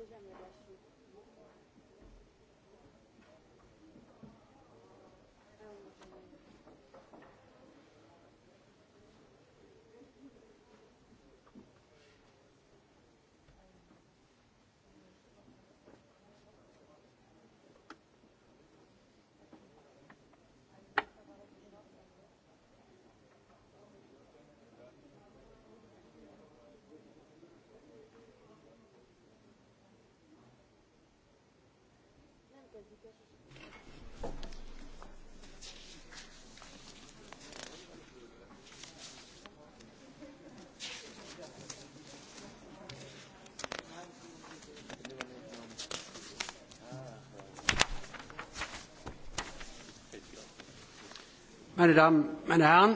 les améliorations Meine Damen, meine Herren,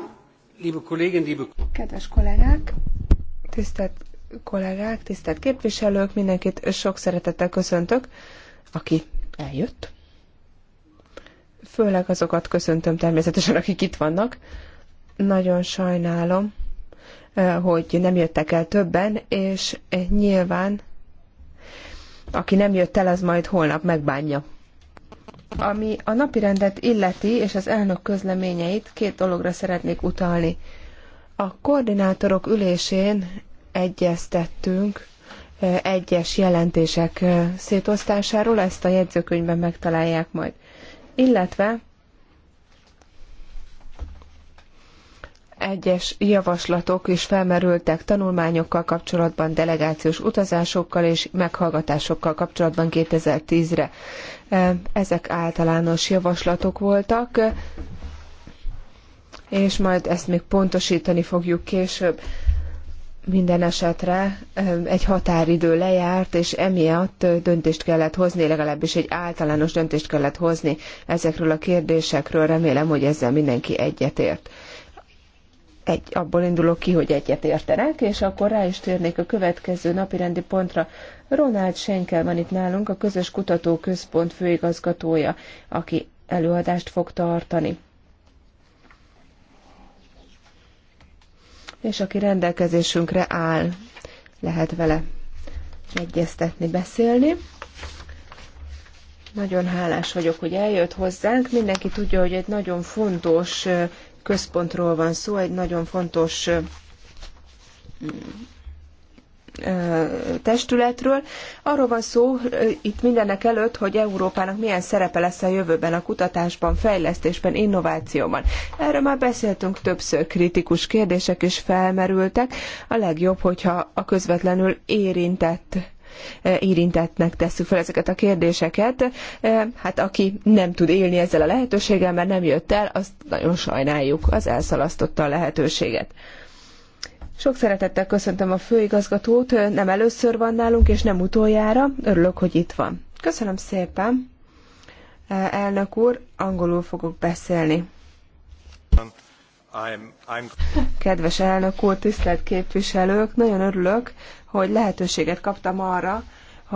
liebe Kolleginnen, liebe Kedves kollégák, tisztelt kollégák, tisztelt képviselők, mindenkit sok szeretettel köszöntök, aki eljött. Főleg azokat köszöntöm természetesen, akik itt vannak. Nagyon sajnálom, eh, hogy nem jöttek el többen, és eh, nyilván aki nem jött el, az majd holnap megbánja. Ami a napirendet illeti, és az elnök közleményeit, két dologra szeretnék utalni. A koordinátorok ülésén egyeztettünk egyes jelentések szétosztásáról, ezt a jegyzőkönyvben megtalálják majd. Illetve egyes javaslatok is felmerültek tanulmányokkal kapcsolatban, delegációs utazásokkal és meghallgatásokkal kapcsolatban 2010-re. Ezek általános javaslatok voltak, és majd ezt még pontosítani fogjuk később minden esetre egy határidő lejárt, és emiatt döntést kellett hozni, legalábbis egy általános döntést kellett hozni ezekről a kérdésekről. Remélem, hogy ezzel mindenki egyetért. Egy, abból indulok ki, hogy egyet értenek, és akkor rá is térnék a következő napirendi pontra. Ronald Schenkel van itt nálunk, a Közös Kutatóközpont főigazgatója, aki előadást fog tartani. és aki rendelkezésünkre áll, lehet vele egyeztetni, beszélni. Nagyon hálás vagyok, hogy eljött hozzánk. Mindenki tudja, hogy egy nagyon fontos központról van szó, egy nagyon fontos testületről. Arról van szó itt mindenek előtt, hogy Európának milyen szerepe lesz a jövőben a kutatásban, fejlesztésben, innovációban. Erről már beszéltünk többször, kritikus kérdések is felmerültek. A legjobb, hogyha a közvetlenül érintett érintettnek tesszük fel ezeket a kérdéseket. Hát aki nem tud élni ezzel a lehetőséggel, mert nem jött el, azt nagyon sajnáljuk, az elszalasztotta a lehetőséget. Sok szeretettel köszöntöm a főigazgatót, nem először van nálunk, és nem utoljára. Örülök, hogy itt van. Köszönöm szépen. Elnök úr, angolul fogok beszélni. Kedves elnök úr, tisztelt képviselők, nagyon örülök, hogy lehetőséget kaptam arra,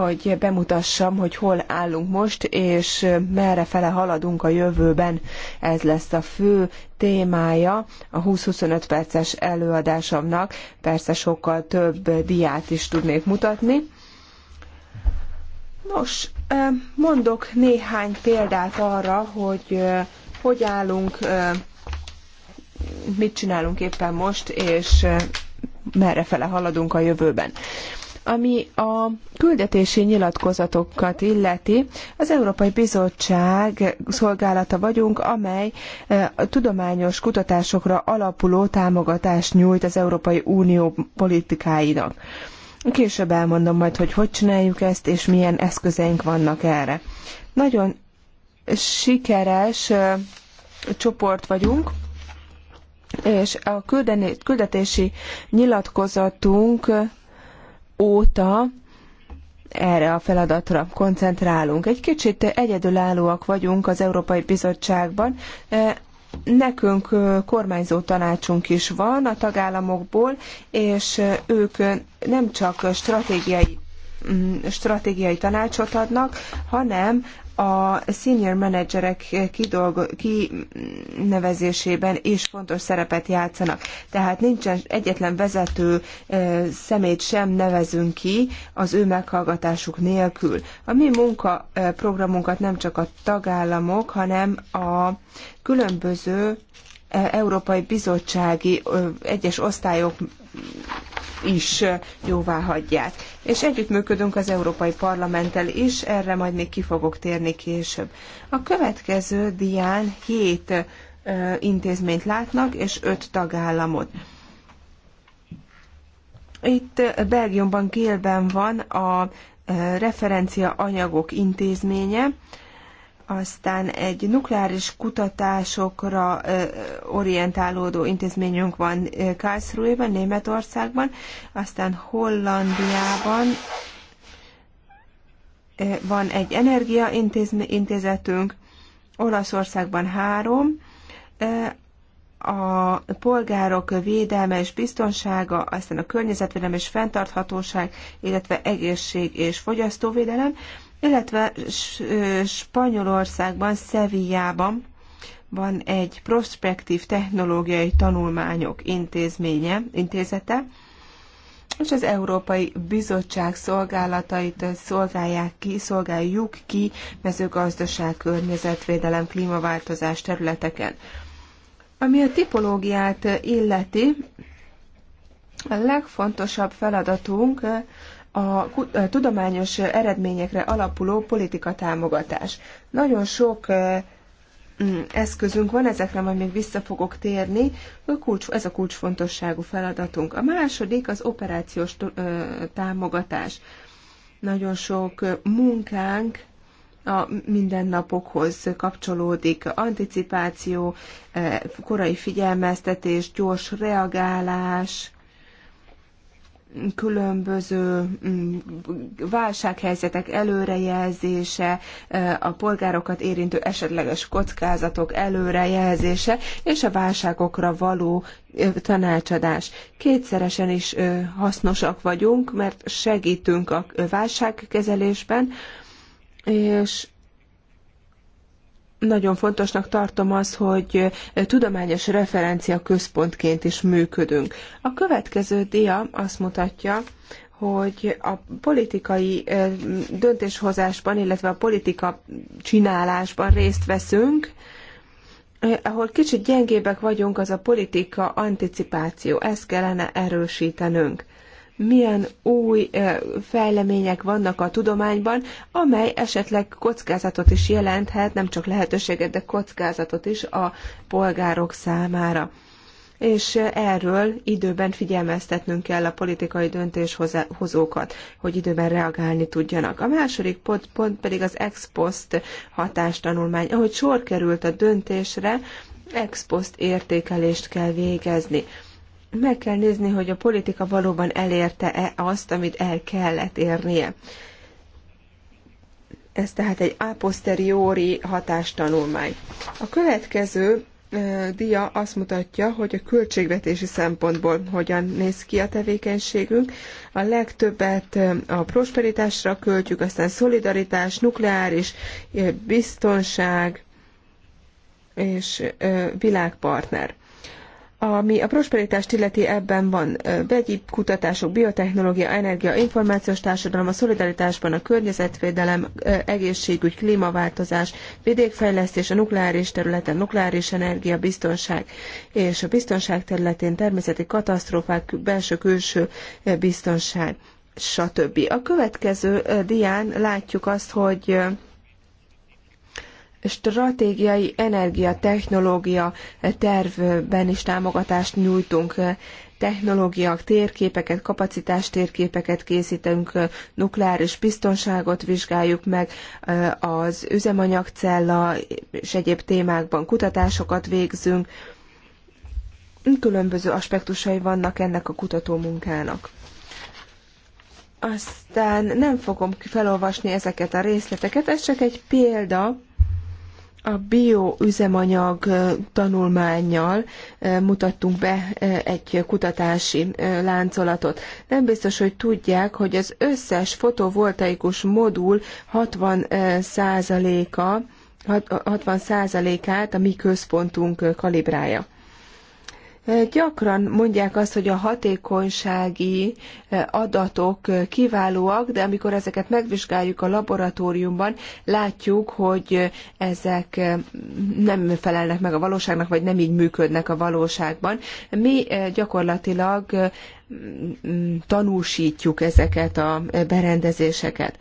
hogy bemutassam, hogy hol állunk most, és merre fele haladunk a jövőben. Ez lesz a fő témája a 20-25 perces előadásomnak. Persze sokkal több diát is tudnék mutatni. Nos, mondok néhány példát arra, hogy hogy állunk, mit csinálunk éppen most, és merre fele haladunk a jövőben. Ami a küldetési nyilatkozatokat illeti, az Európai Bizottság szolgálata vagyunk, amely e, tudományos kutatásokra alapuló támogatást nyújt az Európai Unió politikáinak. Később elmondom majd, hogy hogy csináljuk ezt, és milyen eszközeink vannak erre. Nagyon sikeres e, csoport vagyunk, és a küldetési nyilatkozatunk óta erre a feladatra koncentrálunk. Egy kicsit egyedülállóak vagyunk az Európai Bizottságban. E, nekünk e, kormányzó tanácsunk is van a tagállamokból, és e, ők nem csak stratégiai stratégiai tanácsot adnak, hanem a senior menedzserek kidolgo- kinevezésében is fontos szerepet játszanak. Tehát nincsen egyetlen vezető szemét sem nevezünk ki az ő meghallgatásuk nélkül. A mi munkaprogramunkat nem csak a tagállamok, hanem a különböző Európai Bizottsági egyes osztályok is jóvá hagyják. És együttműködünk az Európai Parlamenttel is, erre majd még ki fogok térni később. A következő dián hét intézményt látnak, és öt tagállamot. Itt Belgiumban Gélben van a referencia anyagok intézménye, aztán egy nukleáris kutatásokra orientálódó intézményünk van karlsruhe ben Németországban, aztán Hollandiában van egy energiaintézetünk, Olaszországban három, a polgárok védelme és biztonsága, aztán a környezetvédelem és fenntarthatóság, illetve egészség és fogyasztóvédelem, illetve Spanyolországban, Szevijában van egy prospektív technológiai tanulmányok intézménye, intézete, és az Európai Bizottság szolgálatait szolgálják ki, szolgáljuk ki mezőgazdaság, környezetvédelem, klímaváltozás területeken. Ami a tipológiát illeti, a legfontosabb feladatunk a tudományos eredményekre alapuló politika támogatás. Nagyon sok mm, eszközünk van, ezekre majd még vissza fogok térni, ez a kulcsfontosságú feladatunk. A második az operációs támogatás. Nagyon sok munkánk a mindennapokhoz kapcsolódik. Anticipáció, korai figyelmeztetés, gyors reagálás, különböző mm, válsághelyzetek előrejelzése, e, a polgárokat érintő esetleges kockázatok előrejelzése és a válságokra való e, tanácsadás. Kétszeresen is e, hasznosak vagyunk, mert segítünk a válságkezelésben, és nagyon fontosnak tartom az, hogy eh, tudományos referencia központként is működünk. A következő dia azt mutatja, hogy a politikai eh, döntéshozásban, illetve a politika csinálásban részt veszünk, eh, ahol kicsit gyengébbek vagyunk, az a politika anticipáció. Ezt kellene erősítenünk milyen új eh, fejlemények vannak a tudományban, amely esetleg kockázatot is jelenthet, nem csak lehetőséget, de kockázatot is a polgárok számára. És erről időben figyelmeztetnünk kell a politikai döntéshozókat, hogy időben reagálni tudjanak. A második pont, pont pedig az ex post hatástanulmány. Ahogy sor került a döntésre, ex post értékelést kell végezni meg kell nézni, hogy a politika valóban elérte-e azt, amit el kellett érnie. Ez tehát egy a posteriori hatástanulmány. A következő dia azt mutatja, hogy a költségvetési szempontból hogyan néz ki a tevékenységünk. A legtöbbet a prosperitásra költjük, aztán szolidaritás, nukleáris, biztonság és világpartner. Ami a prosperitást illeti, ebben van vegyi kutatások, biotechnológia, energia, információs társadalom, a szolidaritásban a környezetvédelem, egészségügy, klímaváltozás, vidékfejlesztés, a nukleáris területen nukleáris energia, biztonság és a biztonság területén természeti katasztrófák, belső-külső biztonság, stb. A következő dián látjuk azt, hogy stratégiai energiatechnológia tervben is támogatást nyújtunk technológiák, térképeket, kapacitás térképeket készítünk, nukleáris biztonságot vizsgáljuk meg, az üzemanyagcella és egyéb témákban kutatásokat végzünk. Különböző aspektusai vannak ennek a kutatómunkának. Aztán nem fogom felolvasni ezeket a részleteket, ez csak egy példa a bioüzemanyag tanulmányjal mutattunk be egy kutatási láncolatot. Nem biztos, hogy tudják, hogy az összes fotovoltaikus modul 60%-a 60%-át a mi központunk kalibrálja. Gyakran mondják azt, hogy a hatékonysági eh, adatok eh, kiválóak, de amikor ezeket megvizsgáljuk a laboratóriumban, látjuk, hogy eh, ezek nem felelnek meg a valóságnak, vagy nem így működnek a valóságban. Mi gyakorlatilag mm, mm, tanúsítjuk ezeket a berendezéseket.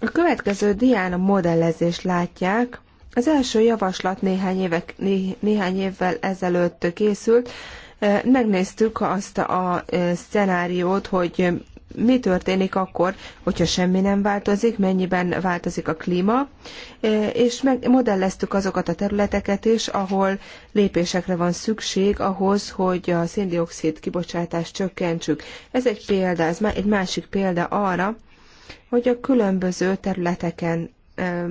A következő dián a modellezést látják. Az első javaslat néhány, évek, néhány évvel ezelőtt készült. E, megnéztük azt a e, szenáriót, hogy mi történik akkor, hogyha semmi nem változik, mennyiben változik a klíma, e, és modelleztük azokat a területeket is, ahol lépésekre van szükség ahhoz, hogy a széndiokszid kibocsátást csökkentsük. Ez egy példa, ez egy másik példa arra, hogy a különböző területeken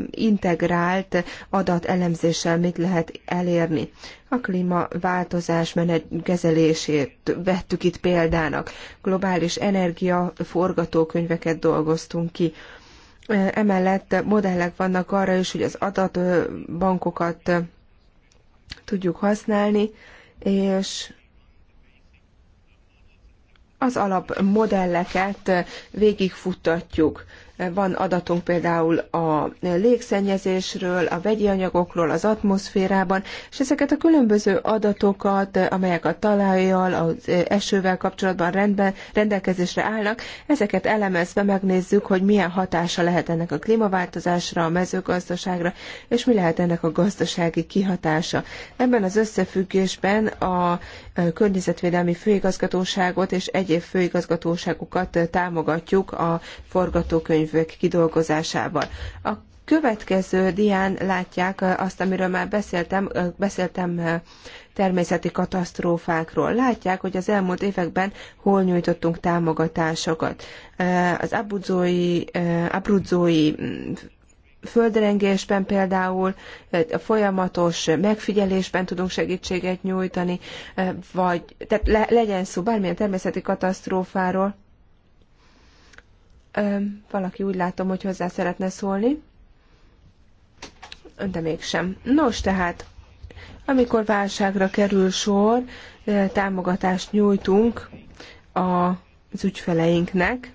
integrált adatelemzéssel mit lehet elérni. A klímaváltozás kezelését vettük itt példának. Globális energiaforgatókönyveket dolgoztunk ki. Emellett modellek vannak arra is, hogy az adatbankokat tudjuk használni, és az alapmodelleket végigfuttatjuk van adatunk például a légszennyezésről, a vegyi anyagokról, az atmoszférában, és ezeket a különböző adatokat, amelyek a talajjal, az esővel kapcsolatban rendben, rendelkezésre állnak, ezeket elemezve megnézzük, hogy milyen hatása lehet ennek a klímaváltozásra, a mezőgazdaságra, és mi lehet ennek a gazdasági kihatása. Ebben az összefüggésben a környezetvédelmi főigazgatóságot és egyéb főigazgatóságokat támogatjuk a forgatókönyvek kidolgozásában. A következő dián látják azt, amiről már beszéltem, beszéltem természeti katasztrófákról. Látják, hogy az elmúlt években hol nyújtottunk támogatásokat. Az abruzói, abruzzói földrengésben például, a folyamatos megfigyelésben tudunk segítséget nyújtani, vagy tehát le, legyen szó bármilyen természeti katasztrófáról. Valaki úgy látom, hogy hozzá szeretne szólni, de mégsem. Nos, tehát, amikor válságra kerül sor, támogatást nyújtunk az ügyfeleinknek,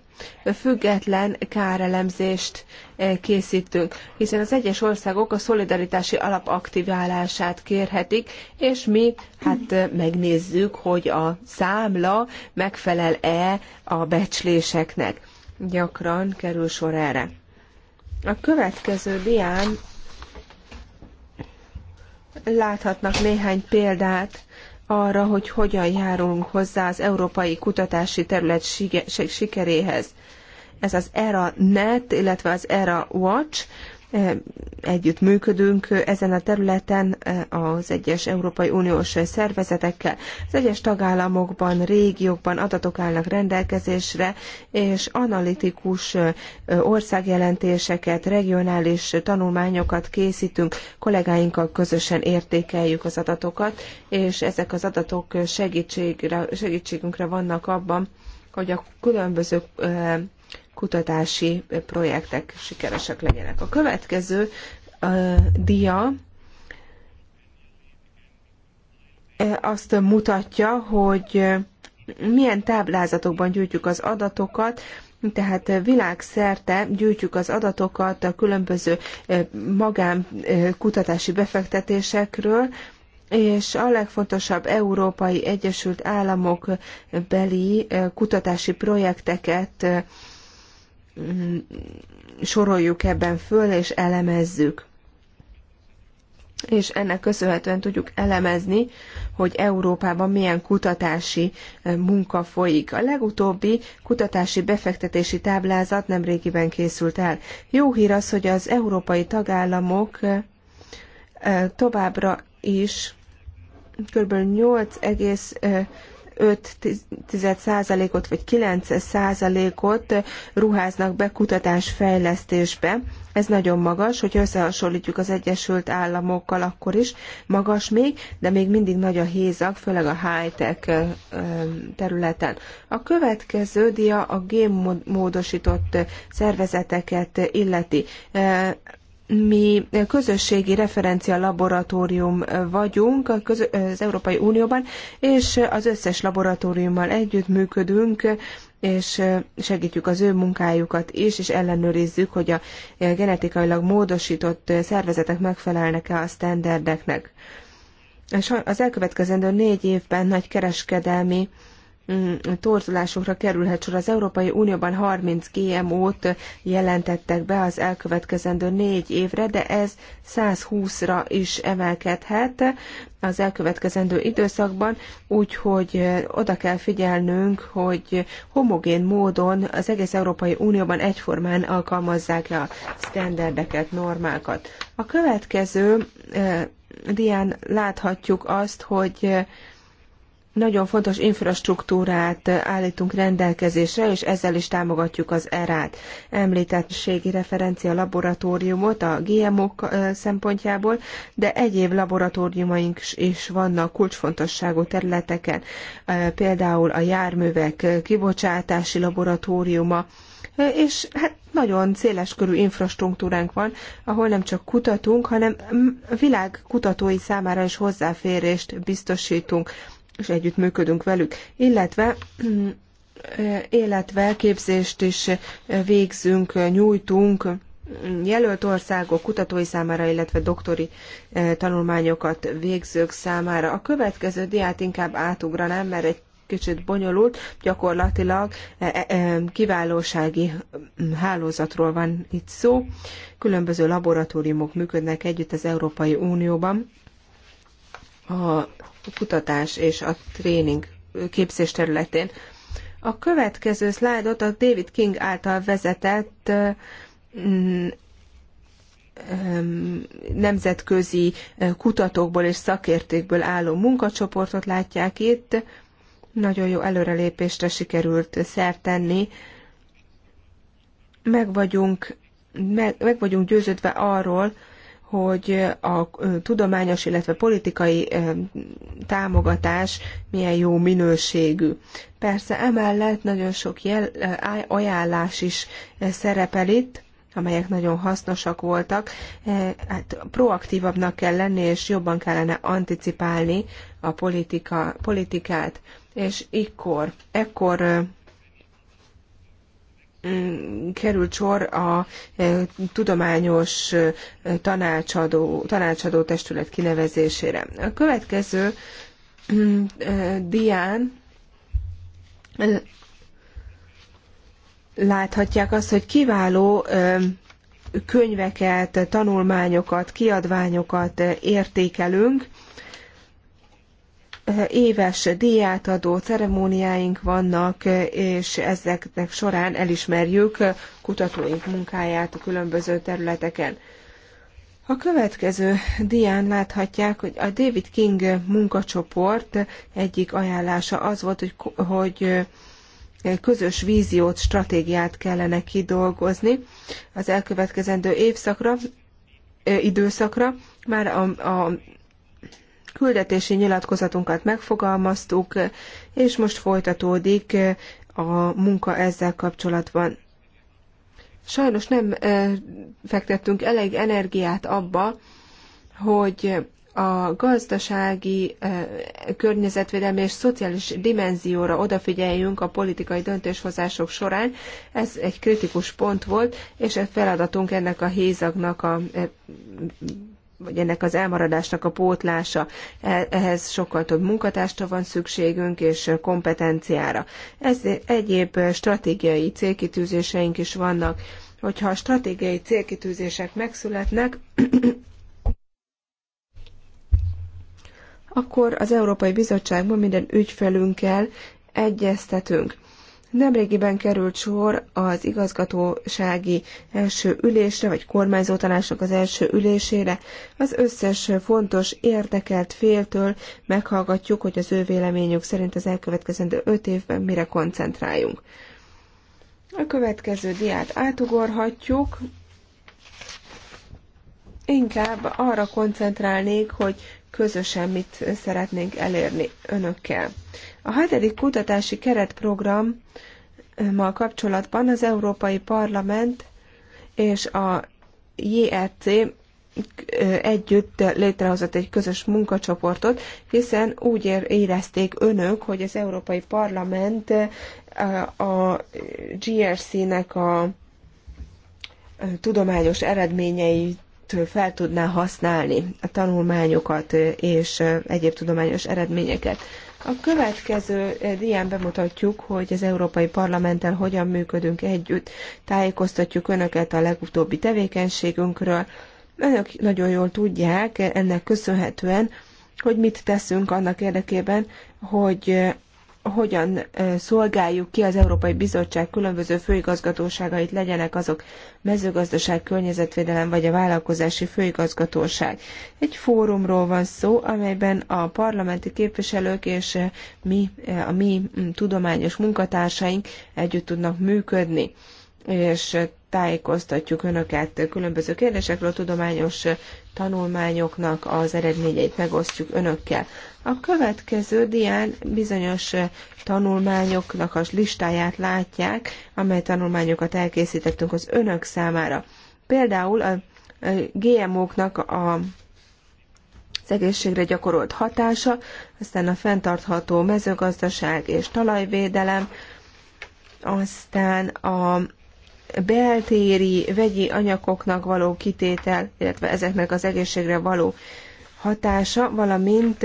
független kárelemzést eh, készítünk, hiszen az egyes országok a szolidaritási alap aktiválását kérhetik, és mi hát eh, megnézzük, hogy a számla megfelel-e a becsléseknek. Gyakran kerül sor erre. A következő dián láthatnak néhány példát arra, hogy hogyan járulunk hozzá az európai kutatási terület sikeréhez. Ez az ERA Net, illetve az ERA Watch együtt működünk ezen a területen az egyes Európai Uniós szervezetekkel. Az egyes tagállamokban, régiókban adatok állnak rendelkezésre, és analitikus országjelentéseket, regionális tanulmányokat készítünk, kollégáinkkal közösen értékeljük az adatokat, és ezek az adatok segítségre, segítségünkre vannak abban, hogy a különböző kutatási projektek sikeresek legyenek. A következő a dia azt mutatja, hogy milyen táblázatokban gyűjtjük az adatokat, tehát világszerte gyűjtjük az adatokat a különböző magánkutatási befektetésekről, és a legfontosabb Európai Egyesült Államok beli kutatási projekteket soroljuk ebben föl, és elemezzük. És ennek köszönhetően tudjuk elemezni, hogy Európában milyen kutatási eh, munka folyik. A legutóbbi kutatási befektetési táblázat nemrégiben készült el. Jó hír az, hogy az európai tagállamok eh, eh, továbbra is kb. 8, 5%-ot vagy 9%-ot ruháznak be kutatásfejlesztésbe. Ez nagyon magas, hogy összehasonlítjuk az Egyesült Államokkal, akkor is magas még, de még mindig nagy a hézag, főleg a high-tech területen. A következő dia a génmódosított szervezeteket illeti mi közösségi referencia laboratórium vagyunk az Európai Unióban, és az összes laboratóriummal együttműködünk, és segítjük az ő munkájukat is, és ellenőrizzük, hogy a genetikailag módosított szervezetek megfelelnek-e a sztenderdeknek. Az elkövetkezendő négy évben nagy kereskedelmi Mm, torzulásokra kerülhet sor. Az Európai Unióban 30 GMO-t jelentettek be az elkövetkezendő négy évre, de ez 120-ra is emelkedhet az elkövetkezendő időszakban, úgyhogy oda kell figyelnünk, hogy homogén módon az egész Európai Unióban egyformán alkalmazzák le a sztenderdeket, normákat. A következő dián láthatjuk azt, hogy nagyon fontos infrastruktúrát állítunk rendelkezésre, és ezzel is támogatjuk az ERÁT. Említettségi referencia laboratóriumot a GMO szempontjából, de egyéb laboratóriumaink is vannak kulcsfontosságú területeken, például a járművek kibocsátási laboratóriuma, és hát nagyon széles körű infrastruktúránk van, ahol nem csak kutatunk, hanem világ kutatói számára is hozzáférést biztosítunk és együttműködünk velük, illetve illetve képzést is végzünk, nyújtunk jelölt országok kutatói számára, illetve doktori e, tanulmányokat végzők számára. A következő diát inkább átugranám, mert egy kicsit bonyolult, gyakorlatilag e, e, kiválósági hálózatról van itt szó. Különböző laboratóriumok működnek együtt az Európai Unióban. A kutatás és a tréning képzés területén. A következő szlájdot a David King által vezetett mm, nemzetközi kutatókból és szakértékből álló munkacsoportot látják itt. Nagyon jó előrelépésre sikerült szert tenni. Meg vagyunk, meg, meg vagyunk győződve arról, hogy a tudományos, illetve politikai támogatás milyen jó minőségű. Persze emellett nagyon sok jel, ajánlás is szerepel itt, amelyek nagyon hasznosak voltak. Hát proaktívabbnak kell lenni, és jobban kellene anticipálni a politika, politikát. És ikkor, ekkor került sor a e, tudományos e, tanácsadó, tanácsadó testület kinevezésére. A következő mm, e, dián láthatják azt, hogy kiváló könyveket, tanulmányokat, kiadványokat értékelünk, éves díjátadó ceremóniáink vannak, és ezeknek során elismerjük kutatóink munkáját a különböző területeken. A következő dián láthatják, hogy a David King munkacsoport egyik ajánlása az volt, hogy, hogy eh, közös víziót, stratégiát kellene kidolgozni az elkövetkezendő évszakra, eh, időszakra, már a, a küldetési nyilatkozatunkat megfogalmaztuk, és most folytatódik a munka ezzel kapcsolatban. Sajnos nem fektettünk elég energiát abba, hogy a gazdasági, környezetvédelmi és szociális dimenzióra odafigyeljünk a politikai döntéshozások során. Ez egy kritikus pont volt, és a feladatunk ennek a hézagnak a vagy ennek az elmaradásnak a pótlása, e, ehhez sokkal több munkatársra van szükségünk és kompetenciára. Ez egyéb stratégiai célkitűzéseink is vannak. Hogyha a stratégiai célkitűzések megszületnek, akkor az Európai Bizottságban minden ügyfelünkkel egyeztetünk. Nemrégiben került sor az igazgatósági első ülésre, vagy kormányzótanácsnak az első ülésére. Az összes fontos érdekelt féltől meghallgatjuk, hogy az ő véleményük szerint az elkövetkezendő öt évben mire koncentráljunk. A következő diát átugorhatjuk. Inkább arra koncentrálnék, hogy közösen mit szeretnénk elérni önökkel. A hetedik kutatási keretprogrammal kapcsolatban az Európai Parlament és a JRC e együtt létrehozott egy közös munkacsoportot, hiszen úgy érezték önök, hogy az Európai Parlament eh, a GRC-nek a eh, tudományos eredményeit fel tudná használni a tanulmányokat eh, és egyéb tudományos eredményeket. A következő eh, dián bemutatjuk, hogy az Európai Parlamenttel hogyan működünk együtt, tájékoztatjuk Önöket a legutóbbi tevékenységünkről. Önök nagyon jól tudják ennek köszönhetően, hogy mit teszünk annak érdekében, hogy eh, hogyan szolgáljuk ki az Európai Bizottság különböző főigazgatóságait, legyenek azok mezőgazdaság, környezetvédelem vagy a vállalkozási főigazgatóság. Egy fórumról van szó, amelyben a parlamenti képviselők és mi, a mi tudományos munkatársaink együtt tudnak működni és tájékoztatjuk Önöket különböző kérdésekről, tudományos tanulmányoknak az eredményeit megosztjuk önökkel. A következő dián bizonyos eh, tanulmányoknak a listáját látják, amely tanulmányokat elkészítettünk az önök számára. Például a eh, GMO-knak a az egészségre gyakorolt hatása, aztán a fenntartható mezőgazdaság és talajvédelem, aztán a beltéri vegyi anyagoknak való kitétel, illetve ezeknek az egészségre való hatása, valamint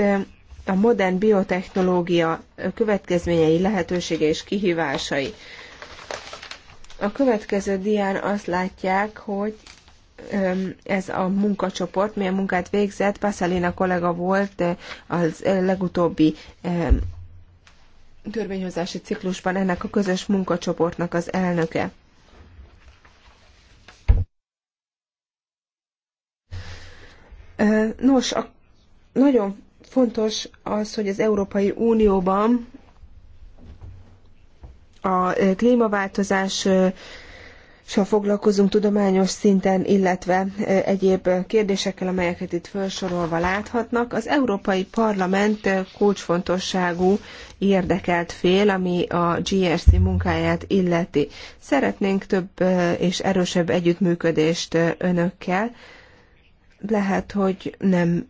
a modern biotechnológia következményei, lehetősége és kihívásai. A következő dián azt látják, hogy ez a munkacsoport, milyen munkát végzett. Pasalina kollega volt az legutóbbi törvényhozási ciklusban ennek a közös munkacsoportnak az elnöke. Nos, a, nagyon fontos az, hogy az Európai Unióban a klímaváltozás és ha foglalkozunk tudományos szinten, illetve egyéb kérdésekkel, amelyeket itt felsorolva láthatnak. Az Európai Parlament kulcsfontosságú érdekelt fél, ami a GRC munkáját illeti. Szeretnénk több és erősebb együttműködést önökkel lehet, hogy nem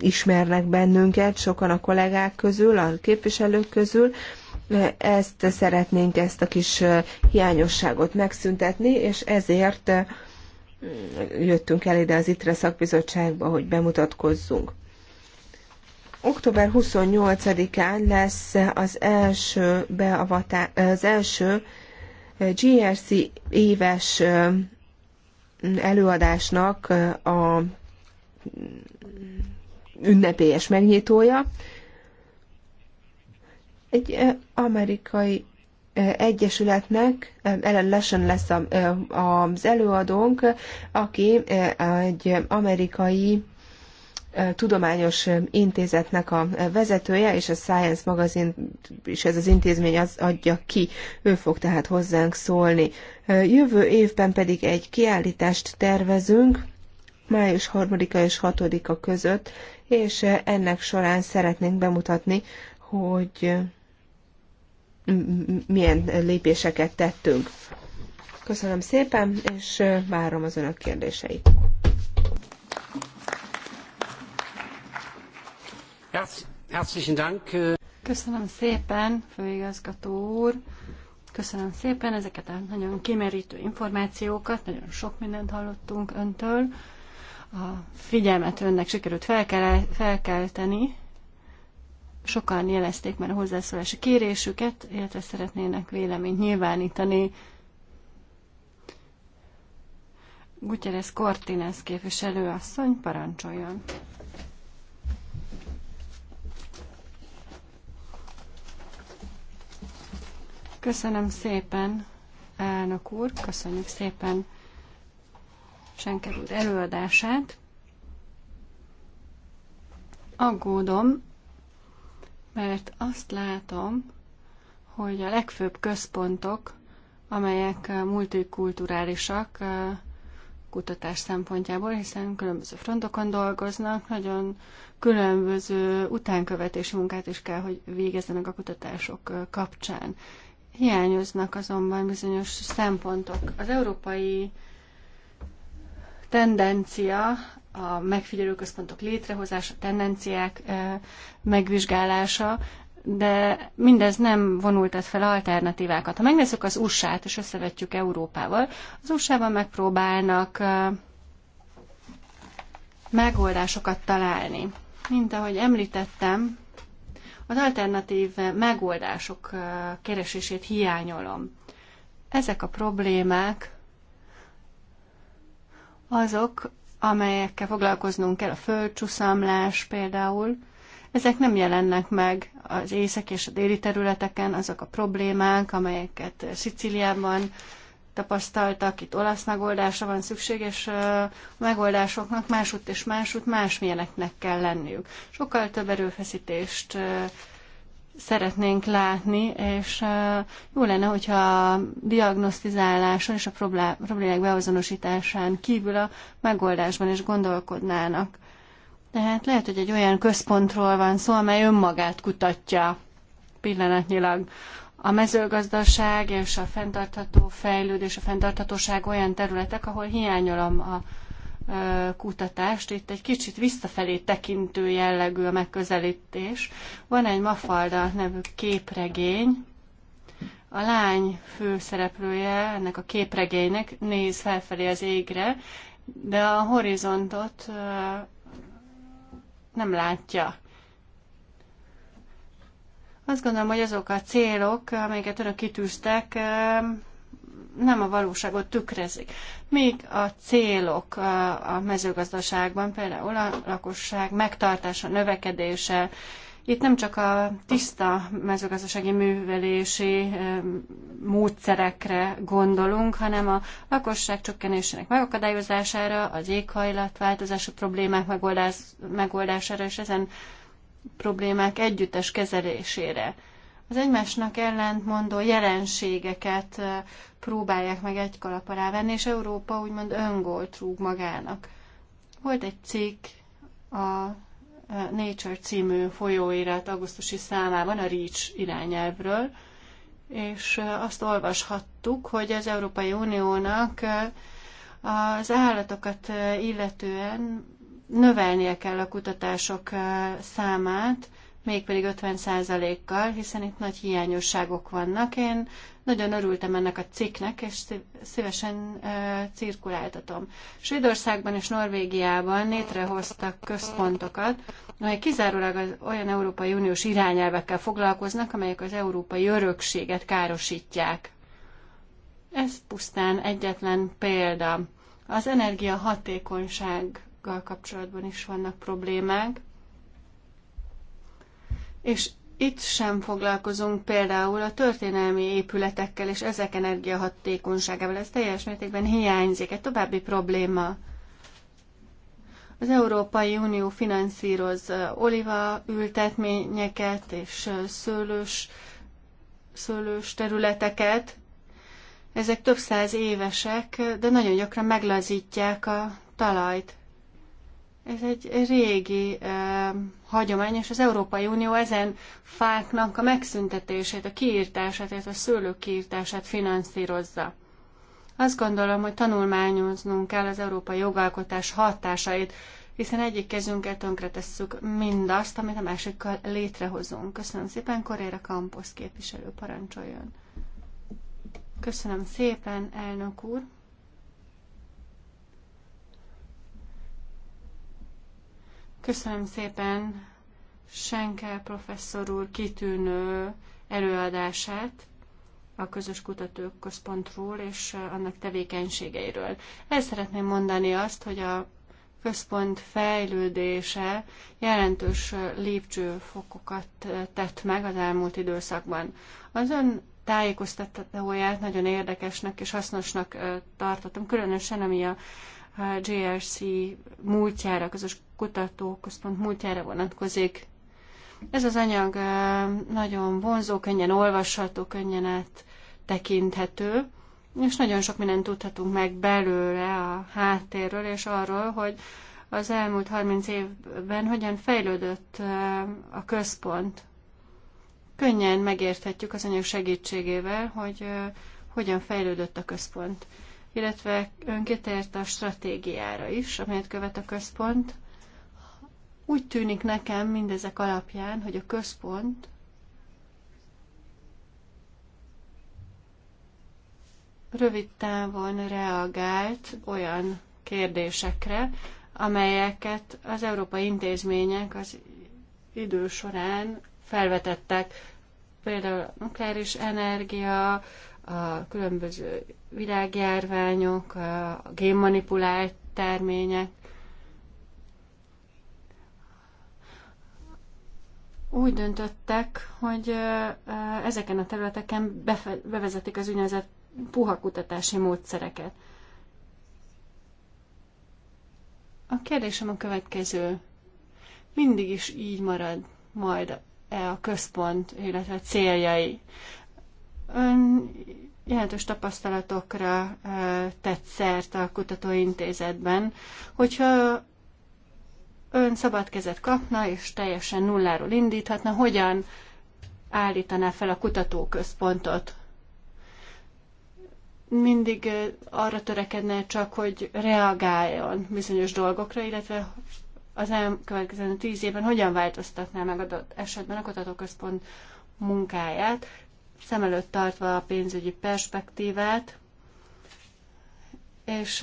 ismernek bennünket sokan a kollégák közül, a képviselők közül. Ezt szeretnénk, ezt a kis hiányosságot megszüntetni, és ezért jöttünk el ide az ITRE szakbizottságba, hogy bemutatkozzunk. Október 28-án lesz az első, beavatá, az első GRC éves előadásnak a ünnepélyes megnyitója. Egy eh, amerikai eh, egyesületnek, eh, Ellen Lesson lesz az előadónk, aki egy amerikai tudományos intézetnek a vezetője, és a Science magazin és ez az intézmény az adja ki. Ő fog tehát hozzánk szólni. Jövő évben pedig egy kiállítást tervezünk, május 3-a és 6-a között, és eh, ennek során szeretnénk bemutatni, hogy eh, milyen lépéseket tettünk. Köszönöm szépen, és eh, várom az önök kérdéseit. Köszönöm szépen, főigazgató úr. Köszönöm szépen ezeket a nagyon kimerítő információkat, nagyon sok mindent hallottunk öntől a figyelmet önnek sikerült felkel, felkelteni. Sokan jelezték már a hozzászólási kérésüket, illetve szeretnének véleményt nyilvánítani. Gutyeres Cortines képviselő asszony, parancsoljon! Köszönöm szépen, elnök úr, köszönjük szépen Senker úr előadását. Aggódom, mert azt látom, hogy a legfőbb központok, amelyek multikulturálisak kutatás szempontjából, hiszen különböző frontokon dolgoznak, nagyon különböző utánkövetési munkát is kell, hogy végezzenek a kutatások kapcsán. Hiányoznak azonban bizonyos szempontok. Az európai tendencia, a megfigyelőközpontok létrehozása, tendenciák eh, megvizsgálása, de mindez nem vonultat fel alternatívákat. Ha megnézzük az USA-t és összevetjük Európával, az USA-ban megpróbálnak eh, megoldásokat találni. Mint ahogy említettem, az alternatív megoldások eh, keresését hiányolom. Ezek a problémák azok, amelyekkel foglalkoznunk kell, a földcsuszamlás például, ezek nem jelennek meg az észak és a déli területeken, azok a problémák, amelyeket Sziciliában tapasztaltak, itt olasz megoldásra van szükség, és a megoldásoknak másút és másút másmilyeneknek kell lenniük. Sokkal több erőfeszítést szeretnénk látni, és jó lenne, hogyha a diagnosztizáláson és a problémák beazonosításán kívül a megoldásban is gondolkodnának. Tehát lehet, hogy egy olyan központról van szó, amely önmagát kutatja pillanatnyilag. A mezőgazdaság és a fenntartható fejlődés, a fenntarthatóság olyan területek, ahol hiányolom a kutatást. Itt egy kicsit visszafelé tekintő jellegű a megközelítés. Van egy Mafalda nevű képregény. A lány főszereplője ennek a képregénynek néz felfelé az égre, de a horizontot nem látja. Azt gondolom, hogy azok a célok, amelyeket önök kitűztek, nem a valóságot tükrezik. Még a célok a mezőgazdaságban, például a lakosság megtartása, növekedése, itt nem csak a tiszta mezőgazdasági művelési módszerekre gondolunk, hanem a lakosság csökkenésének megakadályozására, az éghajlatváltozási problémák megoldás, megoldására és ezen problémák együttes kezelésére az egymásnak ellentmondó jelenségeket próbálják meg egy kalap alá venni, és Európa úgymond öngolt rúg magának. Volt egy cikk a Nature című folyóirat augusztusi számában a REACH irányelvről, és azt olvashattuk, hogy az Európai Uniónak az állatokat illetően növelnie kell a kutatások számát, mégpedig 50%-kal, hiszen itt nagy hiányosságok vannak. Én nagyon örültem ennek a cikknek, és szívesen uh, cirkuláltatom. Svédországban és Norvégiában létrehoztak központokat, amelyek kizárólag az olyan Európai Uniós irányelvekkel foglalkoznak, amelyek az európai örökséget károsítják. Ez pusztán egyetlen példa. Az energiahatékonysággal kapcsolatban is vannak problémák és itt sem foglalkozunk például a történelmi épületekkel és ezek energiahatékonyságával. Ez teljes mértékben hiányzik. Egy további probléma. Az Európai Unió finanszíroz oliva ültetményeket és szőlős, szőlős területeket. Ezek több száz évesek, de nagyon gyakran meglazítják a talajt. Ez egy régi eh, hagyomány, és az Európai Unió ezen fáknak a megszüntetését, a kiírtását, illetve a szőlők kiírtását finanszírozza. Azt gondolom, hogy tanulmányoznunk kell az európai jogalkotás hatásait, hiszen egyik kezünkkel tönkretesszük mindazt, amit a másikkal létrehozunk. Köszönöm szépen, Koréra Campos képviselő parancsoljon. Köszönöm szépen, elnök úr. Köszönöm szépen Senkel professzor úr kitűnő előadását a közös kutatók központról és annak tevékenységeiről. El szeretném mondani azt, hogy a központ fejlődése jelentős lépcsőfokokat tett meg az elmúlt időszakban. Az ön tájékoztatóját nagyon érdekesnek és hasznosnak tartottam, különösen ami a a JRC múltjára, közös kutatóközpont múltjára vonatkozik. Ez az anyag nagyon vonzó, könnyen olvasható, könnyen át tekinthető, és nagyon sok mindent tudhatunk meg belőle a háttérről, és arról, hogy az elmúlt 30 évben hogyan fejlődött a központ. Könnyen megérthetjük az anyag segítségével, hogy hogyan fejlődött a központ illetve önkitért a stratégiára is, amelyet követ a központ. Úgy tűnik nekem mindezek alapján, hogy a központ rövid távon reagált olyan kérdésekre, amelyeket az európai intézmények az idő során felvetettek, például nukleáris energia, a különböző világjárványok, a génmanipulált termények. Úgy döntöttek, hogy ezeken a területeken bevezetik az úgynevezett puha kutatási módszereket. A kérdésem a következő. Mindig is így marad majd -e a központ, illetve a céljai. Ön jelentős tapasztalatokra tett szert a kutatóintézetben, hogyha ön szabad kezet kapna, és teljesen nulláról indíthatna, hogyan állítaná fel a kutatóközpontot? Mindig arra törekedne csak, hogy reagáljon bizonyos dolgokra, illetve az elkövetkező tíz évben hogyan változtatná meg adott esetben a kutatóközpont munkáját, szem előtt tartva a pénzügyi perspektívát, és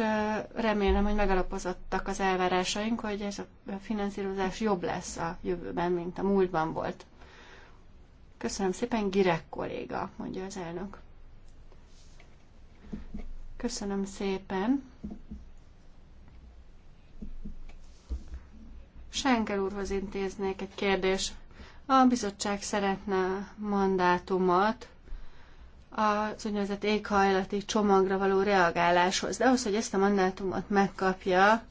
remélem, hogy megalapozottak az elvárásaink, hogy ez a finanszírozás jobb lesz a jövőben, mint a múltban volt. Köszönöm szépen, Girek kolléga, mondja az elnök. Köszönöm szépen. Senkel úrhoz intéznék egy kérdés. A bizottság szeretne mandátumot az úgynevezett éghajlati csomagra való reagáláshoz. De ahhoz, hogy ezt a mandátumot megkapja,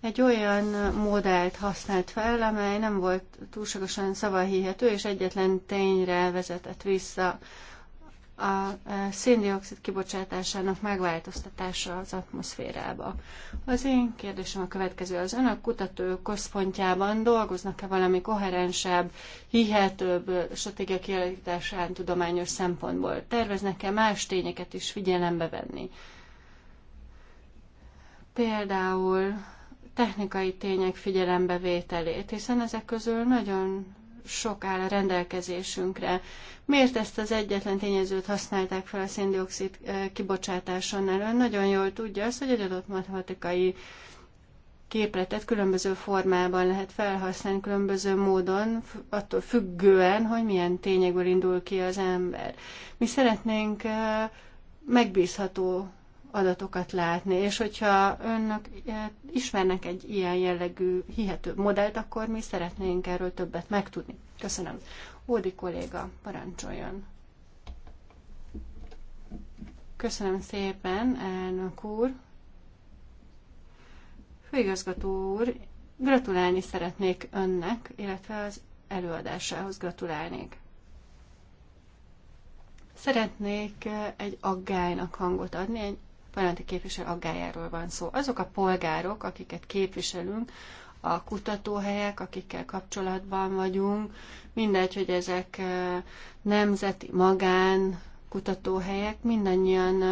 egy olyan modellt használt fel, amely nem volt túlságosan szavahihető, és egyetlen tényre vezetett vissza a széndiokszid kibocsátásának megváltoztatása az atmoszférába. Az én kérdésem a következő. Az önök kutató központjában dolgoznak-e valami koherensebb, hihetőbb stratégia kialakításán tudományos szempontból? Terveznek-e más tényeket is figyelembe venni? Például technikai tények figyelembevételét, hiszen ezek közül nagyon sok áll a rendelkezésünkre. Miért ezt az egyetlen tényezőt használták fel a széndiokszid kibocsátáson Ön nagyon jól tudja azt, hogy egy adott matematikai képletet különböző formában lehet felhasználni, különböző módon, attól függően, hogy milyen tényekből indul ki az ember. Mi szeretnénk megbízható adatokat látni, és hogyha önök eh, ismernek egy ilyen jellegű hihető modellt, akkor mi szeretnénk erről többet megtudni. Köszönöm. Ódi kolléga, parancsoljon. Köszönöm szépen, elnök úr. Főigazgató úr, gratulálni szeretnék önnek, illetve az előadásához gratulálnék. Szeretnék eh, egy aggálynak hangot adni, egy parlamenti képviselő aggájáról van szó. Azok a polgárok, akiket képviselünk, a kutatóhelyek, akikkel kapcsolatban vagyunk, mindegy, hogy ezek nemzeti, magán, kutatóhelyek mindannyian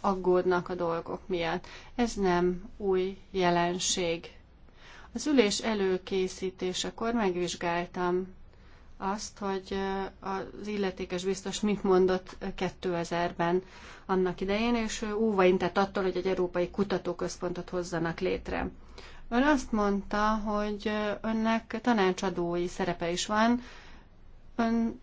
aggódnak a dolgok miatt. Ez nem új jelenség. Az ülés előkészítésekor megvizsgáltam azt, hogy az illetékes biztos mit mondott 2000-ben annak idején, és óva intett attól, hogy egy európai kutatóközpontot hozzanak létre. Ön azt mondta, hogy önnek tanácsadói szerepe is van. Ön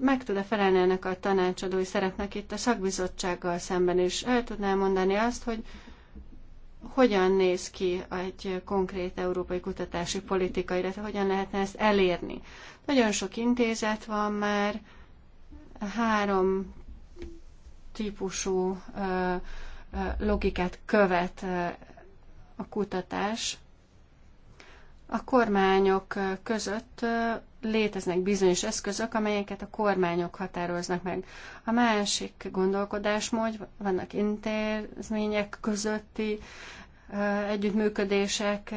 meg tud-e felelni ennek a tanácsadói szerepnek itt a szakbizottsággal szemben, és el tudná mondani azt, hogy hogyan néz ki egy konkrét európai kutatási politika, illetve hogyan lehetne ezt elérni. Nagyon sok intézet van már, három típusú logikát követ a kutatás. A kormányok között léteznek bizonyos eszközök, amelyeket a kormányok határoznak meg. A másik gondolkodásmód, vannak intézmények közötti együttműködések,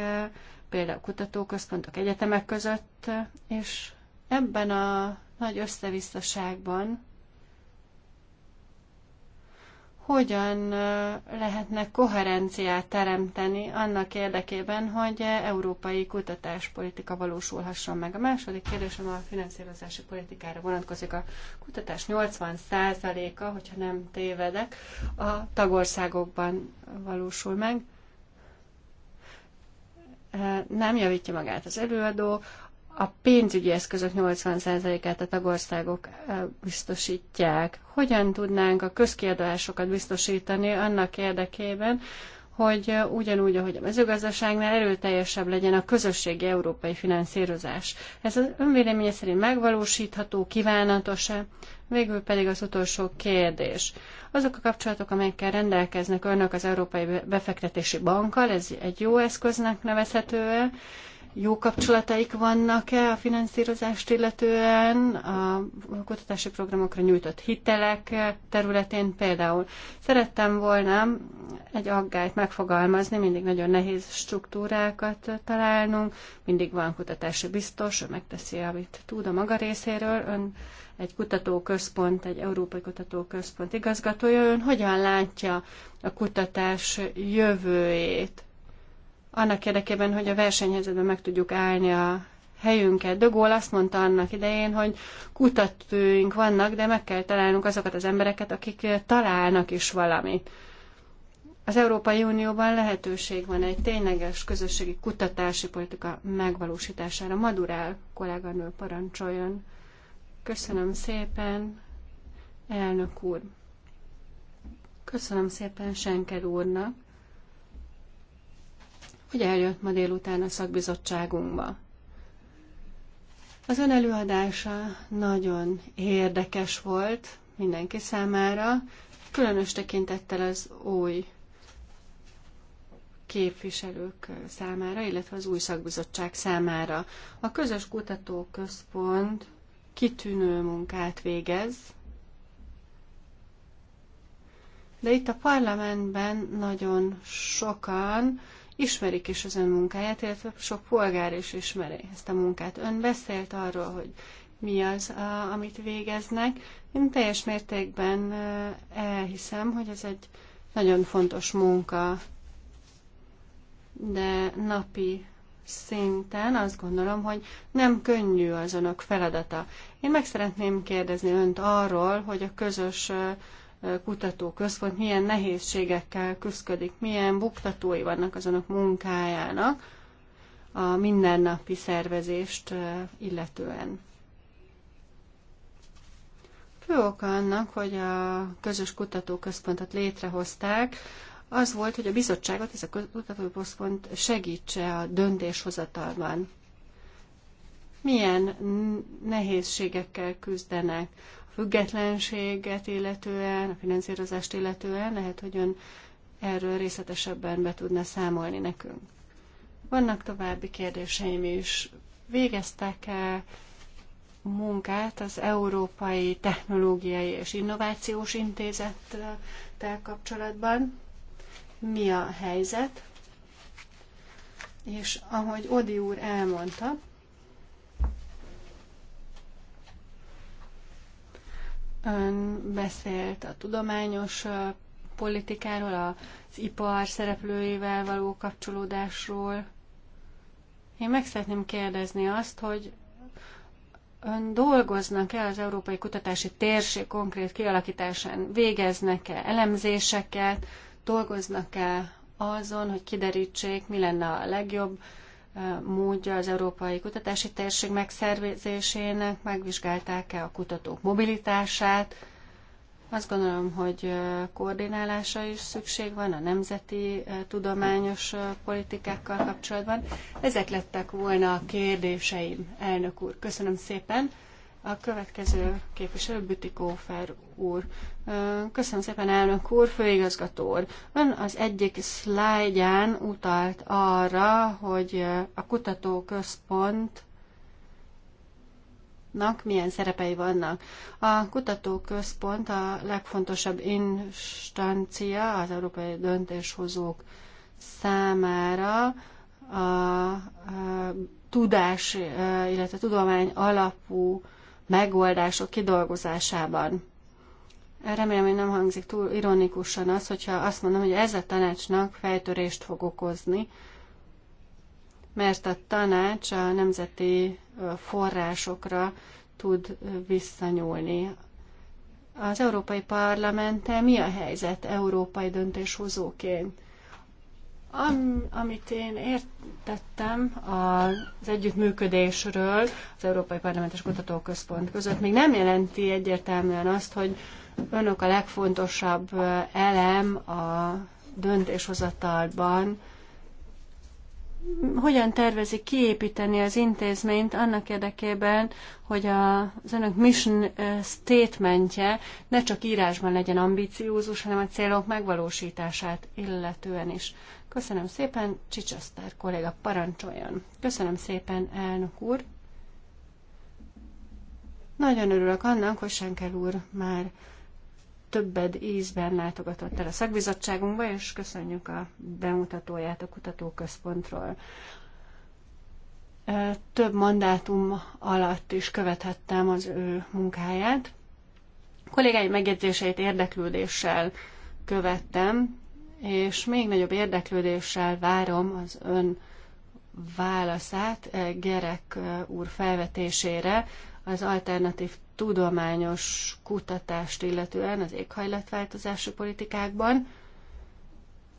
például kutatóközpontok, egyetemek között, és Ebben a nagy összevisszaságban hogyan lehetne koherenciát teremteni annak érdekében, hogy európai kutatáspolitika valósulhasson meg. A második kérdésem a finanszírozási politikára vonatkozik. A kutatás 80%-a, hogyha nem tévedek, a tagországokban valósul meg. Nem javítja magát az előadó, a pénzügyi eszközök 80%-át a tagországok biztosítják. Hogyan tudnánk a közkiadásokat biztosítani annak érdekében, hogy ugyanúgy, ahogy a mezőgazdaságnál erőteljesebb legyen a közösségi európai finanszírozás. Ez az önvéleménye szerint megvalósítható, kívánatos-e? Végül pedig az utolsó kérdés. Azok a kapcsolatok, amelyekkel rendelkeznek önök az Európai Befektetési Bankkal, ez egy jó eszköznek nevezhető-e, jó kapcsolataik vannak-e a finanszírozást illetően, a kutatási programokra nyújtott hitelek területén például. Szerettem volna egy aggályt megfogalmazni, mindig nagyon nehéz struktúrákat találnunk, mindig van kutatási biztos, ő megteszi, amit tud a maga részéről, ön egy kutatóközpont, egy európai kutatóközpont igazgatója, ön hogyan látja a kutatás jövőjét? annak érdekében, hogy a versenyhelyzetben meg tudjuk állni a helyünket. De azt mondta annak idején, hogy kutatóink vannak, de meg kell találnunk azokat az embereket, akik találnak is valamit. Az Európai Unióban lehetőség van egy tényleges közösségi kutatási politika megvalósítására. Madurál kolléganő parancsoljon. Köszönöm szépen, elnök úr. Köszönöm szépen Senker úrnak hogy eljött ma délután a szakbizottságunkba. Az ön előadása nagyon érdekes volt mindenki számára, különös tekintettel az új képviselők számára, illetve az új szakbizottság számára. A közös kutatóközpont kitűnő munkát végez, de itt a parlamentben nagyon sokan ismerik is az ön munkáját, illetve sok polgár is ismeri ezt a munkát. Ön beszélt arról, hogy mi az, amit végeznek. Én teljes mértékben elhiszem, hogy ez egy nagyon fontos munka, de napi szinten azt gondolom, hogy nem könnyű az önök feladata. Én meg szeretném kérdezni önt arról, hogy a közös kutatóközpont milyen nehézségekkel küzdik, milyen buktatói vannak az önök munkájának a mindennapi szervezést eh, illetően. Fő oka annak, hogy a közös kutatóközpontot létrehozták, az volt, hogy a bizottságot, ez a kutatóközpont segítse a döntéshozatalban. Milyen nehézségekkel küzdenek függetlenséget illetően, a finanszírozást illetően, lehet, hogy ön erről részletesebben be tudna számolni nekünk. Vannak további kérdéseim is. Végeztek-e munkát az Európai Technológiai és Innovációs Intézettel kapcsolatban? Mi a helyzet? És ahogy Odi úr elmondta, Ön beszélt a tudományos politikáról, az ipar szereplőivel való kapcsolódásról. Én meg szeretném kérdezni azt, hogy ön dolgoznak-e az Európai Kutatási Térség konkrét kialakításán? Végeznek-e elemzéseket? Dolgoznak-e azon, hogy kiderítsék, mi lenne a legjobb módja az Európai Kutatási Térség megszervezésének, megvizsgálták-e a kutatók mobilitását. Azt gondolom, hogy koordinálása is szükség van a nemzeti tudományos politikákkal kapcsolatban. Ezek lettek volna a kérdéseim, elnök úr. Köszönöm szépen. A következő képviselő Bütikófer úr. Köszönöm szépen, elnök úr, főigazgató úr. Ön az egyik szlájdján utalt arra, hogy a kutatóközpont milyen szerepei vannak. A kutatóközpont a legfontosabb instancia az európai döntéshozók számára a, a tudás, illetve tudomány alapú megoldások kidolgozásában. Remélem, hogy nem hangzik túl ironikusan az, hogyha azt mondom, hogy ez a tanácsnak fejtörést fog okozni, mert a tanács a nemzeti forrásokra tud visszanyúlni. Az Európai Parlamenttel mi a helyzet európai döntéshozóként? Am, amit én értettem az együttműködésről az Európai Parlamentes Kutatóközpont között, még nem jelenti egyértelműen azt, hogy önök a legfontosabb elem a döntéshozatalban. Hogyan tervezik kiépíteni az intézményt annak érdekében, hogy az önök mission statementje ne csak írásban legyen ambiciózus, hanem a célok megvalósítását illetően is. Köszönöm szépen, Csicsasztár kolléga, parancsoljon. Köszönöm szépen, elnök úr. Nagyon örülök annak, hogy Senkel úr már többed ízben látogatott el a szakbizottságunkba, és köszönjük a bemutatóját a kutatóközpontról. Több mandátum alatt is követhettem az ő munkáját. A kollégáim megjegyzéseit érdeklődéssel követtem, és még nagyobb érdeklődéssel várom az ön válaszát Gerek úr felvetésére az alternatív tudományos kutatást illetően az éghajlatváltozási politikákban,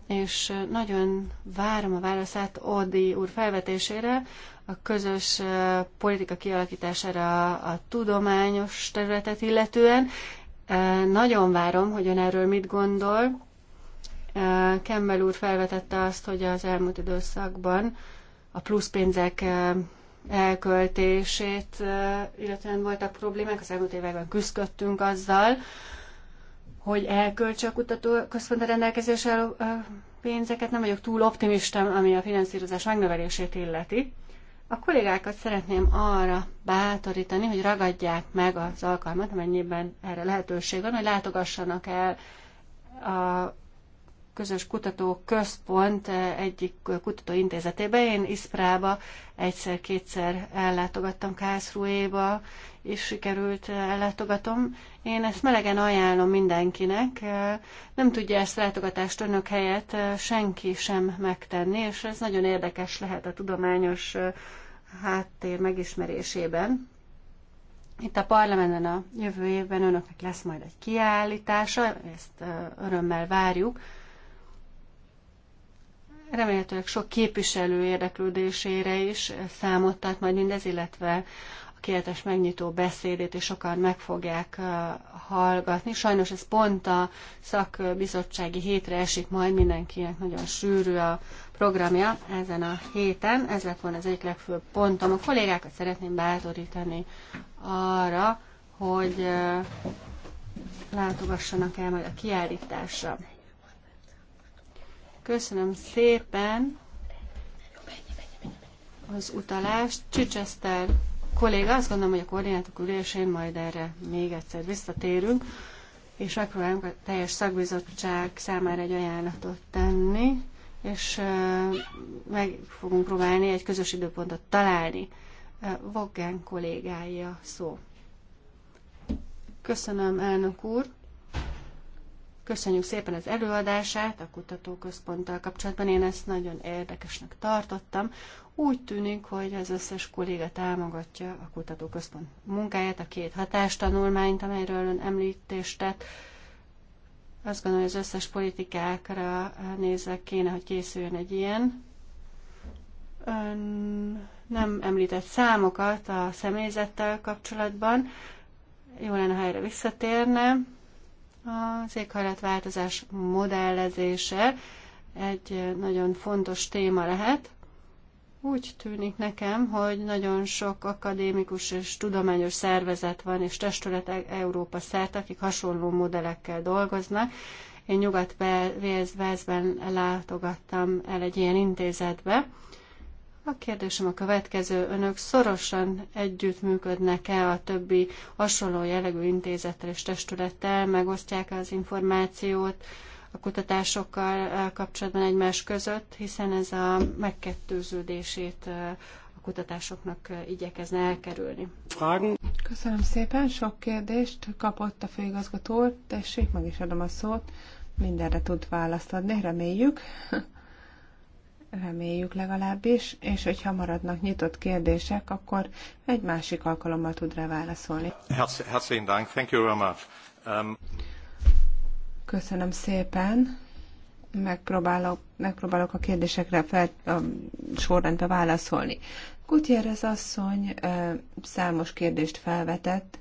és nagyon várom a válaszát Odi úr felvetésére, a közös eh, politika kialakítására a tudományos területet illetően. Eh, nagyon várom, hogy ön erről mit gondol. Kemmel eh, úr felvetette azt, hogy az elmúlt időszakban a pluszpénzek elköltését, illetően voltak problémák, az elmúlt években küzdöttünk azzal, hogy elköltse a kutató központ a rendelkezésre álló pénzeket. Nem vagyok túl optimista, ami a finanszírozás megnövelését illeti. A kollégákat szeretném arra bátorítani, hogy ragadják meg az alkalmat, amennyiben erre lehetőség van, hogy látogassanak el a közös kutatóközpont egyik kutatóintézetébe. Én Iszprába egyszer-kétszer ellátogattam Kászruéba, és sikerült ellátogatom. Én ezt melegen ajánlom mindenkinek. Nem tudja ezt látogatást önök helyett senki sem megtenni, és ez nagyon érdekes lehet a tudományos háttér megismerésében. Itt a parlamenten a jövő évben önöknek lesz majd egy kiállítása, ezt örömmel várjuk remélhetőleg sok képviselő érdeklődésére is számot tart majd mindez, illetve a kiáltás megnyitó beszédét, és sokan meg fogják hallgatni. Sajnos ez pont a szakbizottsági hétre esik majd, mindenkinek nagyon sűrű a programja ezen a héten. Ez lett volna az egyik legfőbb pontom. A kollégákat szeretném bátorítani arra, hogy látogassanak el majd a kiállításra. Köszönöm szépen az utalást. Csicseszter kolléga, azt gondolom, hogy a koordinátok ülésén majd erre még egyszer visszatérünk, és megpróbálunk a teljes szakbizottság számára egy ajánlatot tenni, és meg fogunk próbálni egy közös időpontot találni. Voggen kollégája szó. Köszönöm, elnök úr. Köszönjük szépen az előadását a kutatóközponttal kapcsolatban. Én ezt nagyon érdekesnek tartottam. Úgy tűnik, hogy az összes kolléga támogatja a kutatóközpont munkáját, a két hatástanulmányt, amelyről ön említést tett. Azt gondolom, hogy az összes politikákra nézve kéne, hogy készüljön egy ilyen. Ön nem említett számokat a személyzettel kapcsolatban. Jó lenne, ha erre visszatérne az éghajlatváltozás modellezése egy nagyon fontos téma lehet. Úgy tűnik nekem, hogy nagyon sok akadémikus és tudományos szervezet van, és testület Európa szerte, akik hasonló modellekkel dolgoznak. Én nyugat-Velszben látogattam el egy ilyen intézetbe, a kérdésem a következő. Önök szorosan együttműködnek-e a többi hasonló jellegű intézettel és testülettel? Megosztják az információt a kutatásokkal eh, kapcsolatban egymás között, hiszen ez a megkettőződését eh, a kutatásoknak eh, igyekezne elkerülni. Köszönöm szépen, sok kérdést kapott a főigazgató úr. Tessék, meg is adom a szót. Mindenre tud választ adni, reméljük. reméljük legalábbis, és hogyha maradnak nyitott kérdések, akkor egy másik alkalommal tud rá válaszolni. thank you um, Köszönöm szépen. Megpróbálok, megpróbálok a kérdésekre fel, a sorrendbe válaszolni. Gutierrez asszony számos kérdést felvetett,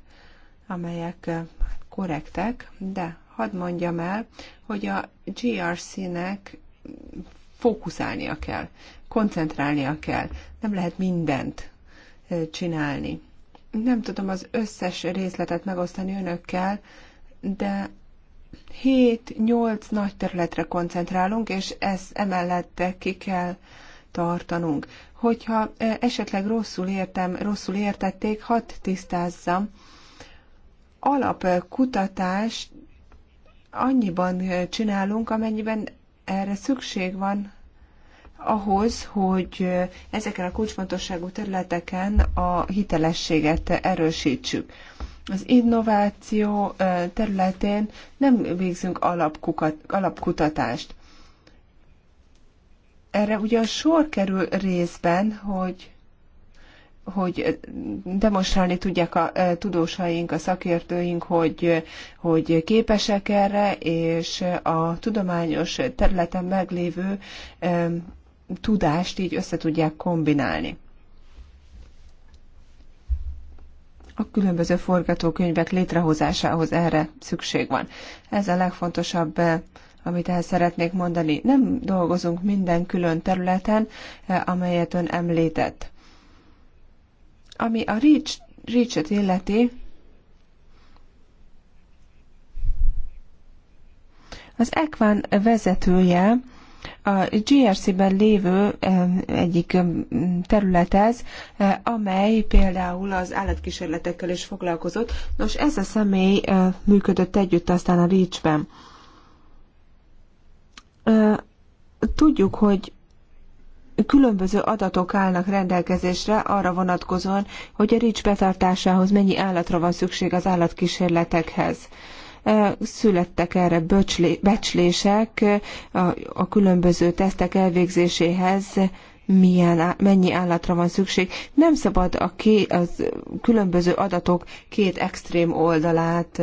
amelyek hát korrektek, de hadd mondjam el, hogy a GRC-nek fókuszálnia kell, koncentrálnia kell, nem lehet mindent csinálni. Nem tudom az összes részletet megosztani önökkel, de 7-8 nagy területre koncentrálunk, és ezt emellett ki kell tartanunk. Hogyha esetleg rosszul értem, rosszul értették, hadd tisztázzam. Alapkutatást annyiban csinálunk, amennyiben erre szükség van ahhoz, hogy ezeken a kulcsfontosságú területeken a hitelességet erősítsük. Az innováció területén nem végzünk alapkutatást. Erre ugye a sor kerül részben, hogy hogy demonstrálni tudják a e, tudósaink, a szakértőink, hogy, hogy képesek erre, és a tudományos területen meglévő e, tudást így össze tudják kombinálni. a különböző forgatókönyvek létrehozásához erre szükség van. Ez a legfontosabb, e, amit el szeretnék mondani. Nem dolgozunk minden külön területen, amelyet ön említett. Ami a reach, reach illeti, az Equan vezetője, a GRC-ben lévő egyik terület ez, amely például az állatkísérletekkel is foglalkozott. Nos, ez a személy működött együtt aztán a Ricsben. Tudjuk, hogy különböző adatok állnak rendelkezésre arra vonatkozóan, hogy a rics betartásához mennyi állatra van szükség az állatkísérletekhez. Születtek erre böcslé, becslések a, a különböző tesztek elvégzéséhez, milyen, mennyi állatra van szükség. Nem szabad a, ké, az különböző adatok két extrém oldalát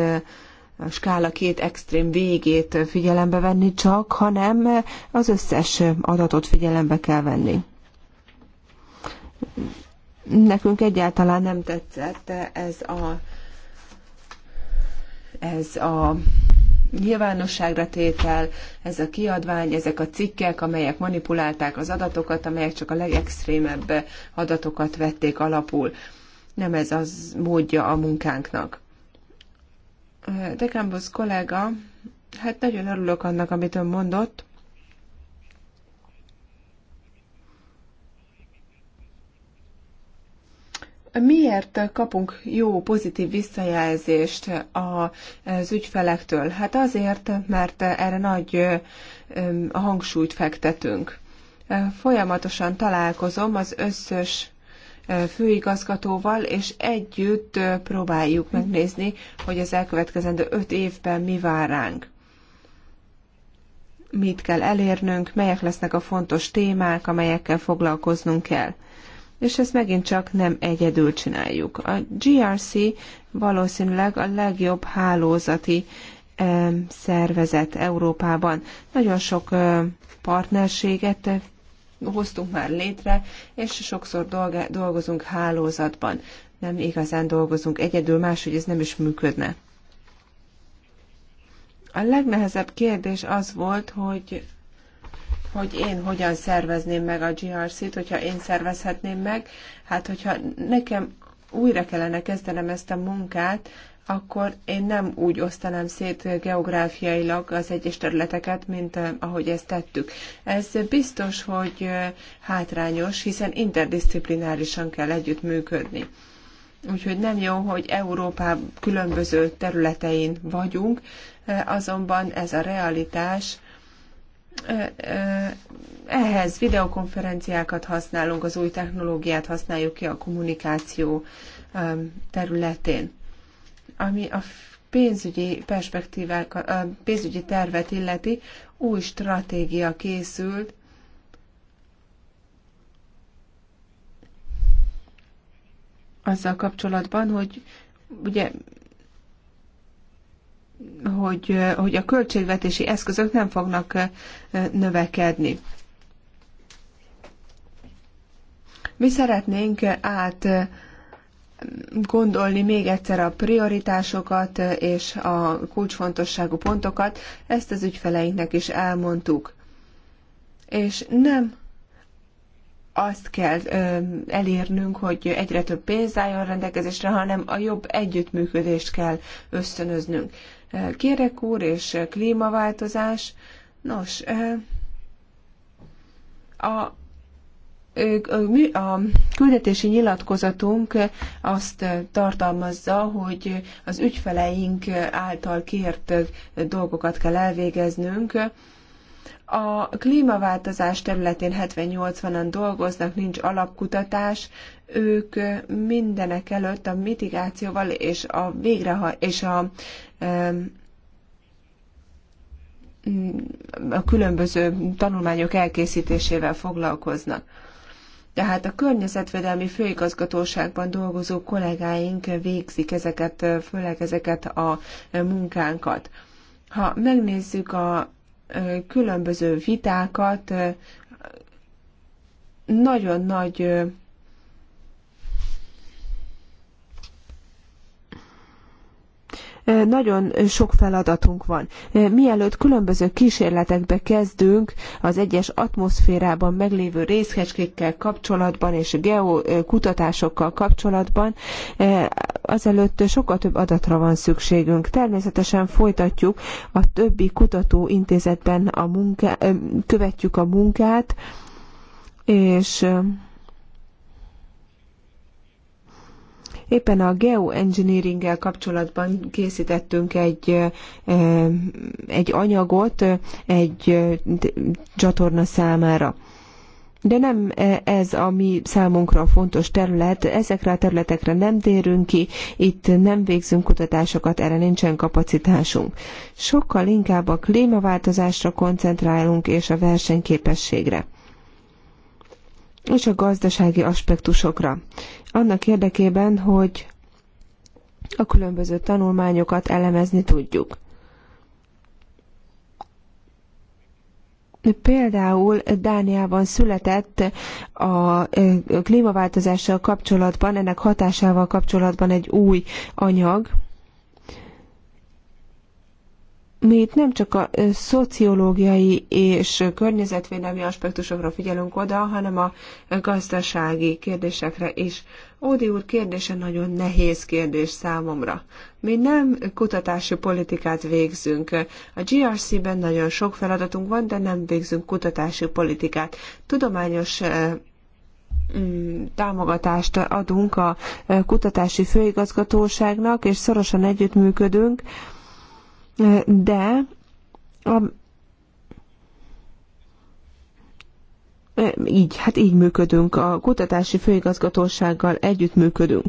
a skála két extrém végét figyelembe venni csak, hanem az összes adatot figyelembe kell venni. Nekünk egyáltalán nem tetszett ez a, ez a nyilvánosságra tétel, ez a kiadvány, ezek a cikkek, amelyek manipulálták az adatokat, amelyek csak a legextrémebb adatokat vették alapul. Nem ez az módja a munkánknak. Dekambusz kollega, hát nagyon örülök annak, amit ön mondott. Miért kapunk jó, pozitív visszajelzést az ügyfelektől? Hát azért, mert erre nagy hangsúlyt fektetünk. Folyamatosan találkozom az összes főigazgatóval, és együtt próbáljuk megnézni, hogy az elkövetkezendő öt évben mi vár ránk. Mit kell elérnünk, melyek lesznek a fontos témák, amelyekkel foglalkoznunk kell. És ezt megint csak nem egyedül csináljuk. A GRC valószínűleg a legjobb hálózati szervezet Európában. Nagyon sok partnerséget hoztunk már létre, és sokszor dolga, dolgozunk hálózatban. Nem igazán dolgozunk egyedül, máshogy ez nem is működne. A legnehezebb kérdés az volt, hogy hogy én hogyan szervezném meg a GRC-t, hogyha én szervezhetném meg. Hát, hogyha nekem újra kellene kezdenem ezt a munkát, akkor én nem úgy osztanám szét geográfiailag az egyes területeket, mint eh, ahogy ezt tettük. Ez biztos, hogy eh, hátrányos, hiszen interdisziplinárisan kell együtt működni. Úgyhogy nem jó, hogy Európa különböző területein vagyunk, eh, azonban ez a realitás. Ehhez videokonferenciákat használunk, az új technológiát használjuk ki a kommunikáció területén ami a pénzügyi perspektívák, a pénzügyi tervet illeti, új stratégia készült, azzal kapcsolatban, hogy ugye hogy, hogy a költségvetési eszközök nem fognak növekedni. Mi szeretnénk át gondolni még egyszer a prioritásokat és a kulcsfontosságú pontokat, ezt az ügyfeleinknek is elmondtuk. És nem azt kell ö, elérnünk, hogy egyre több pénz álljon rendelkezésre, hanem a jobb együttműködést kell ösztönöznünk. Kérek úr és klímaváltozás. Nos, a a küldetési nyilatkozatunk azt tartalmazza, hogy az ügyfeleink által kért dolgokat kell elvégeznünk. A klímaváltozás területén 70-80-an dolgoznak, nincs alapkutatás, ők mindenek előtt a mitigációval és a végreha és a a különböző tanulmányok elkészítésével foglalkoznak. Tehát a környezetvédelmi főigazgatóságban dolgozó kollégáink végzik ezeket, főleg ezeket a munkánkat. Ha megnézzük a különböző vitákat, nagyon nagy Eh, nagyon sok feladatunk van. Eh, mielőtt különböző kísérletekbe kezdünk az egyes atmoszférában meglévő részecskékkel kapcsolatban és geokutatásokkal kapcsolatban, eh, azelőtt sokkal több adatra van szükségünk. Természetesen folytatjuk a többi kutatóintézetben a munkát, követjük a munkát, és Éppen a geoengineeringgel kapcsolatban készítettünk egy, eh, egy anyagot eh, egy eh, csatorna számára. De nem ez a mi számunkra fontos terület, ezekre a területekre nem térünk ki, itt nem végzünk kutatásokat, erre nincsen kapacitásunk. Sokkal inkább a klímaváltozásra koncentrálunk és a versenyképességre és a gazdasági aspektusokra. Annak érdekében, hogy a különböző tanulmányokat elemezni tudjuk. Például Dániában született a e, klímaváltozással kapcsolatban, ennek hatásával kapcsolatban egy új anyag, mi itt nem csak a szociológiai és környezetvédelmi aspektusokra figyelünk oda, hanem a gazdasági kérdésekre is. Ódi úr kérdése nagyon nehéz kérdés számomra. Mi nem kutatási politikát végzünk. A GRC-ben nagyon sok feladatunk van, de nem végzünk kutatási politikát. Tudományos mm, támogatást adunk a kutatási főigazgatóságnak, és szorosan együttműködünk de a, e, így, hát így működünk, a kutatási főigazgatósággal együttműködünk.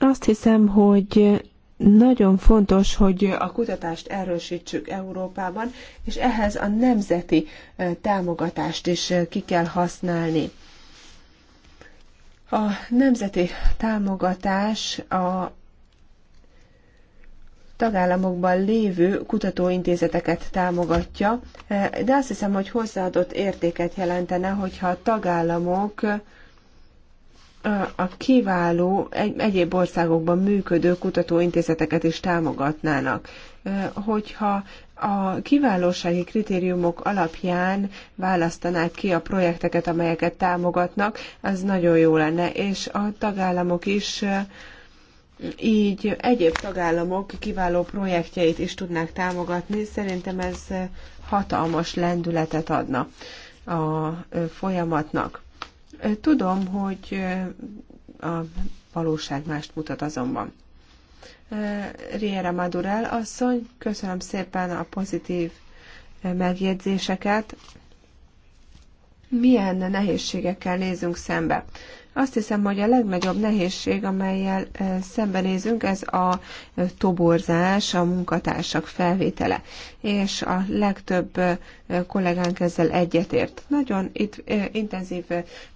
Azt hiszem, hogy nagyon fontos, hogy a kutatást erősítsük Európában, és ehhez a nemzeti e, támogatást is e, ki kell használni. A nemzeti támogatás a tagállamokban lévő kutatóintézeteket támogatja, e, de azt hiszem, hogy hozzáadott értéket jelentene, hogyha a tagállamok e, a kiváló egyéb országokban működő kutatóintézeteket is támogatnának. E, hogyha a kiválósági kritériumok alapján választanák ki a projekteket, amelyeket támogatnak, az nagyon jó lenne, és a tagállamok is így egyéb tagállamok kiváló projektjeit is tudnák támogatni. Szerintem ez hatalmas lendületet adna a folyamatnak. Tudom, hogy a valóság mást mutat azonban. Riera Madurel asszony, köszönöm szépen a pozitív megjegyzéseket. Milyen nehézségekkel nézünk szembe? Azt hiszem, hogy a legnagyobb nehézség, amelyel szembenézünk, ez a toborzás, a munkatársak felvétele. És a legtöbb kollégánk ezzel egyetért. Nagyon itt intenzív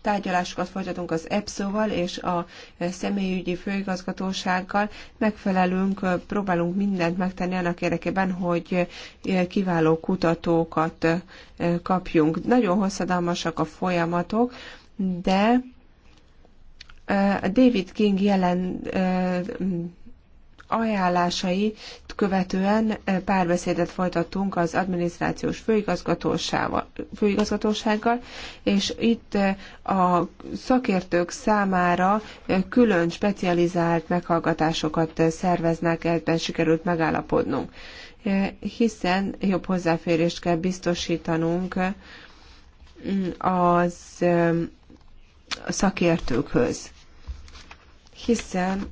tárgyalásokat folytatunk az EPSZO-val és a személyügyi főigazgatósággal. Megfelelünk, próbálunk mindent megtenni annak érdekében, hogy kiváló kutatókat kapjunk. Nagyon hosszadalmasak a folyamatok, de a David King jelen ajánlásait követően párbeszédet folytattunk az adminisztrációs főigazgatósággal, és itt a szakértők számára külön specializált meghallgatásokat szerveznek, ebben sikerült megállapodnunk, hiszen jobb hozzáférést kell biztosítanunk mm, az szakértőkhöz, hiszen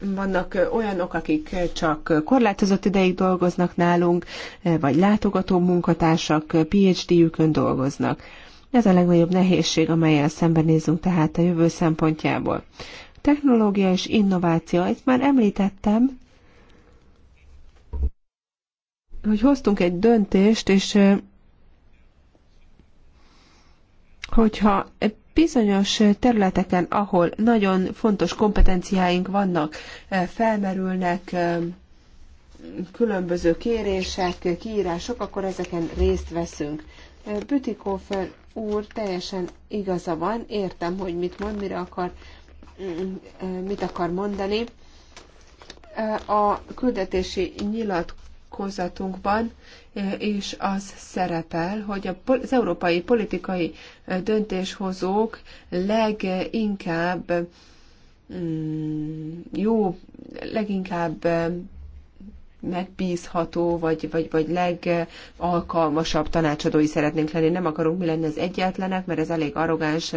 vannak olyanok, akik csak korlátozott ideig dolgoznak nálunk, vagy látogató munkatársak PhD-jükön dolgoznak. Ez a legnagyobb nehézség, amelyel szembenézünk tehát a jövő szempontjából. Technológia és innováció, ezt már említettem, hogy hoztunk egy döntést, és hogyha bizonyos területeken, ahol nagyon fontos kompetenciáink vannak, eh, felmerülnek eh, különböző kérések, kiírások, akkor ezeken részt veszünk. Eh, Bütikofer úr teljesen igaza van, értem, hogy mit mond, mire akar, mm, mit akar mondani. A küldetési nyilatkozat nyilatkozatunkban is e, az szerepel, hogy az európai politikai e, döntéshozók leginkább mm, jó, leginkább e, megbízható, vagy, vagy, vagy legalkalmasabb tanácsadói szeretnénk lenni. Nem akarunk mi lenni az egyetlenek, mert ez elég arrogáns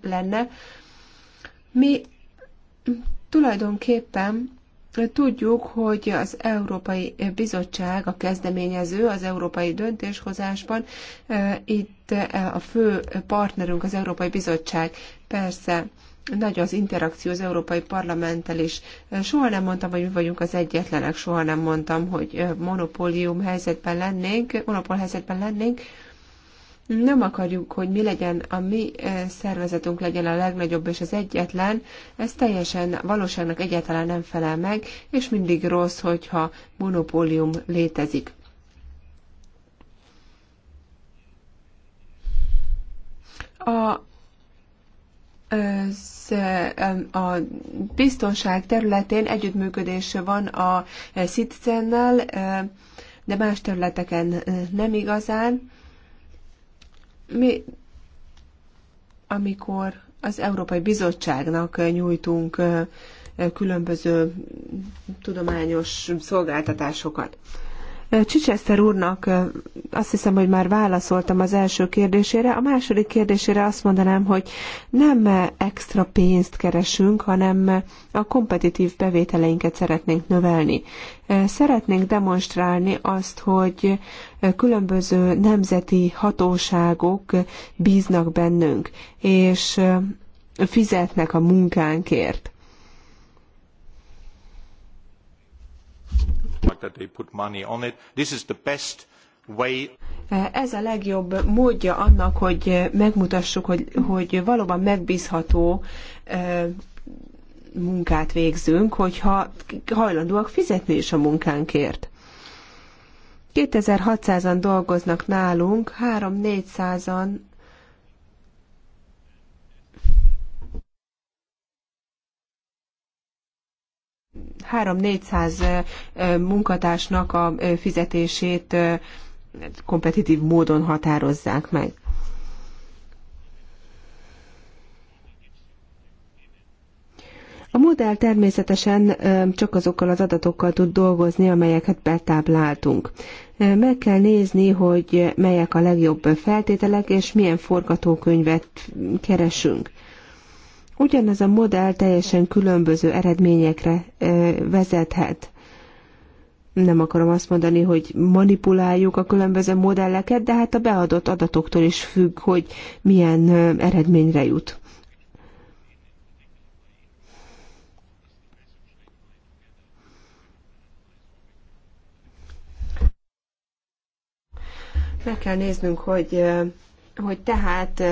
lenne. Mi tulajdonképpen Tudjuk, hogy az Európai Bizottság a kezdeményező az európai döntéshozásban. Itt a fő partnerünk az Európai Bizottság. Persze nagy az interakció az Európai Parlamenttel is. Soha nem mondtam, hogy mi vagyunk az egyetlenek, soha nem mondtam, hogy monopólium helyzetben lennénk, monopól helyzetben lennénk nem akarjuk, hogy mi legyen, a mi eh, szervezetünk legyen a legnagyobb és az egyetlen, ez teljesen valóságnak egyáltalán nem felel meg, és mindig rossz, hogyha monopólium létezik. A eh, a biztonság területén együttműködés van a sitcen eh, de más területeken nem igazán mi, amikor az Európai Bizottságnak eh, nyújtunk eh, eh, különböző tudományos szolgáltatásokat. Csicseszter úrnak azt hiszem, hogy már válaszoltam az első kérdésére. A második kérdésére azt mondanám, hogy nem extra pénzt keresünk, hanem a kompetitív bevételeinket szeretnénk növelni. Szeretnénk demonstrálni azt, hogy különböző nemzeti hatóságok bíznak bennünk, és fizetnek a munkánkért like that they put money on it. This is the best way. Ez a legjobb módja annak, hogy megmutassuk, hogy, hogy valóban megbízható munkát végzünk, hogyha hajlandóak fizetni is a munkánkért. 2600-an dolgoznak nálunk, 3-400-an 3-400 munkatársnak a fizetését kompetitív módon határozzák meg. A modell természetesen csak azokkal az adatokkal tud dolgozni, amelyeket betábláltunk. Meg kell nézni, hogy melyek a legjobb feltételek, és milyen forgatókönyvet keresünk. Ugyanez a modell teljesen különböző eredményekre vezethet. Nem akarom azt mondani, hogy manipuláljuk a különböző modelleket, de hát a beadott adatoktól is függ, hogy milyen eredményre jut. Meg kell néznünk, hogy hogy tehát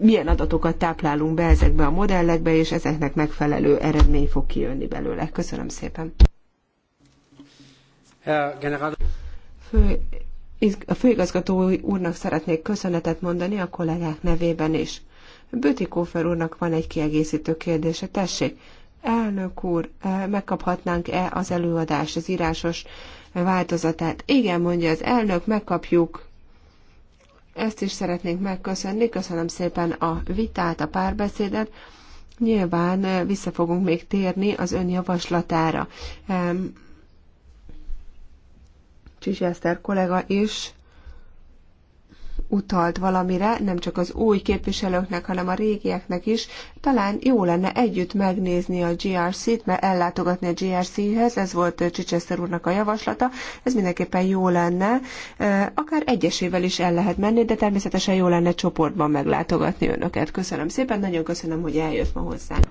milyen adatokat táplálunk be ezekbe a modellekbe, és ezeknek megfelelő eredmény fog kijönni belőle. Köszönöm szépen. Fő, a főigazgató úrnak szeretnék köszönetet mondani a kollégák nevében is. Kófer úrnak van egy kiegészítő kérdése. Tessék, elnök úr, megkaphatnánk-e az előadás, az írásos változatát? Igen, mondja az elnök, megkapjuk ezt is szeretnénk megköszönni. Köszönöm szépen a vitát, a párbeszédet. Nyilván vissza fogunk még térni az ön javaslatára. Eszter kollega is utalt valamire, nem csak az új képviselőknek, hanem a régieknek is. Talán jó lenne együtt megnézni a GRC-t, mert ellátogatni a GRC-hez, ez volt Csicseszter úrnak a javaslata, ez mindenképpen jó lenne. Akár egyesével is el lehet menni, de természetesen jó lenne csoportban meglátogatni önöket. Köszönöm szépen, nagyon köszönöm, hogy eljött ma hozzánk.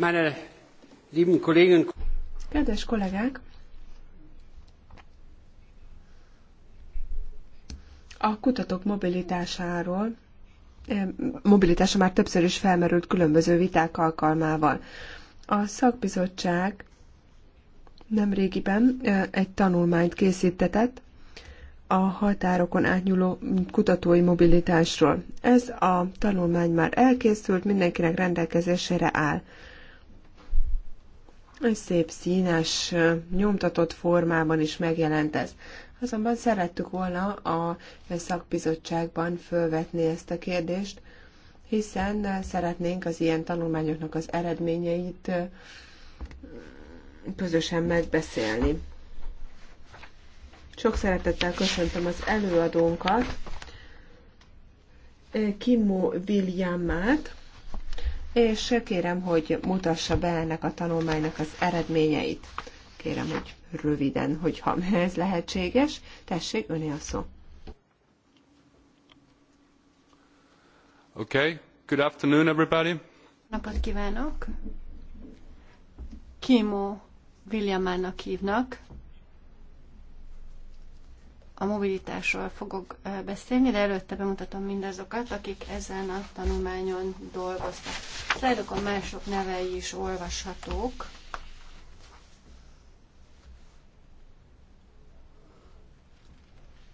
Meine lieben Kolleginnen Kedves kollégák! A kutatók mobilitásáról, mobilitása már többször is felmerült különböző viták alkalmával. A szakbizottság nemrégiben egy tanulmányt készítetett a határokon átnyúló kutatói mobilitásról. Ez a tanulmány már elkészült, mindenkinek rendelkezésére áll szép színes, nyomtatott formában is megjelent ez. Azonban szerettük volna a szakbizottságban fölvetni ezt a kérdést, hiszen szeretnénk az ilyen tanulmányoknak az eredményeit közösen megbeszélni. Sok szeretettel köszöntöm az előadónkat, Kimmo Williamát, és kérem, hogy mutassa be ennek a tanulmánynak az eredményeit. Kérem, hogy röviden, hogyha ez lehetséges. Tessék, öné a szó. Okay. Good afternoon, everybody. Napot kívánok! Kimo, Williamának hívnak a mobilitásról fogok beszélni, de előtte bemutatom mindazokat, akik ezen a tanulmányon dolgoztak. a mások nevei is olvashatók.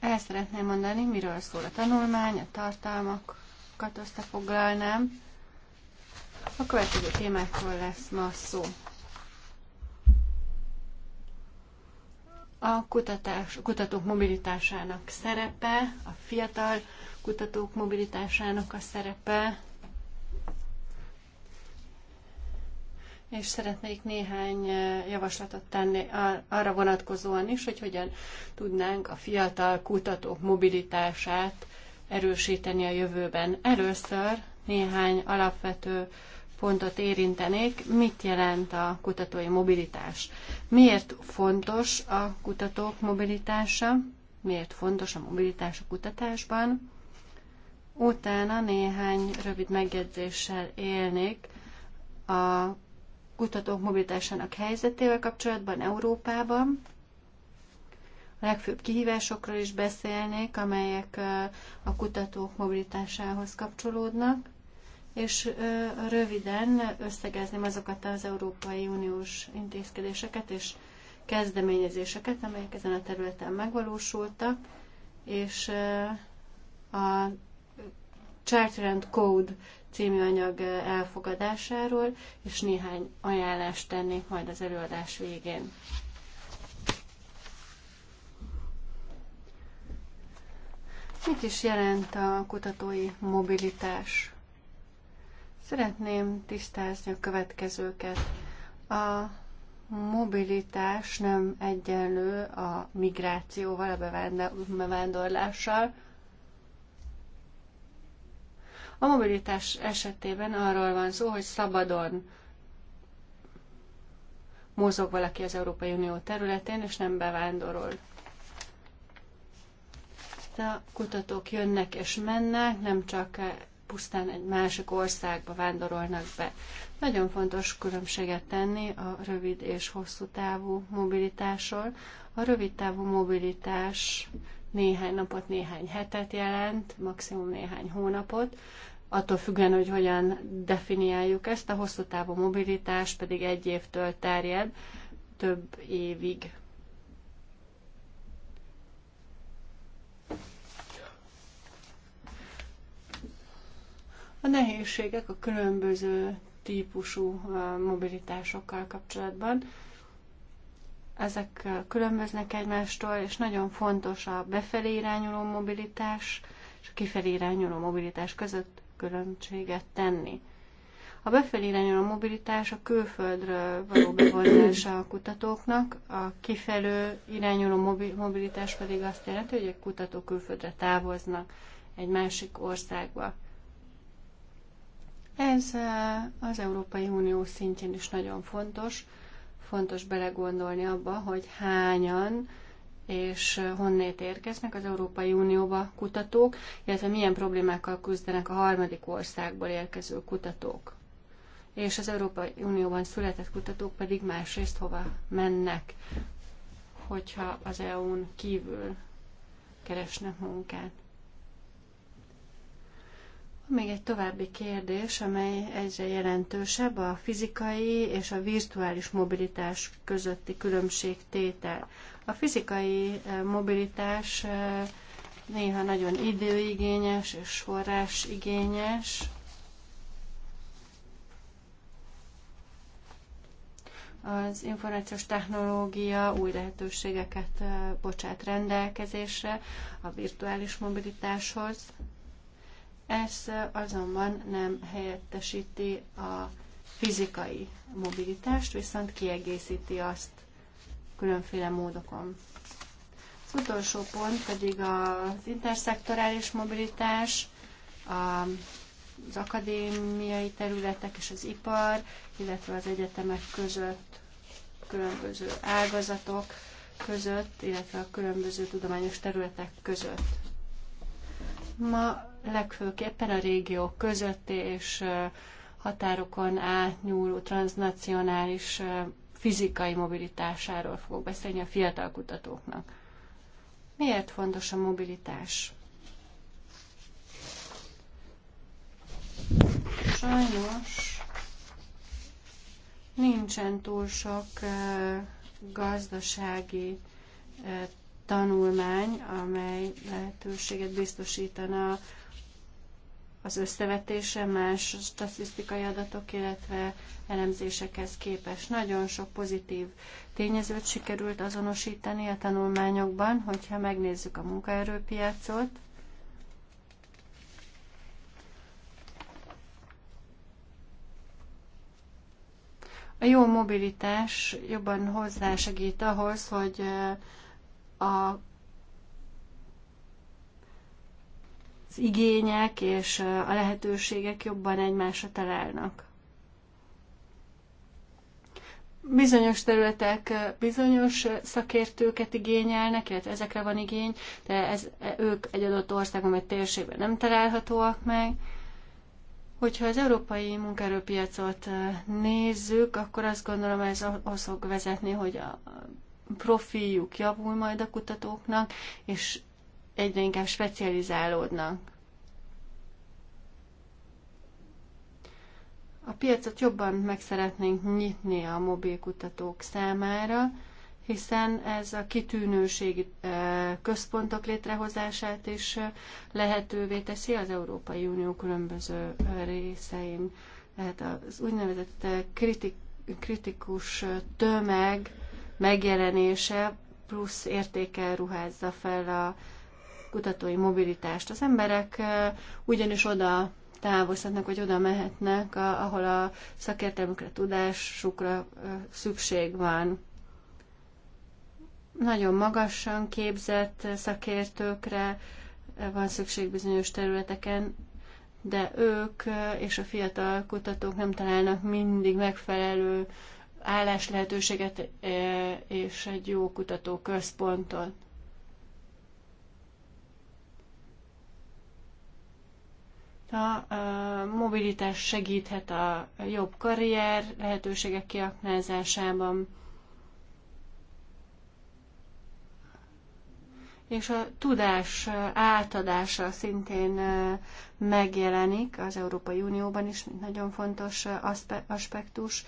El szeretném mondani, miről szól a tanulmány, a tartalmakat összefoglalnám. A következő témákról lesz ma szó. a kutatás, kutatók mobilitásának szerepe, a fiatal kutatók mobilitásának a szerepe, és szeretnék néhány javaslatot tenni arra vonatkozóan is, hogy hogyan tudnánk a fiatal kutatók mobilitását erősíteni a jövőben. Először néhány alapvető pontot érintenék, mit jelent a kutatói mobilitás. Miért fontos a kutatók mobilitása, miért fontos a mobilitás a kutatásban. Utána néhány rövid megjegyzéssel élnék a kutatók mobilitásának helyzetével kapcsolatban Európában. A legfőbb kihívásokról is beszélnék, amelyek a kutatók mobilitásához kapcsolódnak és röviden összegezném azokat az Európai Uniós intézkedéseket és kezdeményezéseket, amelyek ezen a területen megvalósultak, és a Charter and Code című anyag elfogadásáról, és néhány ajánlást tennék majd az előadás végén. Mit is jelent a kutatói mobilitás? Szeretném tisztázni a következőket. A mobilitás nem egyenlő a migrációval, a bevándorlással. A mobilitás esetében arról van szó, hogy szabadon mozog valaki az Európai Unió területén, és nem bevándorol. De a kutatók jönnek és mennek, nem csak pusztán egy másik országba vándorolnak be. Nagyon fontos különbséget tenni a rövid és hosszú távú mobilitásról. A rövid távú mobilitás néhány napot, néhány hetet jelent, maximum néhány hónapot, attól függően, hogy hogyan definiáljuk ezt, a hosszú távú mobilitás pedig egy évtől terjed, több évig a nehézségek a különböző típusú mobilitásokkal kapcsolatban. Ezek különböznek egymástól, és nagyon fontos a befelé irányuló mobilitás és a kifelé irányuló mobilitás között különbséget tenni. A befelé irányuló mobilitás a külföldről való bevonása a kutatóknak, a kifelő irányuló mobilitás pedig azt jelenti, hogy egy kutató külföldre távoznak egy másik országba. Ez eh, az Európai Unió szintjén is nagyon fontos. Fontos belegondolni abba, hogy hányan és eh, honnét érkeznek az Európai Unióba kutatók, illetve milyen problémákkal küzdenek a harmadik országból érkező kutatók. És az Európai Unióban született kutatók pedig másrészt hova mennek, hogyha az EU-n kívül keresnek munkát. Még egy további kérdés, amely egyre jelentősebb, a fizikai és a virtuális mobilitás közötti különbség tétel. A fizikai e, mobilitás e, néha nagyon időigényes és forrásigényes. Az információs technológia új lehetőségeket e, bocsát rendelkezésre a virtuális mobilitáshoz. Ez azonban nem helyettesíti a fizikai mobilitást, viszont kiegészíti azt különféle módokon. Az utolsó pont pedig az interszektorális mobilitás, az akadémiai területek és az ipar, illetve az egyetemek között, különböző ágazatok között, illetve a különböző tudományos területek között ma legfőképpen a régiók közötti és határokon átnyúló transnacionális fizikai mobilitásáról fogok beszélni a fiatal kutatóknak. Miért fontos a mobilitás? Sajnos nincsen túl sok gazdasági tanulmány, amely lehetőséget biztosítana az összevetése más statisztikai adatok, illetve elemzésekhez képest. Nagyon sok pozitív tényezőt sikerült azonosítani a tanulmányokban, hogyha megnézzük a munkaerőpiacot. A jó mobilitás jobban hozzásegít ahhoz, hogy a az igények és a lehetőségek jobban egymásra találnak. Bizonyos területek bizonyos szakértőket igényelnek, illetve ezekre van igény, de ez, e, ők egy adott országban vagy térségben nem találhatóak meg. Hogyha az európai munkaerőpiacot nézzük, akkor azt gondolom ez ahhoz fog vezetni, hogy a profiljuk javul majd a kutatóknak, és egyre inkább specializálódnak. A piacot jobban meg szeretnénk nyitni a mobil kutatók számára, hiszen ez a kitűnőségi központok létrehozását is lehetővé teszi az Európai Unió különböző részein. Tehát az úgynevezett kritik, kritikus tömeg megjelenése plusz értékkel ruházza fel a kutatói mobilitást. Az emberek ugyanis oda távozhatnak, vagy oda mehetnek, ahol a szakértelmükre, tudásukra szükség van. Nagyon magasan képzett szakértőkre van szükség bizonyos területeken, de ők és a fiatal kutatók nem találnak mindig megfelelő állás lehetőséget és egy jó kutató központot. A mobilitás segíthet a jobb karrier lehetőségek kiaknázásában, és a tudás átadása szintén megjelenik az Európai Unióban is, mint nagyon fontos aspektus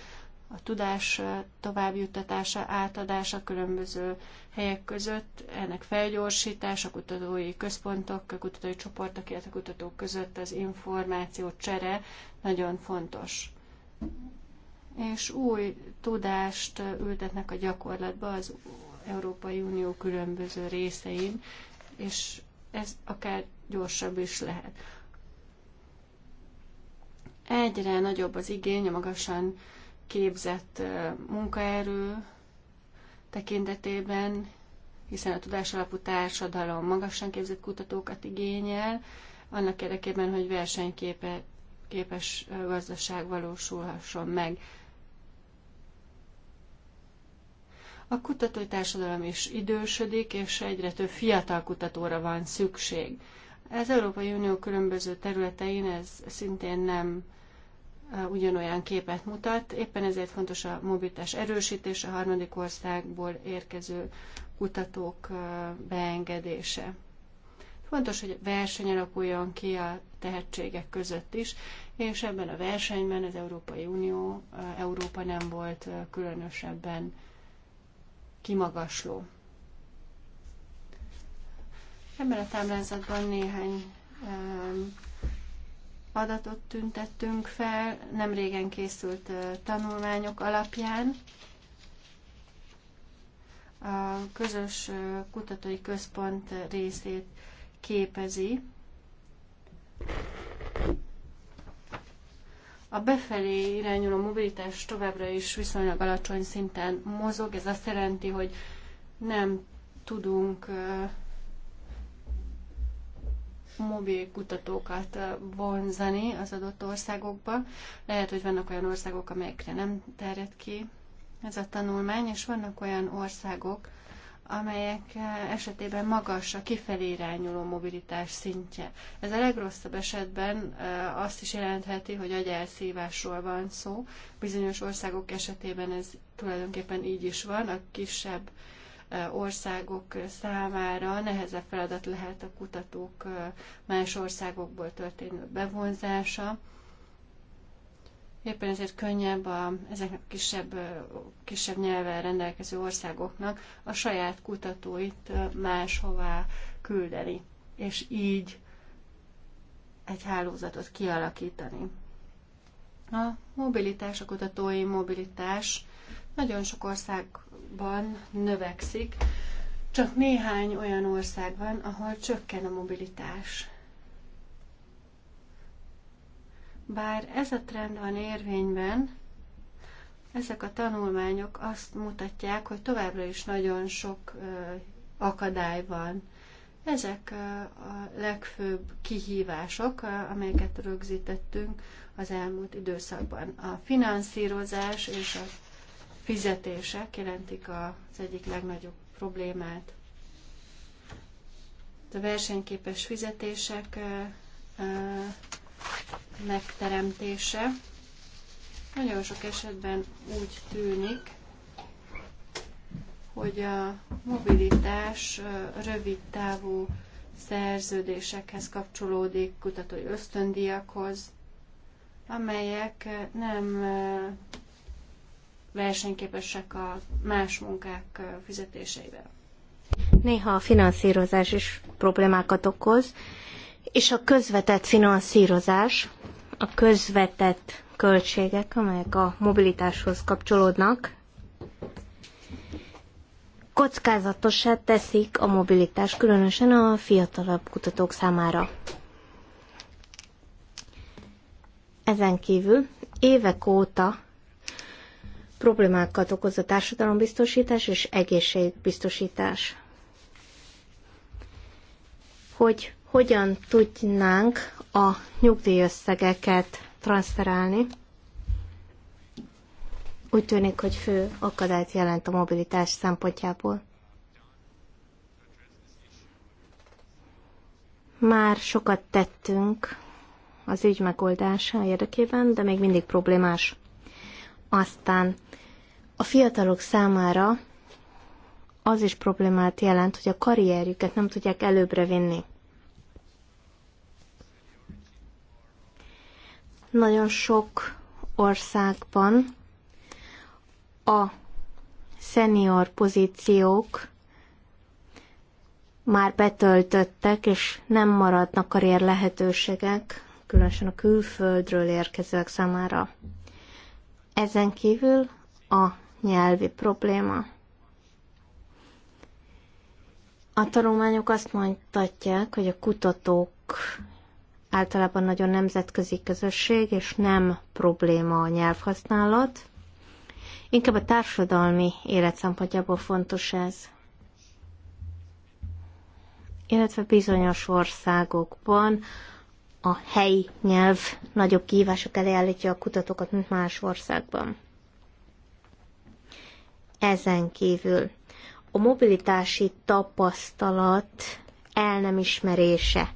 a tudás továbbjuttatása, átadása különböző helyek között, ennek felgyorsítása, kutatói központok, kutatói csoportok, illetve kutatók között az információ csere nagyon fontos. És új tudást ültetnek a gyakorlatba az Európai Unió különböző részein, és ez akár gyorsabb is lehet. Egyre nagyobb az igény a magasan képzett munkaerő tekintetében, hiszen a tudásalapú társadalom magasan képzett kutatókat igényel, annak érdekében, hogy versenyképes gazdaság valósulhasson meg. A kutatói társadalom is idősödik, és egyre több fiatal kutatóra van szükség. Az Európai Unió különböző területein ez szintén nem ugyanolyan képet mutat. Éppen ezért fontos a mobilitás erősítése a harmadik országból érkező kutatók beengedése. Fontos, hogy verseny alakuljon ki a tehetségek között is, és ebben a versenyben az Európai Unió, Európa nem volt különösebben kimagasló. Ebben a táblázatban néhány adatot tüntettünk fel, nem régen készült tanulmányok alapján. A közös kutatói központ részét képezi. A befelé irányuló mobilitás továbbra is viszonylag alacsony szinten mozog, ez azt jelenti, hogy nem tudunk mobil kutatókat vonzani az adott országokba. Lehet, hogy vannak olyan országok, amelyekre nem terjed ki ez a tanulmány, és vannak olyan országok, amelyek esetében magas a kifelé irányuló mobilitás szintje. Ez a legrosszabb esetben azt is jelentheti, hogy agyelszívásról van szó. Bizonyos országok esetében ez tulajdonképpen így is van, a kisebb országok számára nehezebb feladat lehet a kutatók más országokból történő bevonzása. Éppen ezért könnyebb a, ezeknek a kisebb, kisebb nyelven rendelkező országoknak a saját kutatóit máshová küldeni, és így egy hálózatot kialakítani. A mobilitás, a kutatói mobilitás nagyon sok ország országban növekszik, csak néhány olyan ország van, ahol csökken a mobilitás. Bár ez a trend van érvényben, ezek a tanulmányok azt mutatják, hogy továbbra is nagyon sok akadály van. Ezek a legfőbb kihívások, amelyeket rögzítettünk az elmúlt időszakban. A finanszírozás és a fizetések jelentik az egyik legnagyobb problémát. A versenyképes fizetések megteremtése nagyon sok esetben úgy tűnik, hogy a mobilitás rövid távú szerződésekhez kapcsolódik, kutatói ösztöndiakhoz, amelyek nem versenyképesek a más munkák fizetéseivel. Néha a finanszírozás is problémákat okoz, és a közvetett finanszírozás, a közvetett költségek, amelyek a mobilitáshoz kapcsolódnak, kockázatosá teszik a mobilitás, különösen a fiatalabb kutatók számára. Ezen kívül évek óta problémákat okoz a társadalombiztosítás és egészségbiztosítás. Hogy hogyan tudnánk a nyugdíjösszegeket transferálni, úgy tűnik, hogy fő akadályt jelent a mobilitás szempontjából. Már sokat tettünk az ügy megoldása érdekében, de még mindig problémás. Aztán a fiatalok számára az is problémát jelent, hogy a karrierjüket nem tudják előbbre vinni. Nagyon sok országban a szenior pozíciók már betöltöttek, és nem maradnak karrier lehetőségek, különösen a külföldről érkezők számára. Ezen kívül a nyelvi probléma. A tanulmányok azt mondhatják, hogy a kutatók általában nagyon nemzetközi közösség, és nem probléma a nyelvhasználat. Inkább a társadalmi élet szempontjából fontos ez. Illetve bizonyos országokban a helyi nyelv nagyobb kihívások elé állítja a kutatókat, mint más országban. Ezen kívül a mobilitási tapasztalat el nem ismerése.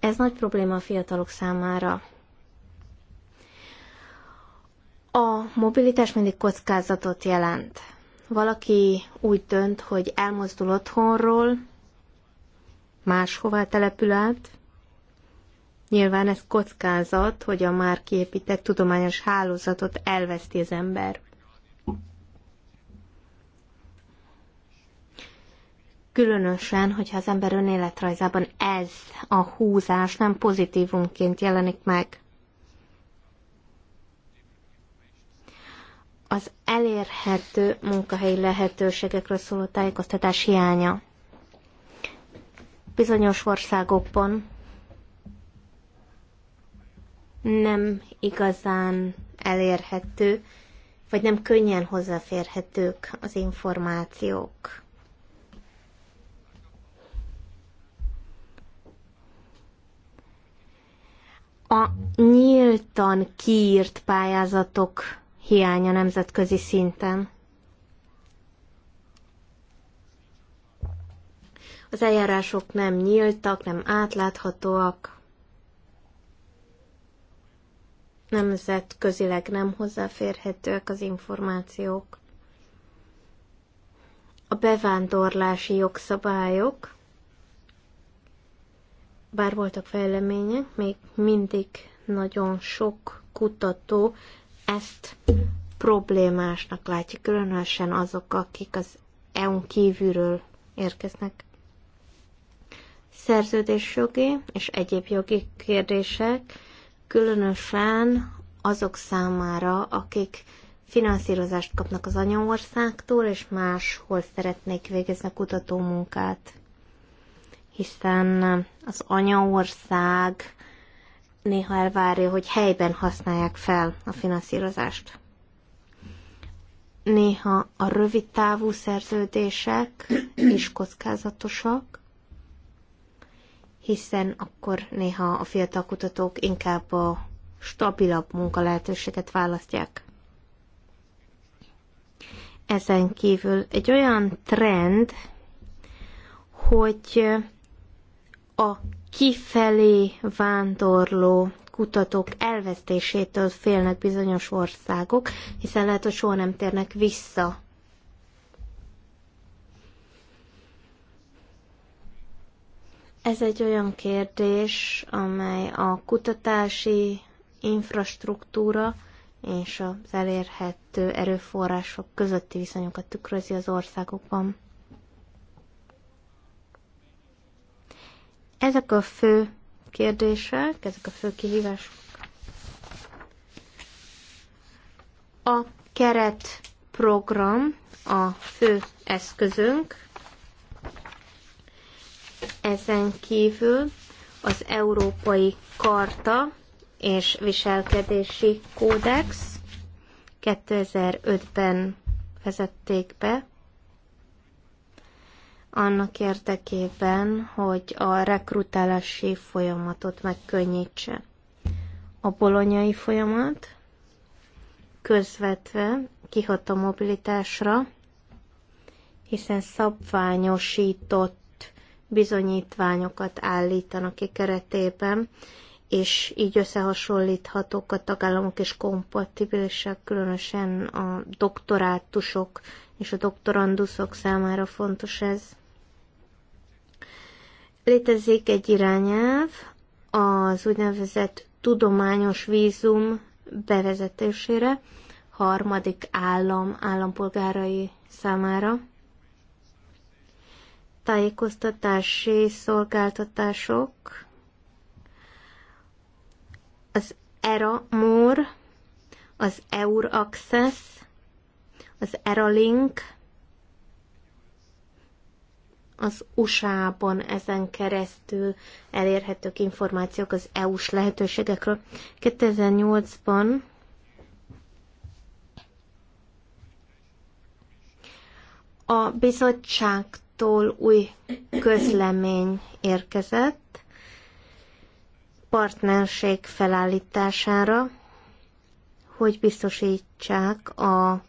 Ez nagy probléma a fiatalok számára. A mobilitás mindig kockázatot jelent. Valaki úgy dönt, hogy elmozdul otthonról, máshová települ át, Nyilván ez kockázat, hogy a már kiépített tudományos hálózatot elveszti az ember. Különösen, hogyha az ember önéletrajzában ez a húzás nem pozitívumként jelenik meg. Az elérhető munkahelyi lehetőségekről szóló tájékoztatás hiánya. Bizonyos országokban nem igazán elérhető, vagy nem könnyen hozzáférhetők az információk. A nyíltan kiírt pályázatok hiánya nemzetközi szinten. Az eljárások nem nyíltak, nem átláthatóak. nemzetközileg nem hozzáférhetőek az információk. A bevándorlási jogszabályok, bár voltak fejlemények, még mindig nagyon sok kutató ezt problémásnak látja, különösen azok, akik az EU-n kívülről érkeznek. Szerződésjogi és egyéb jogi kérdések különösen azok számára, akik finanszírozást kapnak az anyaországtól, és máshol szeretnék végezni a kutatómunkát. Hiszen az anyaország néha elvárja, hogy helyben használják fel a finanszírozást. Néha a rövid távú szerződések is kockázatosak, hiszen akkor néha a fiatal kutatók inkább a stabilabb munkalehetőséget választják. Ezen kívül egy olyan trend, hogy a kifelé vándorló kutatók elvesztésétől félnek bizonyos országok, hiszen lehet, hogy soha nem térnek vissza Ez egy olyan kérdés, amely a kutatási infrastruktúra és az elérhető erőforrások közötti viszonyokat tükrözi az országokban. Ezek a fő kérdések, ezek a fő kihívások. A keretprogram a fő eszközünk, ezen kívül az Európai Karta és Viselkedési Kódex 2005-ben vezették be, annak érdekében, hogy a rekrutálási folyamatot megkönnyítse. A bolonyai folyamat közvetve kihat a mobilitásra, hiszen szabványosított bizonyítványokat állítanak ki keretében, és így összehasonlíthatók a tagállamok és kompatibilisek, különösen a doktorátusok és a doktoranduszok számára fontos ez. Létezik egy irányelv, az úgynevezett tudományos vízum bevezetésére harmadik állam állampolgárai számára tájékoztatási szolgáltatások, az ERA-MOR, az EUR Access, az ERA-Link, az USA-ban ezen keresztül elérhetők információk az EU-s lehetőségekről. 2008-ban a bizottság tól új közlemény érkezett partnerség felállítására, hogy biztosítsák a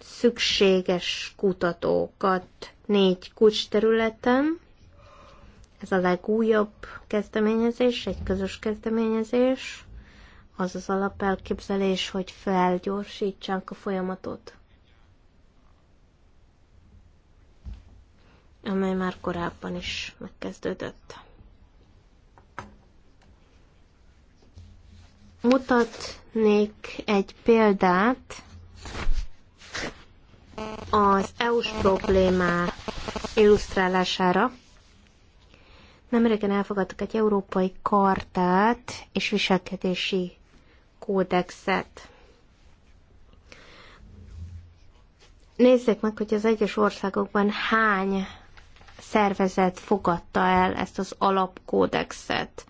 szükséges kutatókat négy kucs területen. Ez a legújabb kezdeményezés, egy közös kezdeményezés. Az az alapelképzelés, hogy felgyorsítsák a folyamatot. amely már korábban is megkezdődött. Mutatnék egy példát az EU-s problémák illusztrálására. Nemrégen elfogadtuk egy európai kartát és viselkedési kódexet. Nézzék meg, hogy az egyes országokban hány szervezet fogadta el ezt az alapkódexet,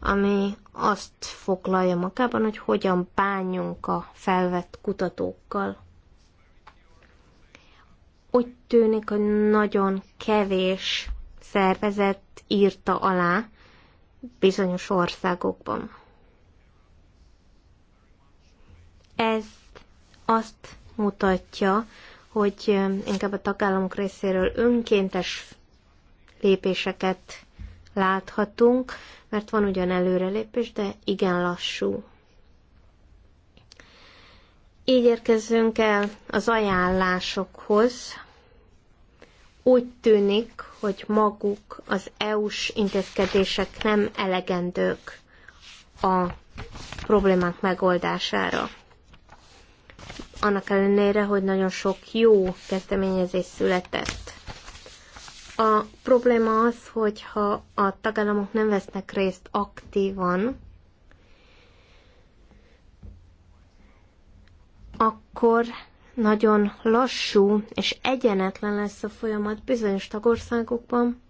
ami azt foglalja magában, hogy hogyan bánjunk a felvett kutatókkal. Úgy tűnik, hogy nagyon kevés szervezet írta alá bizonyos országokban. Ez azt mutatja, hogy inkább a tagállamok részéről önkéntes lépéseket láthatunk, mert van ugyan előrelépés, de igen lassú. Így érkezzünk el az ajánlásokhoz. Úgy tűnik, hogy maguk az EU-s intézkedések nem elegendők a problémák megoldására. Annak ellenére, hogy nagyon sok jó kezdeményezés született. A probléma az, hogyha a tagállamok nem vesznek részt aktívan, akkor nagyon lassú és egyenetlen lesz a folyamat bizonyos tagországokban.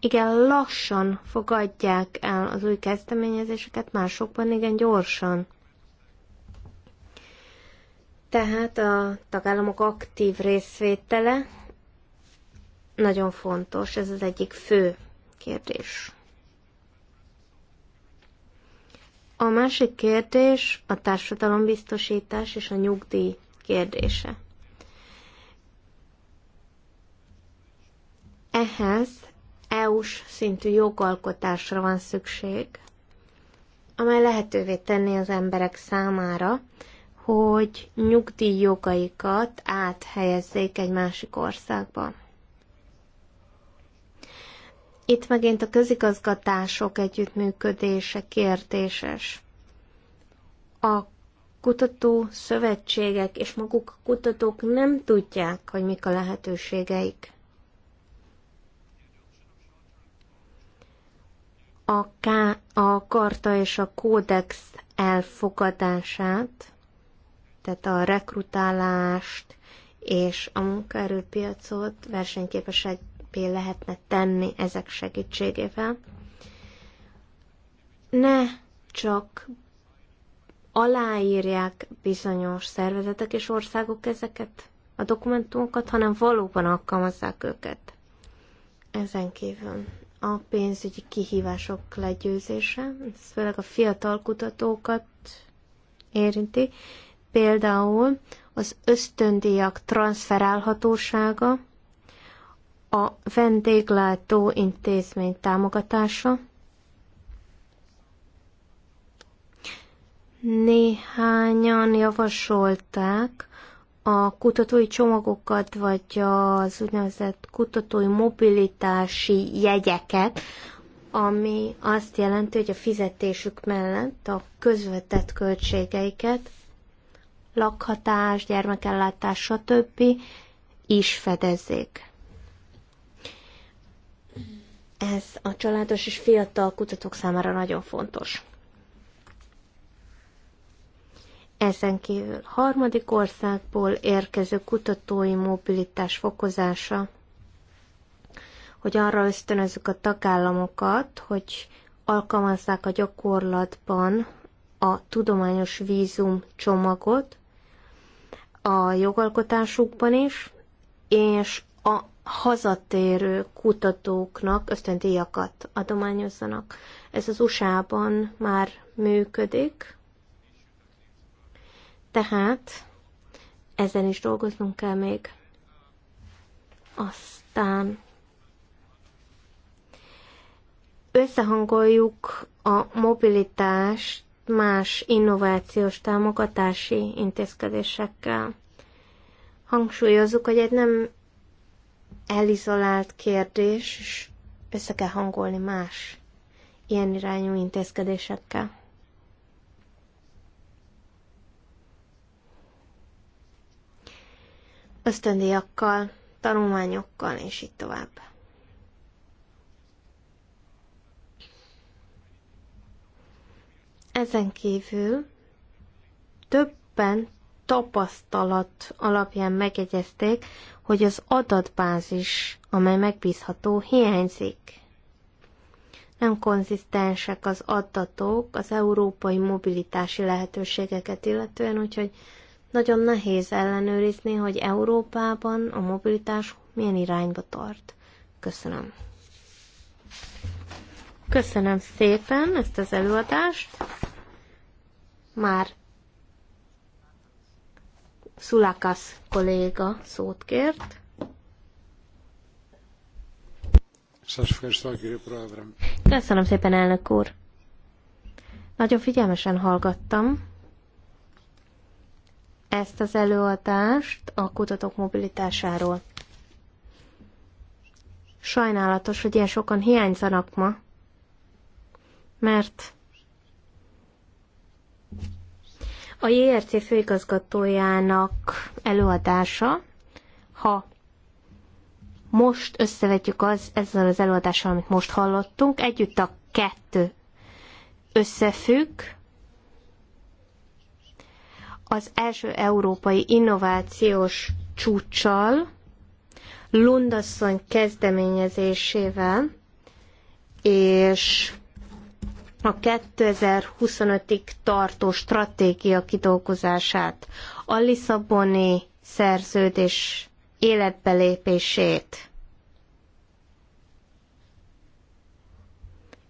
Igen, lassan fogadják el az új kezdeményezéseket, másokban igen gyorsan. Tehát a tagállamok aktív részvétele nagyon fontos, ez az egyik fő kérdés. A másik kérdés a társadalombiztosítás és a nyugdíj kérdése. Ehhez EU-s szintű jogalkotásra van szükség, amely lehetővé tenni az emberek számára, hogy nyugdíjjogaikat áthelyezzék egy másik országba. Itt megint a közigazgatások együttműködése kérdéses. A kutató szövetségek és maguk a kutatók nem tudják, hogy mik a lehetőségeik. A, K, a karta és a kódex elfogadását tehát a rekrutálást és a munkaerőpiacot versenyképesebbé lehetne tenni ezek segítségével. Ne csak aláírják bizonyos szervezetek és országok ezeket a dokumentumokat, hanem valóban alkalmazzák őket. Ezen kívül a pénzügyi kihívások legyőzése, ez főleg a fiatal kutatókat érinti, Például az ösztöndíjak transferálhatósága, a vendéglátó intézmény támogatása, Néhányan javasolták a kutatói csomagokat, vagy az úgynevezett kutatói mobilitási jegyeket, ami azt jelenti, hogy a fizetésük mellett a közvetett költségeiket lakhatás, gyermekellátás, stb. is fedezzék. Ez a családos és fiatal kutatók számára nagyon fontos. Ezen kívül harmadik országból érkező kutatói mobilitás fokozása, hogy arra ösztönözzük a tagállamokat, hogy alkalmazzák a gyakorlatban a tudományos vízum csomagot, a jogalkotásukban is, és a hazatérő kutatóknak ösztöndíjakat adományozzanak. Ez az USA-ban már működik, tehát ezen is dolgoznunk kell még. Aztán összehangoljuk a mobilitást más innovációs támogatási intézkedésekkel. Hangsúlyozzuk, hogy egy nem elizolált kérdés, és össze kell hangolni más ilyen irányú intézkedésekkel. Ösztöndiakkal, tanulmányokkal, és így tovább. Ezen kívül többen tapasztalat alapján megegyezték, hogy az adatbázis, amely megbízható, hiányzik. Nem konzisztensek az adatok az európai mobilitási lehetőségeket illetően, úgyhogy nagyon nehéz ellenőrizni, hogy Európában a mobilitás milyen irányba tart. Köszönöm. Köszönöm szépen ezt az előadást. Már Szulakasz kolléga szót kért. Köszönöm szépen, elnök úr. Nagyon figyelmesen hallgattam ezt az előadást a kutatók mobilitásáról. Sajnálatos, hogy ilyen sokan hiányzanak ma mert a JRC főigazgatójának előadása, ha most összevetjük az, ezzel az előadással, amit most hallottunk, együtt a kettő összefügg, az első európai innovációs csúcsal, Lundasszony kezdeményezésével, és a 2025-ig tartó stratégia kidolgozását, a Lisszaboni szerződés életbelépését,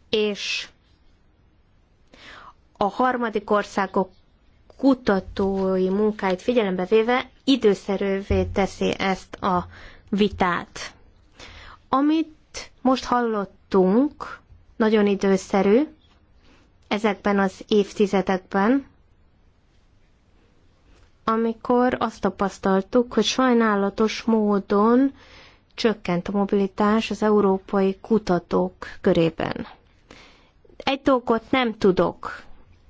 és a harmadik országok kutatói munkáit figyelembe véve időszerűvé teszi ezt a vitát. Amit most hallottunk, nagyon időszerű, ezekben az évtizedekben, amikor azt tapasztaltuk, hogy sajnálatos módon csökkent a mobilitás az európai kutatók körében. Egy dolgot nem tudok.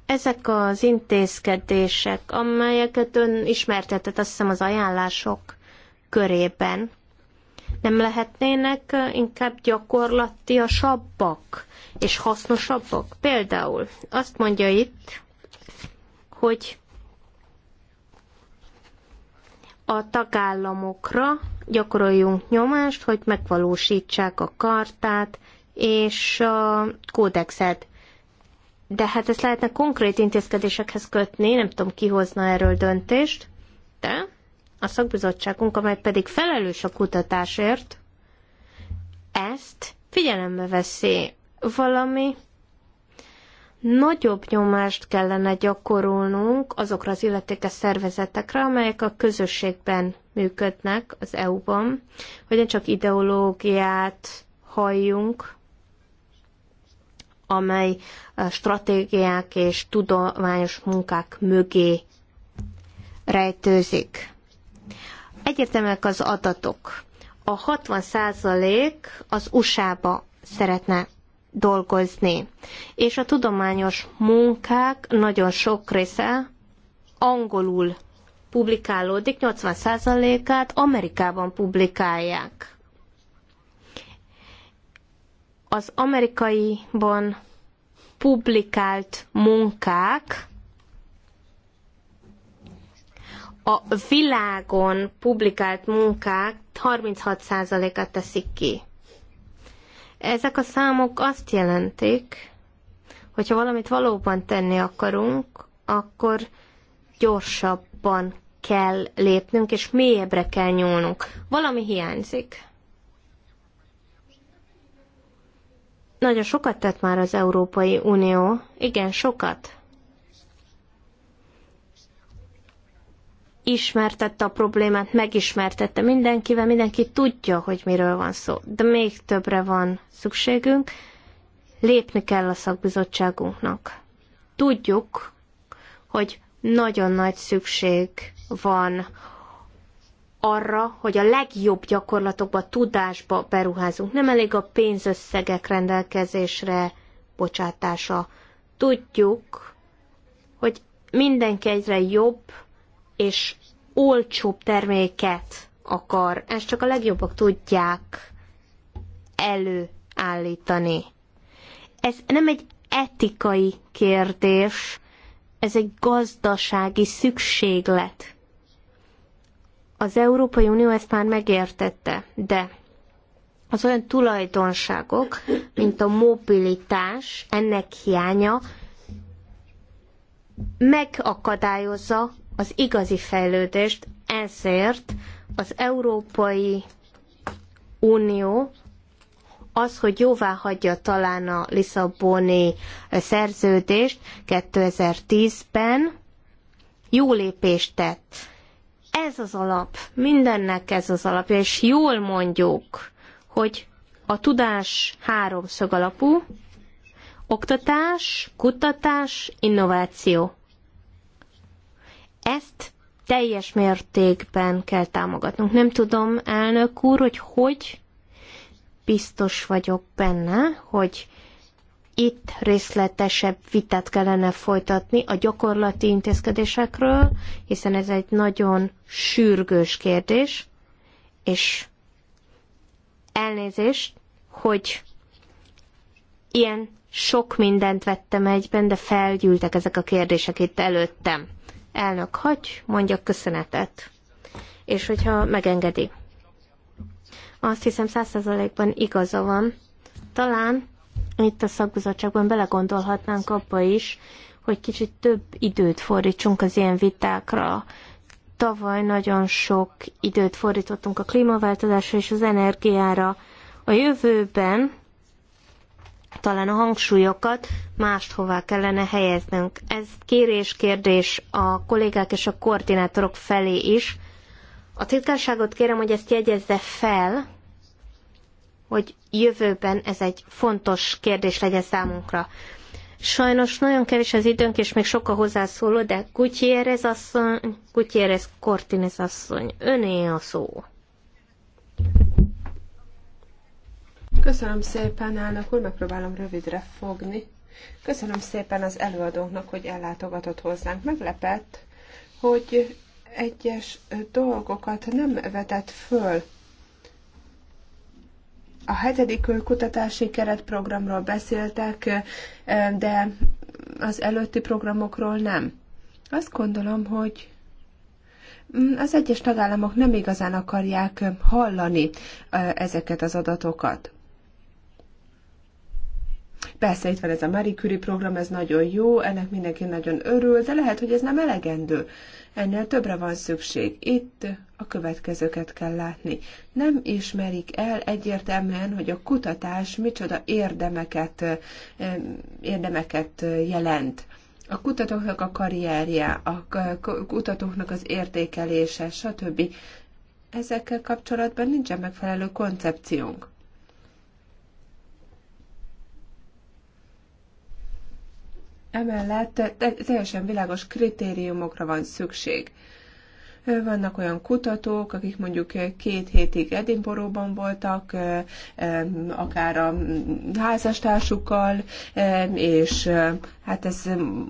Ezek az intézkedések, amelyeket ön ismertetett, azt hiszem az ajánlások körében, nem lehetnének inkább gyakorlatiasabbak és hasznosabbak? Például azt mondja itt, hogy a tagállamokra gyakoroljunk nyomást, hogy megvalósítsák a kartát és a kódexet. De hát ezt lehetne konkrét intézkedésekhez kötni, nem tudom, ki hozna erről döntést, de a szakbizottságunk, amely pedig felelős a kutatásért, ezt figyelembe veszi. Valami nagyobb nyomást kellene gyakorolnunk azokra az illetékes szervezetekre, amelyek a közösségben működnek az EU-ban, hogy csak ideológiát halljunk, amely stratégiák és tudományos munkák mögé rejtőzik. Egyetemek az adatok. A 60% az USA-ba szeretne dolgozni, és a tudományos munkák nagyon sok része angolul publikálódik, 80%-át Amerikában publikálják. Az amerikaiban publikált munkák a világon publikált munkák 36%-át teszik ki. Ezek a számok azt jelentik, hogyha valamit valóban tenni akarunk, akkor gyorsabban kell lépnünk, és mélyebbre kell nyúlnunk. Valami hiányzik. Nagyon sokat tett már az Európai Unió, igen, sokat. ismertette a problémát, megismertette mindenkivel, mindenki tudja, hogy miről van szó. De még többre van szükségünk, lépni kell a szakbizottságunknak. Tudjuk, hogy nagyon nagy szükség van arra, hogy a legjobb gyakorlatokba, tudásba beruházunk. Nem elég a pénzösszegek rendelkezésre bocsátása. Tudjuk, hogy mindenki egyre jobb, és olcsóbb terméket akar. Ezt csak a legjobbak tudják előállítani. Ez nem egy etikai kérdés, ez egy gazdasági szükséglet. Az Európai Unió ezt már megértette, de az olyan tulajdonságok, mint a mobilitás, ennek hiánya megakadályozza az igazi fejlődést, ezért az Európai Unió az, hogy jóvá hagyja talán a Lisszaboni szerződést 2010-ben, jó lépést tett. Ez az alap, mindennek ez az alapja, és jól mondjuk, hogy a tudás háromszög alapú, oktatás, kutatás, innováció. Ezt teljes mértékben kell támogatnunk. Nem tudom, elnök úr, hogy hogy biztos vagyok benne, hogy itt részletesebb vitát kellene folytatni a gyakorlati intézkedésekről, hiszen ez egy nagyon sürgős kérdés, és elnézést, hogy ilyen sok mindent vettem egyben, de felgyűltek ezek a kérdések itt előttem elnök, hagy mondja köszönetet. És hogyha megengedi. Azt hiszem százszerzalékban igaza van. Talán itt a szakbizottságban belegondolhatnánk abba is, hogy kicsit több időt fordítsunk az ilyen vitákra. Tavaly nagyon sok időt fordítottunk a klímaváltozásra és az energiára. A jövőben talán a hangsúlyokat máshová kellene helyeznünk. Ez kérés kérdés a kollégák és a koordinátorok felé is. A titkárságot kérem, hogy ezt jegyezze fel, hogy jövőben ez egy fontos kérdés legyen számunkra. Sajnos nagyon kevés az időnk, és még sok a hozzászóló, de Gutierrez asszony, Gutierrez Cortines asszony, öné a szó. Köszönöm szépen, elnök úr, megpróbálom rövidre fogni. Köszönöm szépen az előadónknak, hogy ellátogatott hozzánk. Meglepett, hogy egyes dolgokat nem vetett föl. A hetedik kutatási keretprogramról beszéltek, de az előtti programokról nem. Azt gondolom, hogy az egyes tagállamok nem igazán akarják hallani ezeket az adatokat. Persze itt van ez a Marie Curie program, ez nagyon jó, ennek mindenki nagyon örül, de lehet, hogy ez nem elegendő. Ennél többre van szükség. Itt a következőket kell látni. Nem ismerik el egyértelműen, hogy a kutatás micsoda érdemeket, érdemeket jelent. A kutatóknak a karrierje, a kutatóknak az értékelése, stb. Ezekkel kapcsolatban nincsen megfelelő koncepciónk. Emellett teljesen világos kritériumokra van szükség. Vannak olyan kutatók, akik mondjuk két hétig Edinboróban voltak, akár a mm, házastársukkal, és hát ez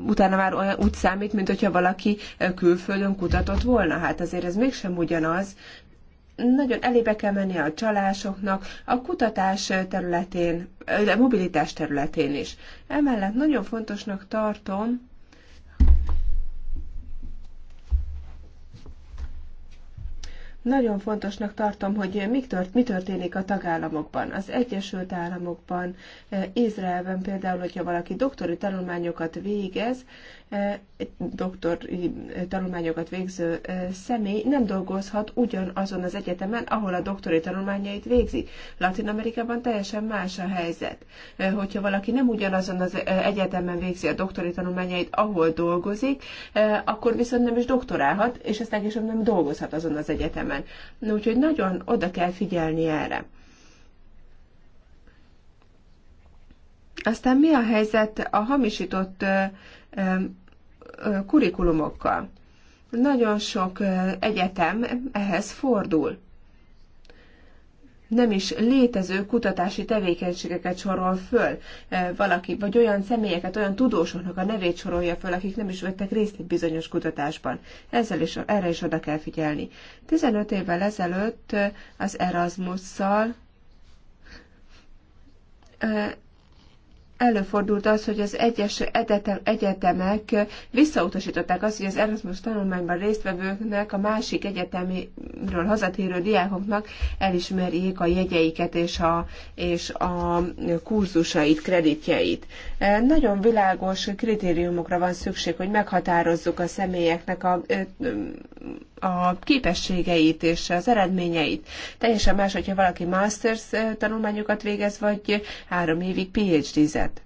utána már olyan, úgy számít, mint hogyha valaki külföldön kutatott volna. Hát azért ez mégsem ugyanaz, nagyon elébe kell menni a csalásoknak, a kutatás területén, a mobilitás területén is. Emellett nagyon fontosnak tartom, Nagyon fontosnak tartom, hogy mi, tört, mi történik a tagállamokban, az Egyesült Államokban, e, Izraelben például, hogyha valaki doktori tanulmányokat végez, e, doktori e, tanulmányokat végző személy nem dolgozhat ugyanazon az egyetemen, ahol a doktori tanulmányait végzi. Latin Amerikában teljesen más a helyzet. Hogyha valaki nem ugyanazon az egyetemen végzi a doktori tanulmányait, ahol dolgozik, akkor viszont nem is doktorálhat, és aztán később nem dolgozhat azon az egyetemen. Na, Úgyhogy nagyon oda kell figyelni erre. Aztán mi a helyzet a hamisított kurikulumokkal? Nagyon sok egyetem ehhez fordul nem is létező kutatási tevékenységeket sorol föl e, valaki, vagy olyan személyeket, olyan tudósoknak a nevét sorolja föl, akik nem is vettek részt egy bizonyos kutatásban. Ezzel is, erre is oda kell figyelni. 15 évvel ezelőtt az Erasmus-szal e, előfordult az, hogy az egyes egyetemek visszautasították azt, hogy az Erasmus tanulmányban résztvevőknek, a másik egyetemiről hazatérő diákoknak elismerjék a jegyeiket és a, és a kurzusait, kreditjeit. Nagyon világos kritériumokra van szükség, hogy meghatározzuk a személyeknek a a képességeit és az eredményeit. Teljesen más, hogyha valaki masters tanulmányokat végez, vagy három évig PhD-zet.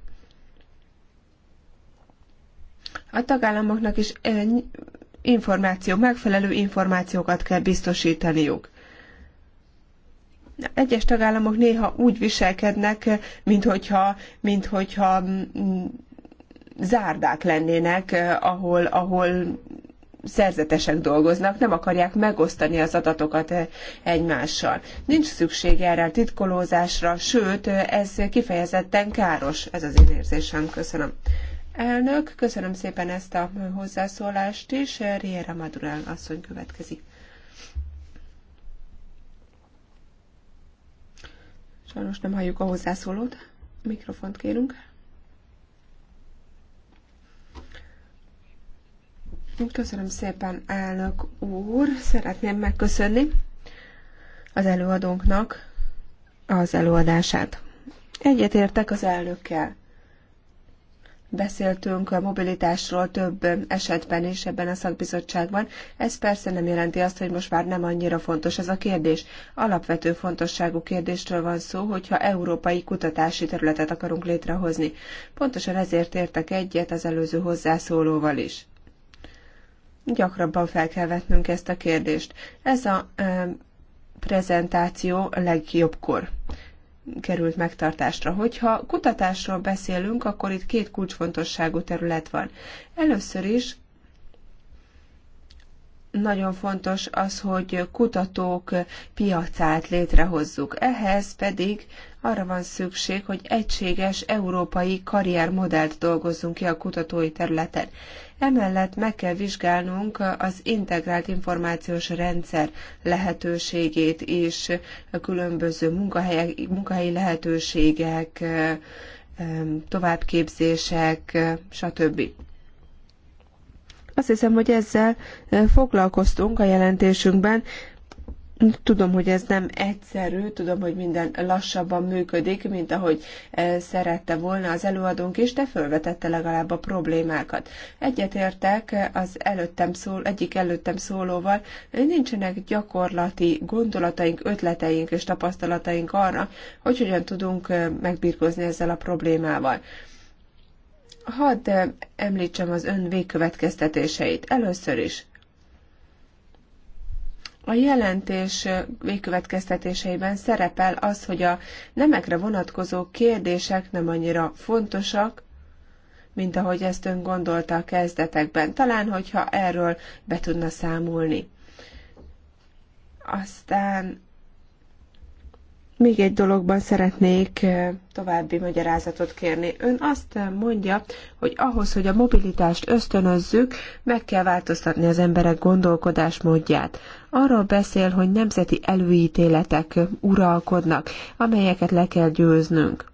A tagállamoknak is információ, megfelelő információkat kell biztosítaniuk. Egyes tagállamok néha úgy viselkednek, minthogyha, minthogyha mm, zárdák lennének, ahol, ahol szerzetesek dolgoznak, nem akarják megosztani az adatokat eh, egymással. Nincs szükség erre a titkolózásra, sőt, eh, ez kifejezetten káros, ez az én érzésem. Köszönöm. Elnök, köszönöm szépen ezt a hozzászólást is. Eh, Riera Madurell asszony következik. Sajnos nem halljuk a hozzászólót. Mikrofont kérünk. Köszönöm szépen, elnök úr. Szeretném megköszönni az előadónknak az előadását. Egyetértek az elnökkel. Beszéltünk a mobilitásról több esetben is ebben a szakbizottságban. Ez persze nem jelenti azt, hogy most már nem annyira fontos ez a kérdés. Alapvető fontosságú kérdésről van szó, hogyha európai kutatási területet akarunk létrehozni. Pontosan ezért értek egyet az előző hozzászólóval is. Gyakrabban fel kell vetnünk ezt a kérdést. Ez a prezentáció legjobbkor került megtartásra. Hogyha kutatásról beszélünk, akkor itt két kulcsfontosságú terület van. Először is nagyon fontos az, hogy kutatók piacát létrehozzuk. Ehhez pedig arra van szükség, hogy egységes európai karriermodellt dolgozzunk ki a kutatói területen. Emellett meg kell vizsgálnunk az integrált információs rendszer lehetőségét is, a különböző munkahelyi lehetőségek, továbbképzések, stb. Azt hiszem, hogy ezzel foglalkoztunk a jelentésünkben, Tudom, hogy ez nem egyszerű, tudom, hogy minden lassabban működik, mint ahogy e, szerette volna az előadónk is, de felvetette legalább a problémákat. Egyetértek az előttem szól, egyik előttem szólóval, nincsenek gyakorlati gondolataink, ötleteink és tapasztalataink arra, hogy hogyan tudunk e, megbírkozni ezzel a problémával. Hadd e, említsem az ön végkövetkeztetéseit. Először is, a jelentés végkövetkeztetéseiben szerepel az, hogy a nemekre vonatkozó kérdések nem annyira fontosak, mint ahogy ezt ön gondolta a kezdetekben. Talán, hogyha erről be tudna számolni. Aztán még egy dologban szeretnék további magyarázatot kérni. Ön azt mondja, hogy ahhoz, hogy a mobilitást ösztönözzük, meg kell változtatni az emberek gondolkodásmódját. Arról beszél, hogy nemzeti előítéletek uralkodnak, amelyeket le kell győznünk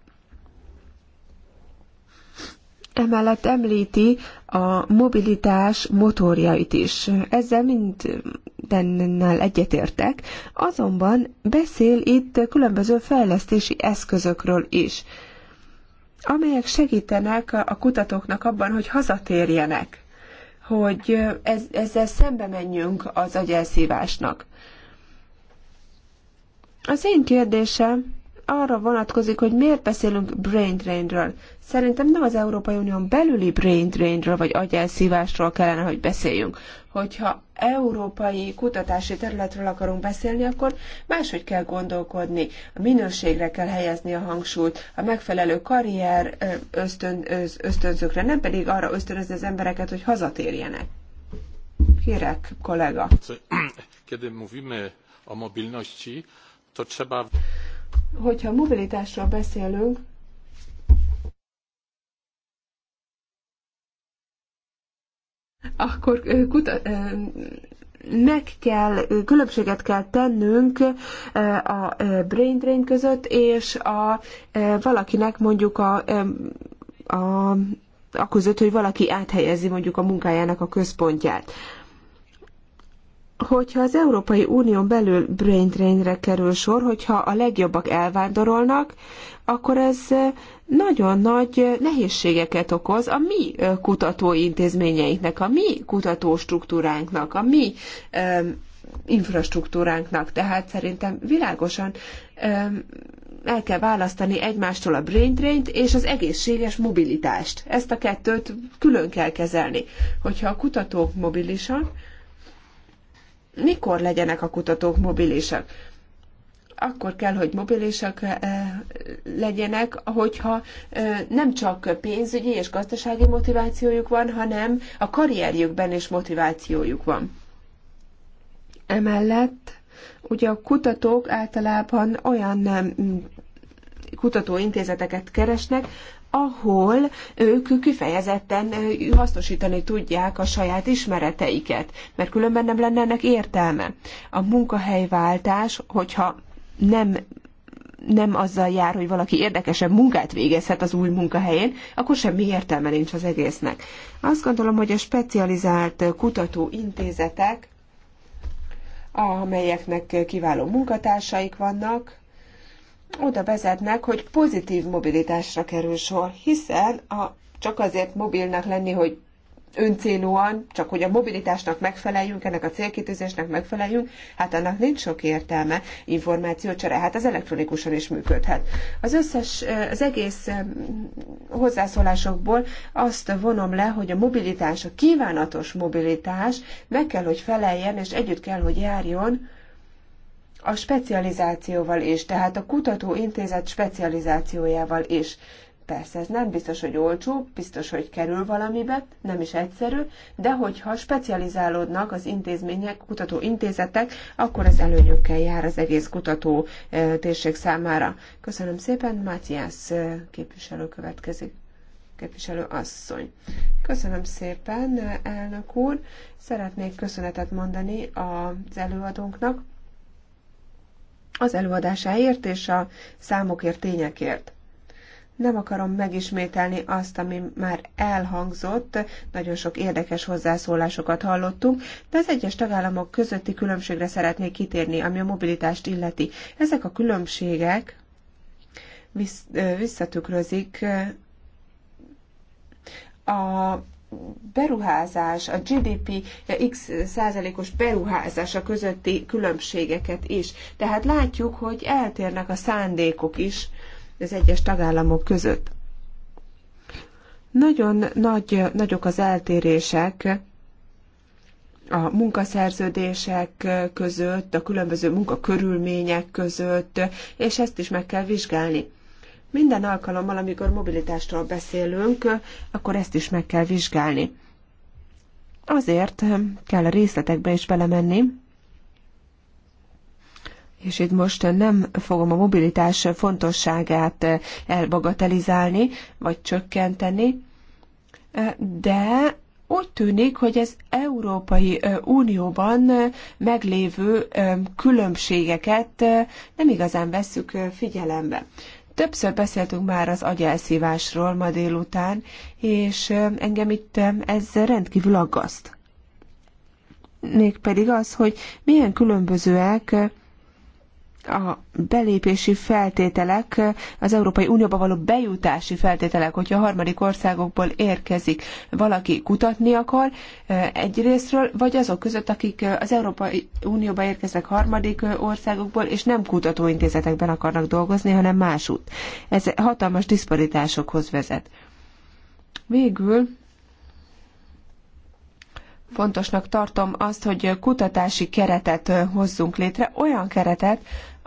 emellett említi a mobilitás motorjait is. Ezzel mindennel egyetértek, azonban beszél itt különböző fejlesztési eszközökről is, amelyek segítenek a kutatóknak abban, hogy hazatérjenek, hogy ez, ezzel szembe menjünk az agyelszívásnak. Az én kérdésem, arra vonatkozik, hogy miért beszélünk brain drainről. Szerintem nem az Európai Unión belüli brain drainről vagy agyelszívásról kellene, hogy beszéljünk. Hogyha európai kutatási területről akarunk beszélni, akkor máshogy kell gondolkodni. A minőségre kell helyezni a hangsúlyt, a megfelelő karrier ösztön, ösztönzőkre, nem pedig arra ösztönözni az embereket, hogy hazatérjenek. Kérek, kollega. Kiedy mówimy o mobilności, to trzeba hogyha mobilitásról beszélünk, akkor kuta, meg kell, különbséget kell tennünk a brain drain között, és a, valakinek mondjuk a, a, a között, hogy valaki áthelyezi mondjuk a munkájának a központját hogyha az Európai Unión belül brain drainre kerül sor, hogyha a legjobbak elvándorolnak, akkor ez nagyon nagy nehézségeket okoz a mi kutatóintézményeinknek, a mi kutatóstruktúránknak, a mi um, infrastruktúránknak. Tehát szerintem világosan um, el kell választani egymástól a brain drain és az egészséges mobilitást. Ezt a kettőt külön kell kezelni. Hogyha a kutatók mobilisak, mikor legyenek a kutatók mobilisak? Akkor kell, hogy mobilisak eh, legyenek, hogyha eh, nem csak pénzügyi és gazdasági motivációjuk van, hanem a karrierjükben is motivációjuk van. Emellett ugye a kutatók általában olyan kutatóintézeteket keresnek, ahol ők kifejezetten hasznosítani tudják a saját ismereteiket, mert különben nem lenne ennek értelme. A munkahelyváltás, hogyha nem nem azzal jár, hogy valaki érdekesebb munkát végezhet az új munkahelyén, akkor semmi értelme nincs az egésznek. Azt gondolom, hogy a specializált kutatóintézetek, amelyeknek kiváló munkatársaik vannak, oda vezetnek, hogy pozitív mobilitásra kerül sor, hiszen a, csak azért mobilnak lenni, hogy öncélúan, csak hogy a mobilitásnak megfeleljünk, ennek a célkitűzésnek megfeleljünk, hát annak nincs sok értelme, információcsere, hát az elektronikusan is működhet. Az összes, az egész hozzászólásokból azt vonom le, hogy a mobilitás, a kívánatos mobilitás meg kell, hogy feleljen, és együtt kell, hogy járjon a specializációval is, tehát a kutatóintézet specializációjával is. Persze ez nem biztos, hogy olcsó, biztos, hogy kerül valamibe, nem is egyszerű, de hogyha specializálódnak az intézmények, kutatóintézetek, akkor ez előnyökkel jár az egész kutató e, térség számára. Köszönöm szépen, Mátyász e, képviselő következik képviselő asszony. Köszönöm szépen, e, elnök úr! Szeretnék köszönetet mondani az előadónknak az előadásáért és a számokért, tényekért. Nem akarom megismételni azt, ami már elhangzott, nagyon sok érdekes hozzászólásokat hallottunk, de az egyes tagállamok közötti különbségre szeretnék kitérni, ami a mobilitást illeti. Ezek a különbségek visszatükrözik a beruházás, a GDP x százalékos beruházása közötti különbségeket is. Tehát látjuk, hogy eltérnek a szándékok is az egyes tagállamok között. Nagyon nagy, nagyok az eltérések a munkaszerződések között, a különböző munkakörülmények között, és ezt is meg kell vizsgálni. Minden alkalommal, amikor mobilitásról beszélünk, akkor ezt is meg kell vizsgálni. Azért kell a részletekbe is belemenni, és itt most nem fogom a mobilitás fontosságát elbagatelizálni, vagy csökkenteni, de úgy tűnik, hogy az Európai Unióban meglévő különbségeket nem igazán vesszük figyelembe. Többször beszéltünk már az agyelszívásról ma délután, és engem itt ez rendkívül aggaszt. Mégpedig az, hogy milyen különbözőek a belépési feltételek, az Európai Unióba való bejutási feltételek, hogyha a harmadik országokból érkezik valaki kutatni akar egyrésztről, vagy azok között, akik az Európai Unióba érkeznek harmadik országokból, és nem kutatóintézetekben akarnak dolgozni, hanem másút. Ez hatalmas diszparitásokhoz vezet. Végül fontosnak tartom azt, hogy kutatási keretet hozzunk létre, olyan keretet,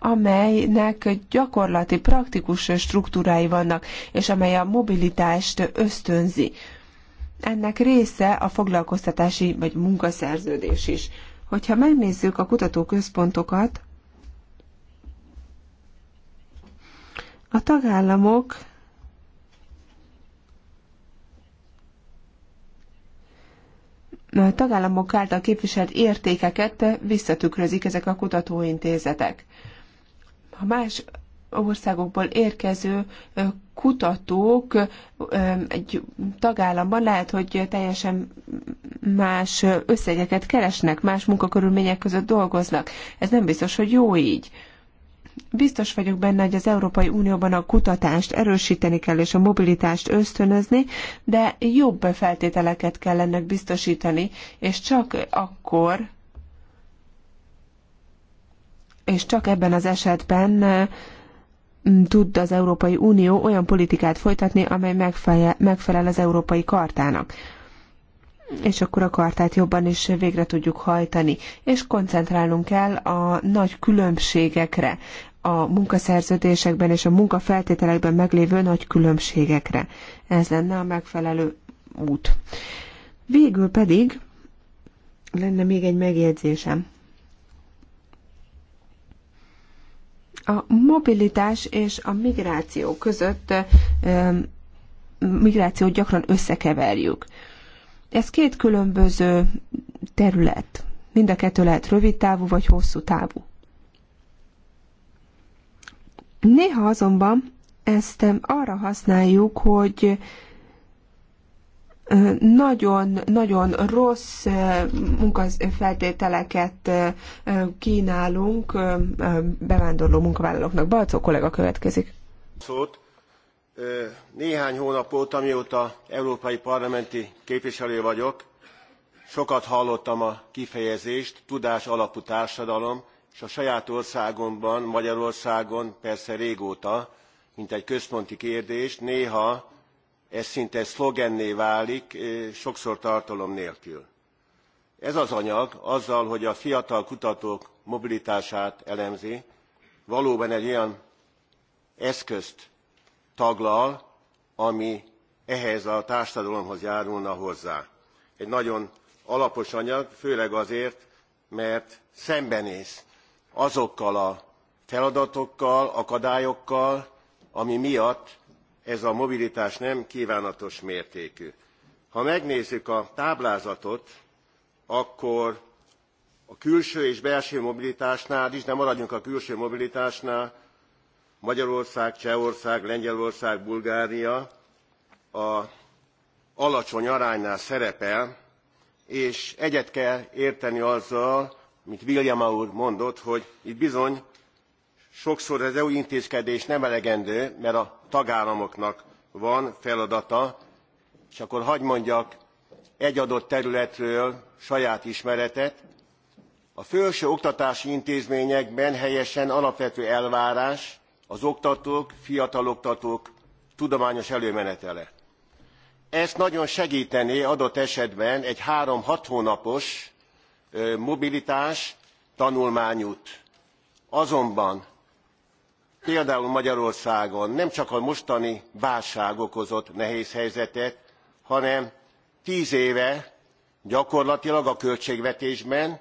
amelynek gyakorlati, praktikus struktúrái vannak, és amely a mobilitást ösztönzi. Ennek része a foglalkoztatási vagy munkaszerződés is. Hogyha megnézzük a kutatóközpontokat, a tagállamok a tagállamok által képviselt értékeket visszatükrözik ezek a kutatóintézetek a más országokból érkező kutatók egy tagállamban lehet, hogy teljesen más összegeket keresnek, más munkakörülmények között dolgoznak. Ez nem biztos, hogy jó így. Biztos vagyok benne, hogy az Európai Unióban a kutatást erősíteni kell és a mobilitást ösztönözni, de jobb feltételeket kell ennek biztosítani, és csak akkor és csak ebben az esetben tud az Európai Unió olyan politikát folytatni, amely megfelel, az Európai Kartának. És akkor a kartát jobban is végre tudjuk hajtani. És koncentrálnunk kell a nagy különbségekre, a munkaszerződésekben és a munkafeltételekben meglévő nagy különbségekre. Ez lenne a megfelelő út. Végül pedig lenne még egy megjegyzésem. a mobilitás és a migráció között migrációt gyakran összekeverjük. Ez két különböző terület. Mind a kettő lehet rövid távú vagy hosszú távú. Néha azonban ezt arra használjuk, hogy nagyon-nagyon rossz munkafeltételeket kínálunk bevándorló munkavállalóknak. Balcó kollega következik. Szót. Néhány hónap óta, mióta európai parlamenti képviselő vagyok, sokat hallottam a kifejezést tudás alapú társadalom, és a saját országomban, Magyarországon persze régóta, mint egy központi kérdést, néha ez szinte szlogenné válik, sokszor tartalom nélkül. Ez az anyag azzal, hogy a fiatal kutatók mobilitását elemzi, valóban egy olyan eszközt taglal, ami ehhez a társadalomhoz járulna hozzá. Egy nagyon alapos anyag, főleg azért, mert szembenéz azokkal a feladatokkal, akadályokkal, ami miatt ez a mobilitás nem kvánatos mértékű. ha megnézzük a táblázatot akkor a külső és belső mobilitásnál is de maradjunk a külső mobilitásnál magyarország csehország lengyelország bulgária a alacsony aránynál szerepel és egyet kell érteni azzal amit william úr mondott hogy itt bizony sokszor az eu intézkedés nem elegendő mert a tagállamoknak van feladata és akkor hadd mondjak egy adott területről saját ismeretet a felső oktatási intézményekben helyesen alapvető elvárás az oktatók fiatal oktatók tudományos előmenetele. ezt nagyon segtené adott esetben egy három hat hónapos mobilitás tanulmányút. azonban például magyarországon nem csak a mostani válság okozott nehéz helyzetet hanem tz éve gyakorlatilag a költségvetésben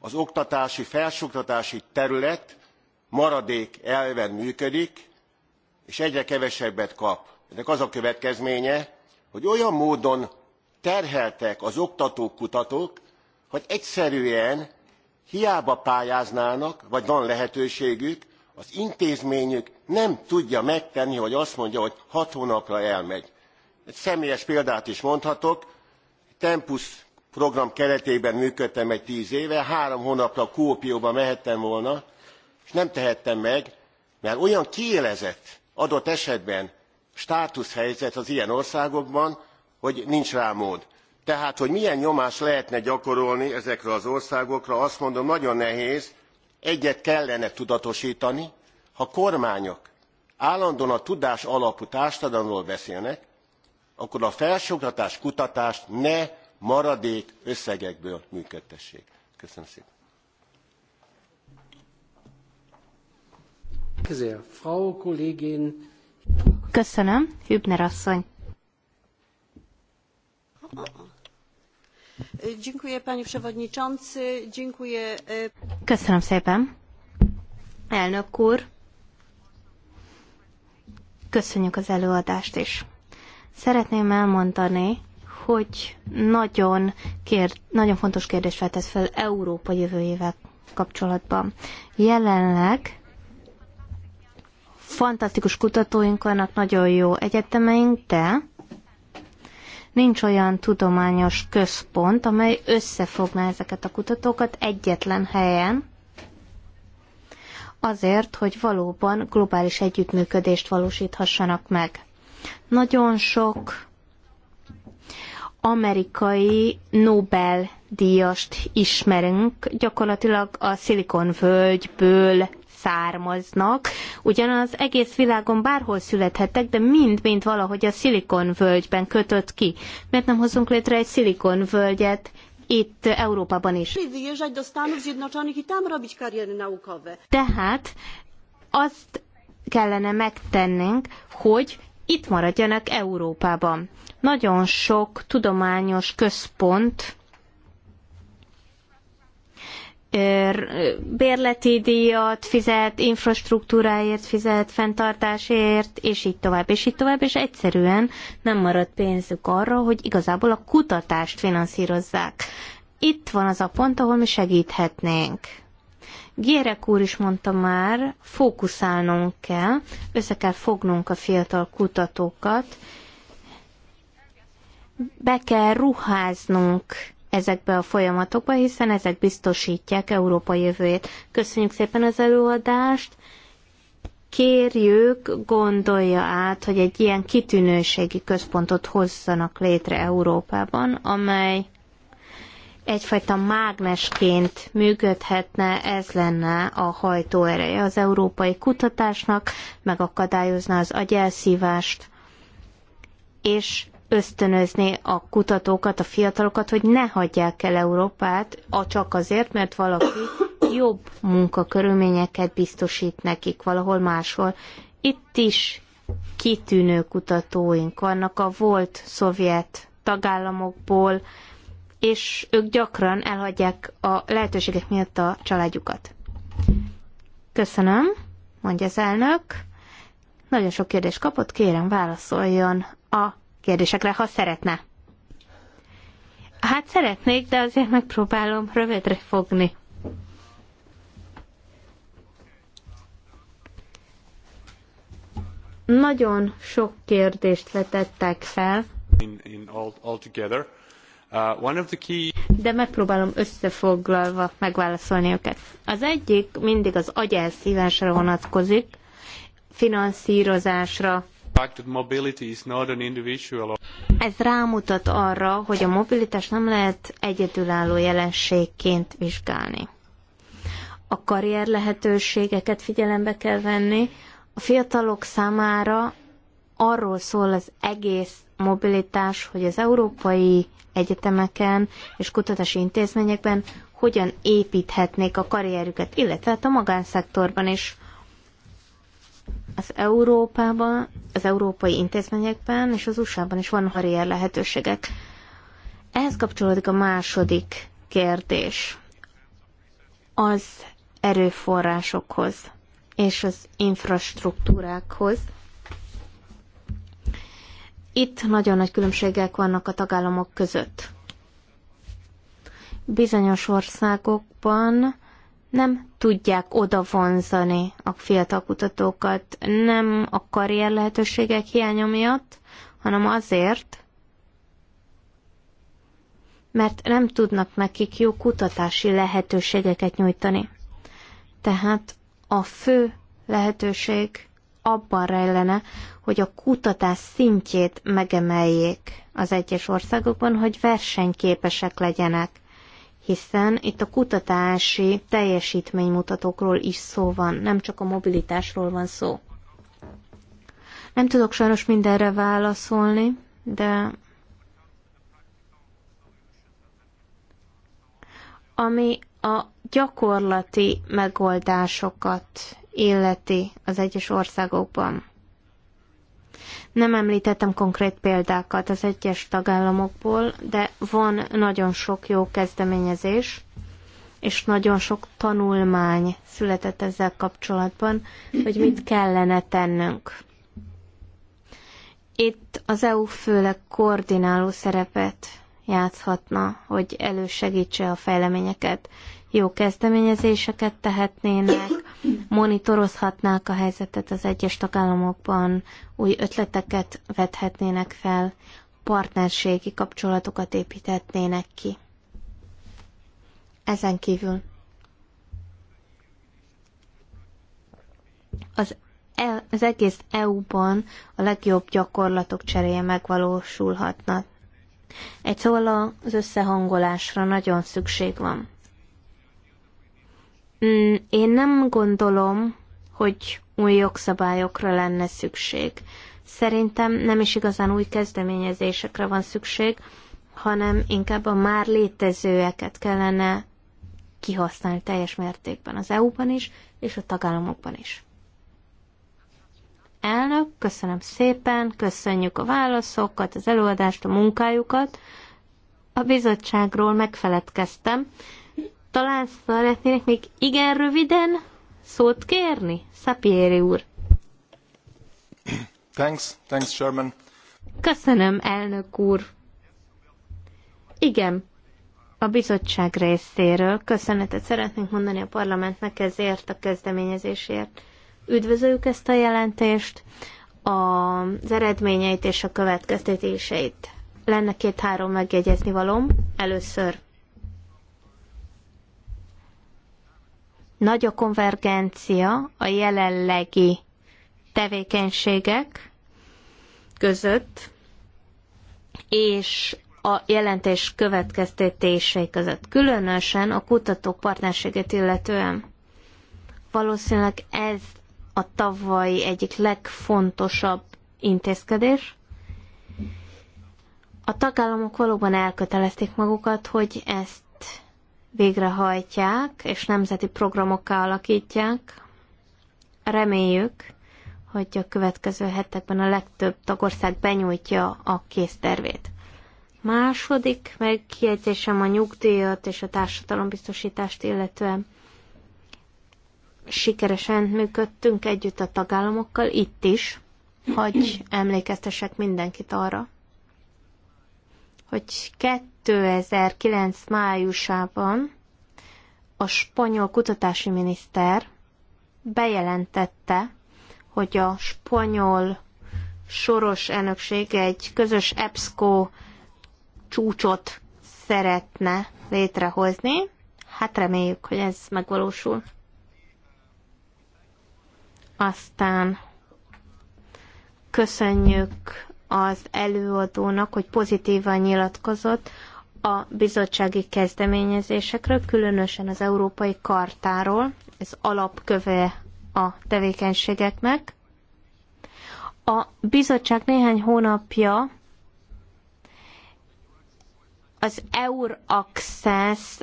az oktatási felsőoktatási terület maradék elven működik és egyre kevesebbet kap. ennek az a következménye hogy olyan módon terheltek az oktatók kutatók hogy egyszerűen hiába pályáznának vagy van lehetőségük az intézményük nem tudja megtenni hogy azt mondja hogy hat hónapra elmegy. egy személyes példát is mondhatok tempus program keretében működtem egy tz éve három hónapra kuopióba mehettem volna és nem tehettem meg mert olyan kiélezett adott esetben státuszhelyzet az ilyen országokban hogy nincs rá mód. tehát hogy milyen nyomást lehetne gyakorolni ezekre az országokra azt mondom nagyon nehéz egyet kellene tudatostani ha kormányok állandóan a tudás alapú társadalomról beszélnek akkor a felsőoktatás kutatást ne maradék összegekből működtessék. köszönöm szépen. Köszönöm, Hübner asszony panie przewodniczący. E, Köszönöm szépen. Elnök úr, köszönjük az előadást is. Szeretném elmondani, hogy nagyon, kér, nagyon fontos kérdés vetett fel Európa jövőjével kapcsolatban. Jelenleg fantasztikus kutatóink vannak, nagyon jó egyetemeink, de Nincs olyan tudományos központ, amely összefogná ezeket a kutatókat egyetlen helyen, azért, hogy valóban globális együttműködést valósíthassanak meg. Nagyon sok amerikai Nobel-díjast ismerünk, gyakorlatilag a Szilikonvölgyből származnak, ugyanaz egész világon bárhol születhettek, de mind-mind valahogy a szilikonvölgyben kötött ki. Miért nem hozunk létre egy szilikonvölgyet itt Európában is? Tehát azt kellene megtennünk, hogy itt maradjanak Európában. Nagyon sok tudományos központ bérleti díjat fizet, infrastruktúráért fizet, fenntartásért, és így tovább, és így tovább, és egyszerűen nem marad pénzük arra, hogy igazából a kutatást finanszírozzák. Itt van az a pont, ahol mi segíthetnénk. Gérek úr is mondta már, fókuszálnunk kell, össze kell fognunk a fiatal kutatókat, be kell ruháznunk ezekbe a folyamatokba, hiszen ezek biztosítják Európa jövőjét. Köszönjük szépen az előadást! Kérjük, gondolja át, hogy egy ilyen kitűnőségi központot hozzanak létre Európában, amely egyfajta mágnesként működhetne, ez lenne a hajtóereje az európai kutatásnak, megakadályozna az agyelszívást, és ösztönözni a kutatókat, a fiatalokat, hogy ne hagyják el Európát, a csak azért, mert valaki jobb munkakörülményeket biztosít nekik valahol máshol. Itt is kitűnő kutatóink vannak a volt szovjet tagállamokból, és ők gyakran elhagyják a lehetőségek miatt a családjukat. Köszönöm, mondja az elnök. Nagyon sok kérdést kapott, kérem válaszoljon a kérdésekre, ha szeretne. Hát szeretnék, de azért megpróbálom rövidre fogni. Nagyon sok kérdést vetettek fel. In, in all, uh, the key... De megpróbálom összefoglalva megválaszolni őket. Az egyik mindig az agyelszívásra vonatkozik, finanszírozásra, ez rámutat arra, hogy a mobilitás nem lehet egyedülálló jelenségként vizsgálni. A karrier lehetőségeket figyelembe kell venni. A fiatalok számára arról szól az egész mobilitás, hogy az európai egyetemeken és kutatási intézményekben hogyan építhetnék a karrierüket, illetve hát a magánszektorban is az Európában, az európai intézményekben és az USA-ban is van karrier lehetőségek. Ehhez kapcsolódik a második kérdés. Az erőforrásokhoz és az infrastruktúrákhoz. Itt nagyon nagy különbségek vannak a tagállamok között. Bizonyos országokban nem tudják oda vonzani a fiatal kutatókat, nem a karrier lehetőségek hiánya miatt, hanem azért, mert nem tudnak nekik jó kutatási lehetőségeket nyújtani. Tehát a fő lehetőség abban rejlene, hogy a kutatás szintjét megemeljék az egyes országokban, hogy versenyképesek legyenek hiszen itt a kutatási teljesítménymutatókról is szó van, nem csak a mobilitásról van szó. Nem tudok sajnos mindenre válaszolni, de ami a gyakorlati megoldásokat illeti az egyes országokban. Nem említettem konkrét példákat az egyes tagállamokból, de van nagyon sok jó kezdeményezés, és nagyon sok tanulmány született ezzel kapcsolatban, hogy mit kellene tennünk. Itt az EU főleg koordináló szerepet játszhatna, hogy elősegítse a fejleményeket. Jó kezdeményezéseket tehetnének, monitorozhatnák a helyzetet az egyes tagállamokban, új ötleteket vethetnének fel, partnerségi kapcsolatokat építhetnének ki. Ezen kívül az, e, az egész EU-ban a legjobb gyakorlatok cseréje megvalósulhatna. Egy szóval az összehangolásra nagyon szükség van. Mm, én nem gondolom, hogy új jogszabályokra lenne szükség. Szerintem nem is igazán új kezdeményezésekre van szükség, hanem inkább a már létezőeket kellene kihasználni teljes mértékben az EU-ban is, és a tagállamokban is. Elnök, köszönöm szépen, köszönjük a válaszokat, az előadást, a munkájukat. A bizottságról megfeledkeztem, talán szeretnének még igen röviden szót kérni? Szapieri úr. Thanks, thanks, Sherman. Köszönöm, elnök úr. Igen, a bizottság részéről köszönetet szeretnénk mondani a parlamentnek ezért a kezdeményezésért. Üdvözöljük ezt a jelentést, az eredményeit és a következtetéseit. Lenne két-három megjegyezni valom. Először Nagy a konvergencia a jelenlegi tevékenységek között, és a jelentés következtetései között, különösen a kutatók partnerséget illetően. Valószínűleg ez a tavalyi egyik legfontosabb intézkedés. A tagállamok valóban elkötelezték magukat, hogy ezt végrehajtják és nemzeti programokká alakítják. Reméljük, hogy a következő hetekben a legtöbb tagország benyújtja a késztervét. Második megkiejtésem a nyugdíjat és a társadalombiztosítást illetően sikeresen működtünk együtt a tagállamokkal, itt is, hogy emlékeztesek mindenkit arra, hogy 2009 májusában a spanyol kutatási miniszter bejelentette, hogy a spanyol soros elnökség egy közös EBSCO csúcsot szeretne létrehozni. Hát reméljük, hogy ez megvalósul. Aztán köszönjük az előadónak, hogy pozitívan nyilatkozott a bizottsági kezdeményezésekről, különösen az Európai Kartáról, ez alapköve a tevékenységeknek. A bizottság néhány hónapja az EurAccess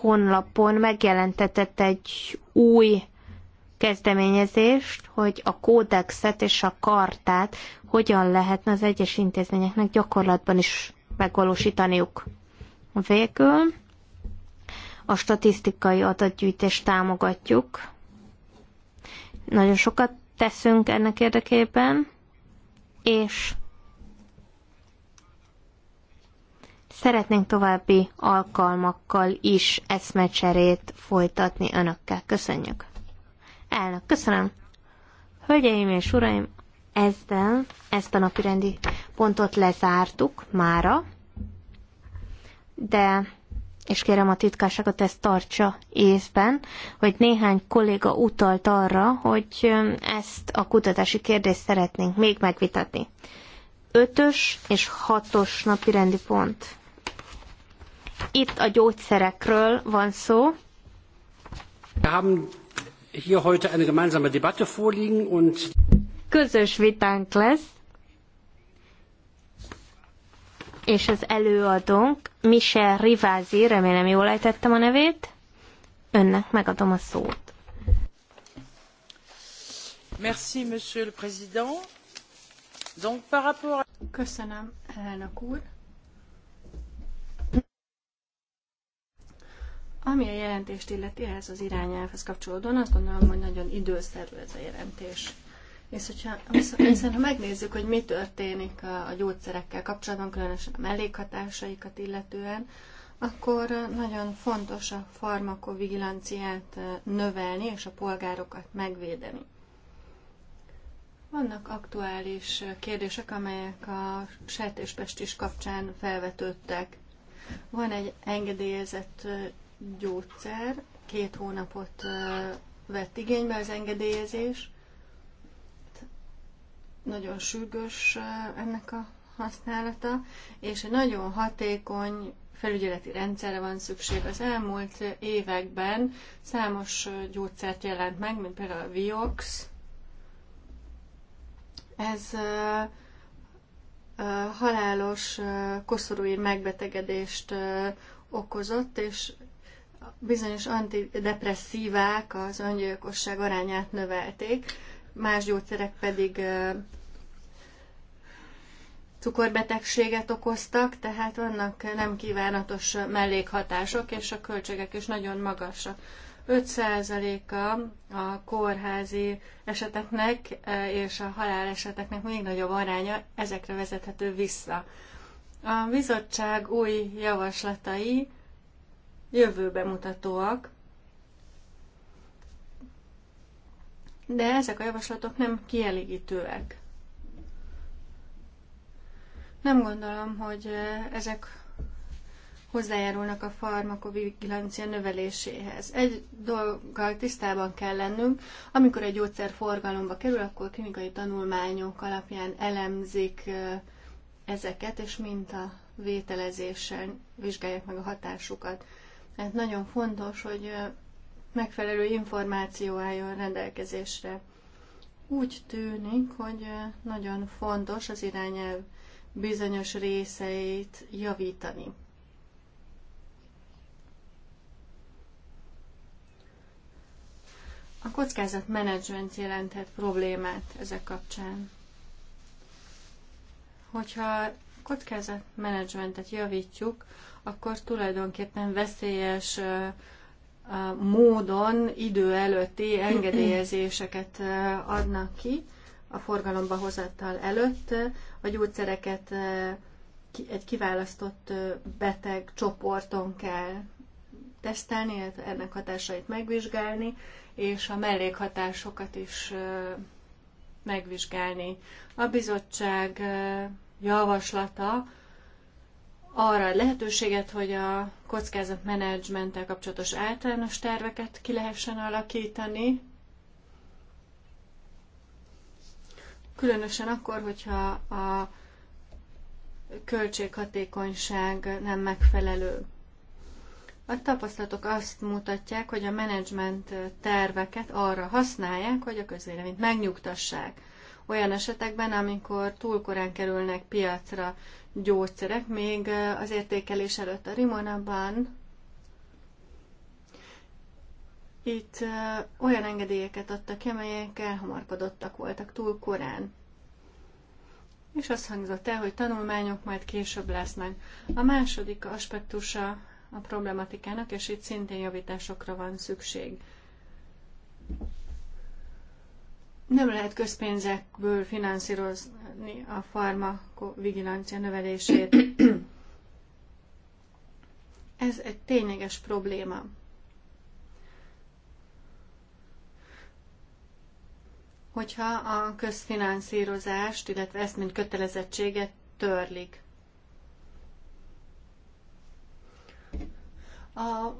honlapon megjelentetett egy új kezdeményezést, hogy a kódexet és a kartát hogyan lehetne az egyes intézményeknek gyakorlatban is megvalósítaniuk. Végül a statisztikai adatgyűjtést támogatjuk. Nagyon sokat teszünk ennek érdekében, és szeretnénk további alkalmakkal is eszmecserét folytatni önökkel. Köszönjük! Elnök, köszönöm. Hölgyeim és uraim, ezzel ezt a napirendi pontot lezártuk mára, de és kérem a titkárságot ezt tartsa észben, hogy néhány kolléga utalt arra, hogy um, ezt a kutatási kérdést szeretnénk még megvitatni. Ötös és hatos napirendi pont. Itt a gyógyszerekről van szó. Haben hier heute eine gemeinsame Debatte vorliegen und közös vitánk lesz, és az előadónk Michel Rivázi, remélem jól ejtettem a nevét, önnek megadom a szót. Merci, monsieur le président. Donc, par rapport à... Köszönöm, elnök úr. Ami a jelentést illeti, ehhez az irányelvhez kapcsolódóan, azt gondolom, hogy nagyon időszerű ez a jelentés. És hogyha, viszont, ha megnézzük, hogy mi történik a, a gyógyszerekkel kapcsolatban, különösen a mellékhatásaikat illetően, akkor nagyon fontos a farmakovigilanciát eh, növelni és a polgárokat megvédeni. Vannak aktuális eh, kérdések, amelyek a sertéspestis kapcsán felvetődtek. Van egy engedélyezett eh, gyógyszer, két hónapot vett igénybe az engedélyezés. Nagyon sürgős ennek a használata, és egy nagyon hatékony felügyeleti rendszerre van szükség. Az elmúlt években számos gyógyszert jelent meg, mint például a Viox. Ez halálos koszorúír megbetegedést okozott, és bizonyos antidepresszívák az öngyilkosság arányát növelték, más gyógyszerek pedig cukorbetegséget okoztak, tehát vannak nem kívánatos mellékhatások, és a költségek is nagyon magasak. 5%-a a kórházi eseteknek és a haláleseteknek még nagyobb aránya ezekre vezethető vissza. A bizottság új javaslatai jövőbe mutatóak, de ezek a javaslatok nem kielégítőek. Nem gondolom, hogy ezek hozzájárulnak a farmakovigilancia növeléséhez. Egy dolggal tisztában kell lennünk, amikor egy gyógyszer forgalomba kerül, akkor klinikai tanulmányok alapján elemzik ezeket, és mint a vételezésen vizsgálják meg a hatásukat. Tehát nagyon fontos, hogy megfelelő információ álljon rendelkezésre. Úgy tűnik, hogy nagyon fontos az irányelv bizonyos részeit javítani. A kockázatmenedzsment jelenthet problémát ezek kapcsán. Hogyha kockázatmenedzsmentet javítjuk, akkor tulajdonképpen veszélyes módon idő előtti engedélyezéseket adnak ki a forgalomba hozattal előtt. A gyógyszereket egy kiválasztott beteg csoporton kell tesztelni, hát ennek hatásait megvizsgálni, és a mellékhatásokat is megvizsgálni. A bizottság javaslata arra lehetőséget, hogy a kockázatmenedzsmenttel kapcsolatos általános terveket ki lehessen alakítani, különösen akkor, hogyha a költséghatékonyság nem megfelelő. A tapasztalatok azt mutatják, hogy a menedzsment terveket arra használják, hogy a közvéleményt megnyugtassák. Olyan esetekben, amikor túl korán kerülnek piacra gyógyszerek, még az értékelés előtt a Rimonában. Itt olyan engedélyeket adtak ki, amelyek elhamarkodottak voltak túl korán. És azt hangzott el, hogy tanulmányok majd később lesznek. A második aspektusa a problematikának, és itt szintén javításokra van szükség nem lehet közpénzekből finanszírozni a farmakovigilancia növelését. Ez egy tényleges probléma. Hogyha a közfinanszírozást, illetve ezt mint kötelezettséget törlik. A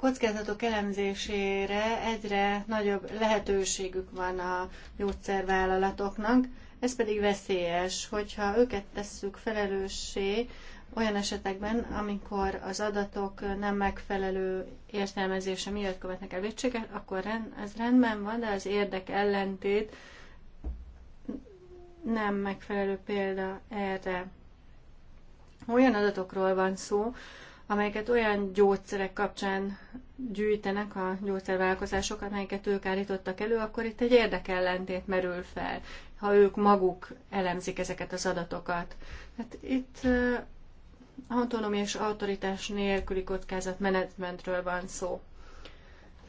kockázatok elemzésére egyre nagyobb lehetőségük van a gyógyszervállalatoknak, ez pedig veszélyes, hogyha őket tesszük felelőssé olyan esetekben, amikor az adatok nem megfelelő értelmezése miatt követnek el vétséget, akkor rend, ez rendben van, de az érdek ellentét nem megfelelő példa erre. Olyan adatokról van szó, amelyeket olyan gyógyszerek kapcsán gyűjtenek a gyógyszervállalkozások, amelyeket ők állítottak elő, akkor itt egy érdekellentét merül fel, ha ők maguk elemzik ezeket az adatokat. Hát itt autonóm és autoritás nélküli kockázatmenedzsmentről van szó.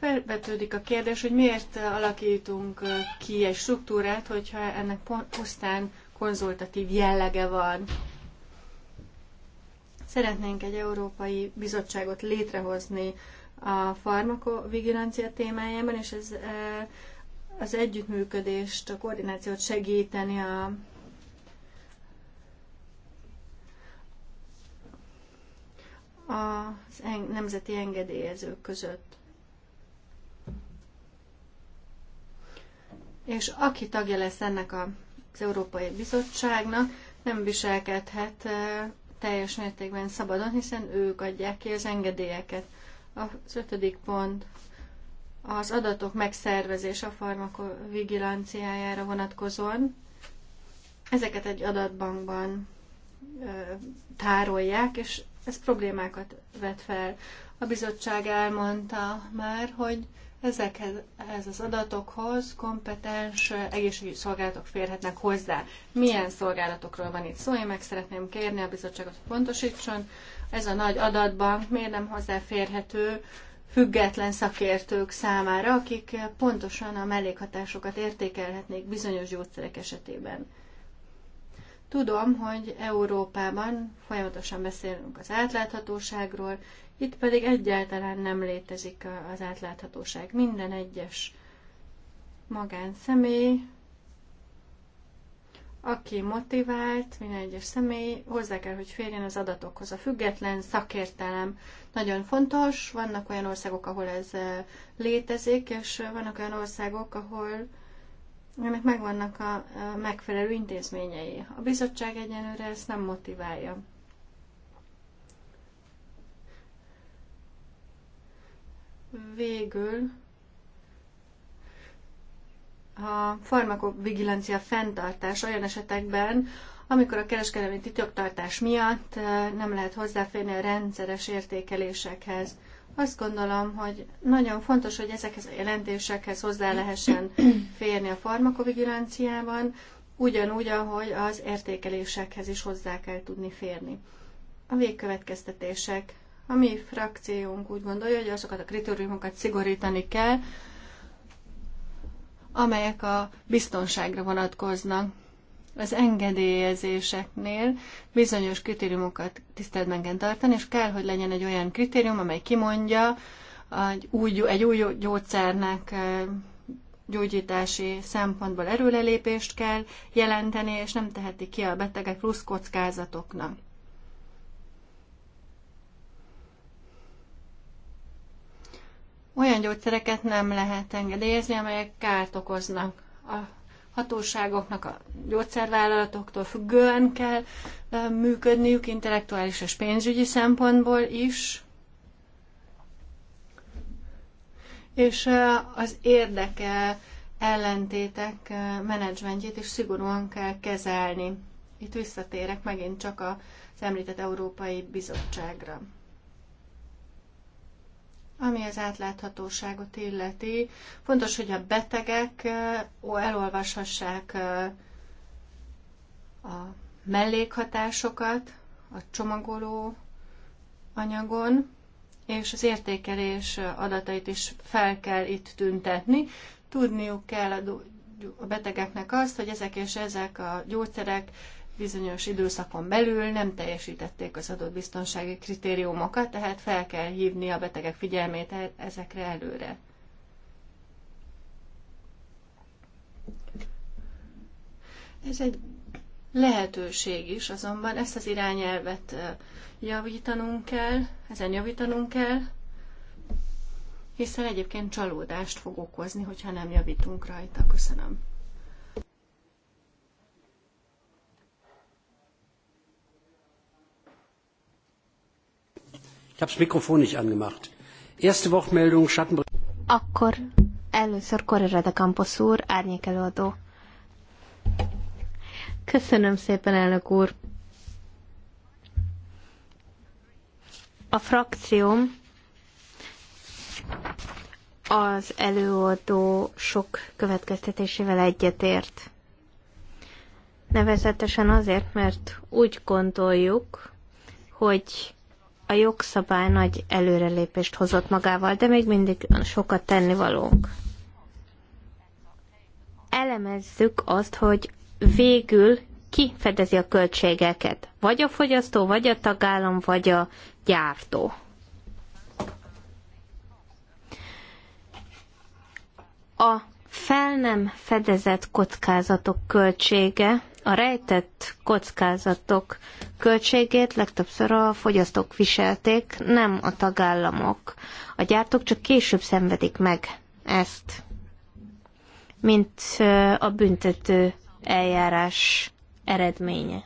Felvetődik a kérdés, hogy miért alakítunk ki egy struktúrát, hogyha ennek pusztán konzultatív jellege van Szeretnénk egy Európai Bizottságot létrehozni a farmakovigilancia témájában, és ez e, az együttműködést, a koordinációt segíteni a az nemzeti engedélyezők között. És aki tagja lesz ennek a, az Európai Bizottságnak, nem viselkedhet e, teljes mértékben szabadon, hiszen ők adják ki az engedélyeket. A ötödik pont az adatok megszervezése a farmakovigilanciájára vonatkozóan. Ezeket egy adatbankban ö, tárolják, és ez problémákat vet fel. A bizottság elmondta már, hogy Ezekhez az adatokhoz kompetens egészségügyi szolgálatok férhetnek hozzá. Milyen szolgálatokról van itt szó? Én meg szeretném kérni a bizottságot, hogy pontosítson. Ez a nagy adatbank miért nem hozzáférhető független szakértők számára, akik pontosan a mellékhatásokat értékelhetnék bizonyos gyógyszerek esetében. Tudom, hogy Európában folyamatosan beszélünk az átláthatóságról, itt pedig egyáltalán nem létezik az átláthatóság. Minden egyes magánszemély, aki motivált, minden egyes személy hozzá kell, hogy férjen az adatokhoz. A független szakértelem nagyon fontos. Vannak olyan országok, ahol ez eh, létezik, és vannak olyan országok, ahol ennek megvannak a eh, megfelelő intézményei. A bizottság egyenlőre ezt nem motiválja. Végül a farmakovigilancia fenntartás olyan esetekben, amikor a kereskedelmi titoktartás miatt eh, nem lehet hozzáférni a rendszeres értékelésekhez. Azt gondolom, hogy nagyon fontos, hogy ezekhez a jelentésekhez hozzá lehessen férni a farmakovigilanciában, ugyanúgy, ahogy az értékelésekhez is hozzá kell tudni férni. A végkövetkeztetések. A mi frakciónk úgy gondolja, hogy azokat a kritériumokat szigorítani kell, amelyek a biztonságra vonatkoznak. Az engedélyezéseknél bizonyos kritériumokat tiszteletben kell tartani, és kell, hogy legyen egy olyan kritérium, amely kimondja egy új, egy új gyógyszernek gyógyítási szempontból erőlelépést kell jelenteni, és nem teheti ki a betegek plusz kockázatoknak. Olyan gyógyszereket nem lehet engedélyezni, amelyek kárt okoznak. A hatóságoknak, a gyógyszervállalatoktól függően kell működniük, intellektuális és pénzügyi szempontból is. És az érdeke ellentétek menedzsmentjét is szigorúan kell kezelni. Itt visszatérek megint csak az említett Európai Bizottságra. Ami az átláthatóságot illeti, fontos, hogy a betegek elolvashassák a mellékhatásokat a csomagoló anyagon, és az értékelés adatait is fel kell itt tüntetni. Tudniuk kell a, a betegeknek azt, hogy ezek és ezek a gyógyszerek bizonyos időszakon belül nem teljesítették az adott biztonsági kritériumokat, tehát fel kell hívni a betegek figyelmét e- ezekre előre. Ez egy lehetőség is, azonban ezt az irányelvet javítanunk kell, ezen javítanunk kell, hiszen egyébként csalódást fog okozni, hogyha nem javítunk rajta. Köszönöm. habe das Mikrofon nicht angemacht. Erste Wortmeldung, Schattenbericht. Akkor először Correra de Campos úr, árnyék előadó. Köszönöm szépen, elnök úr. A frakcióm az előadó sok következtetésével egyetért. Nevezetesen azért, mert úgy gondoljuk, hogy a jogszabály nagy előrelépést hozott magával, de még mindig sokat tennivalónk. Elemezzük azt, hogy végül ki fedezi a költségeket? Vagy a fogyasztó, vagy a tagállam, vagy a gyártó. A fel nem fedezett kockázatok költsége a rejtett kockázatok költségét legtöbbször a fogyasztók viselték, nem a tagállamok. A gyártók csak később szenvedik meg ezt, mint a büntető eljárás eredménye.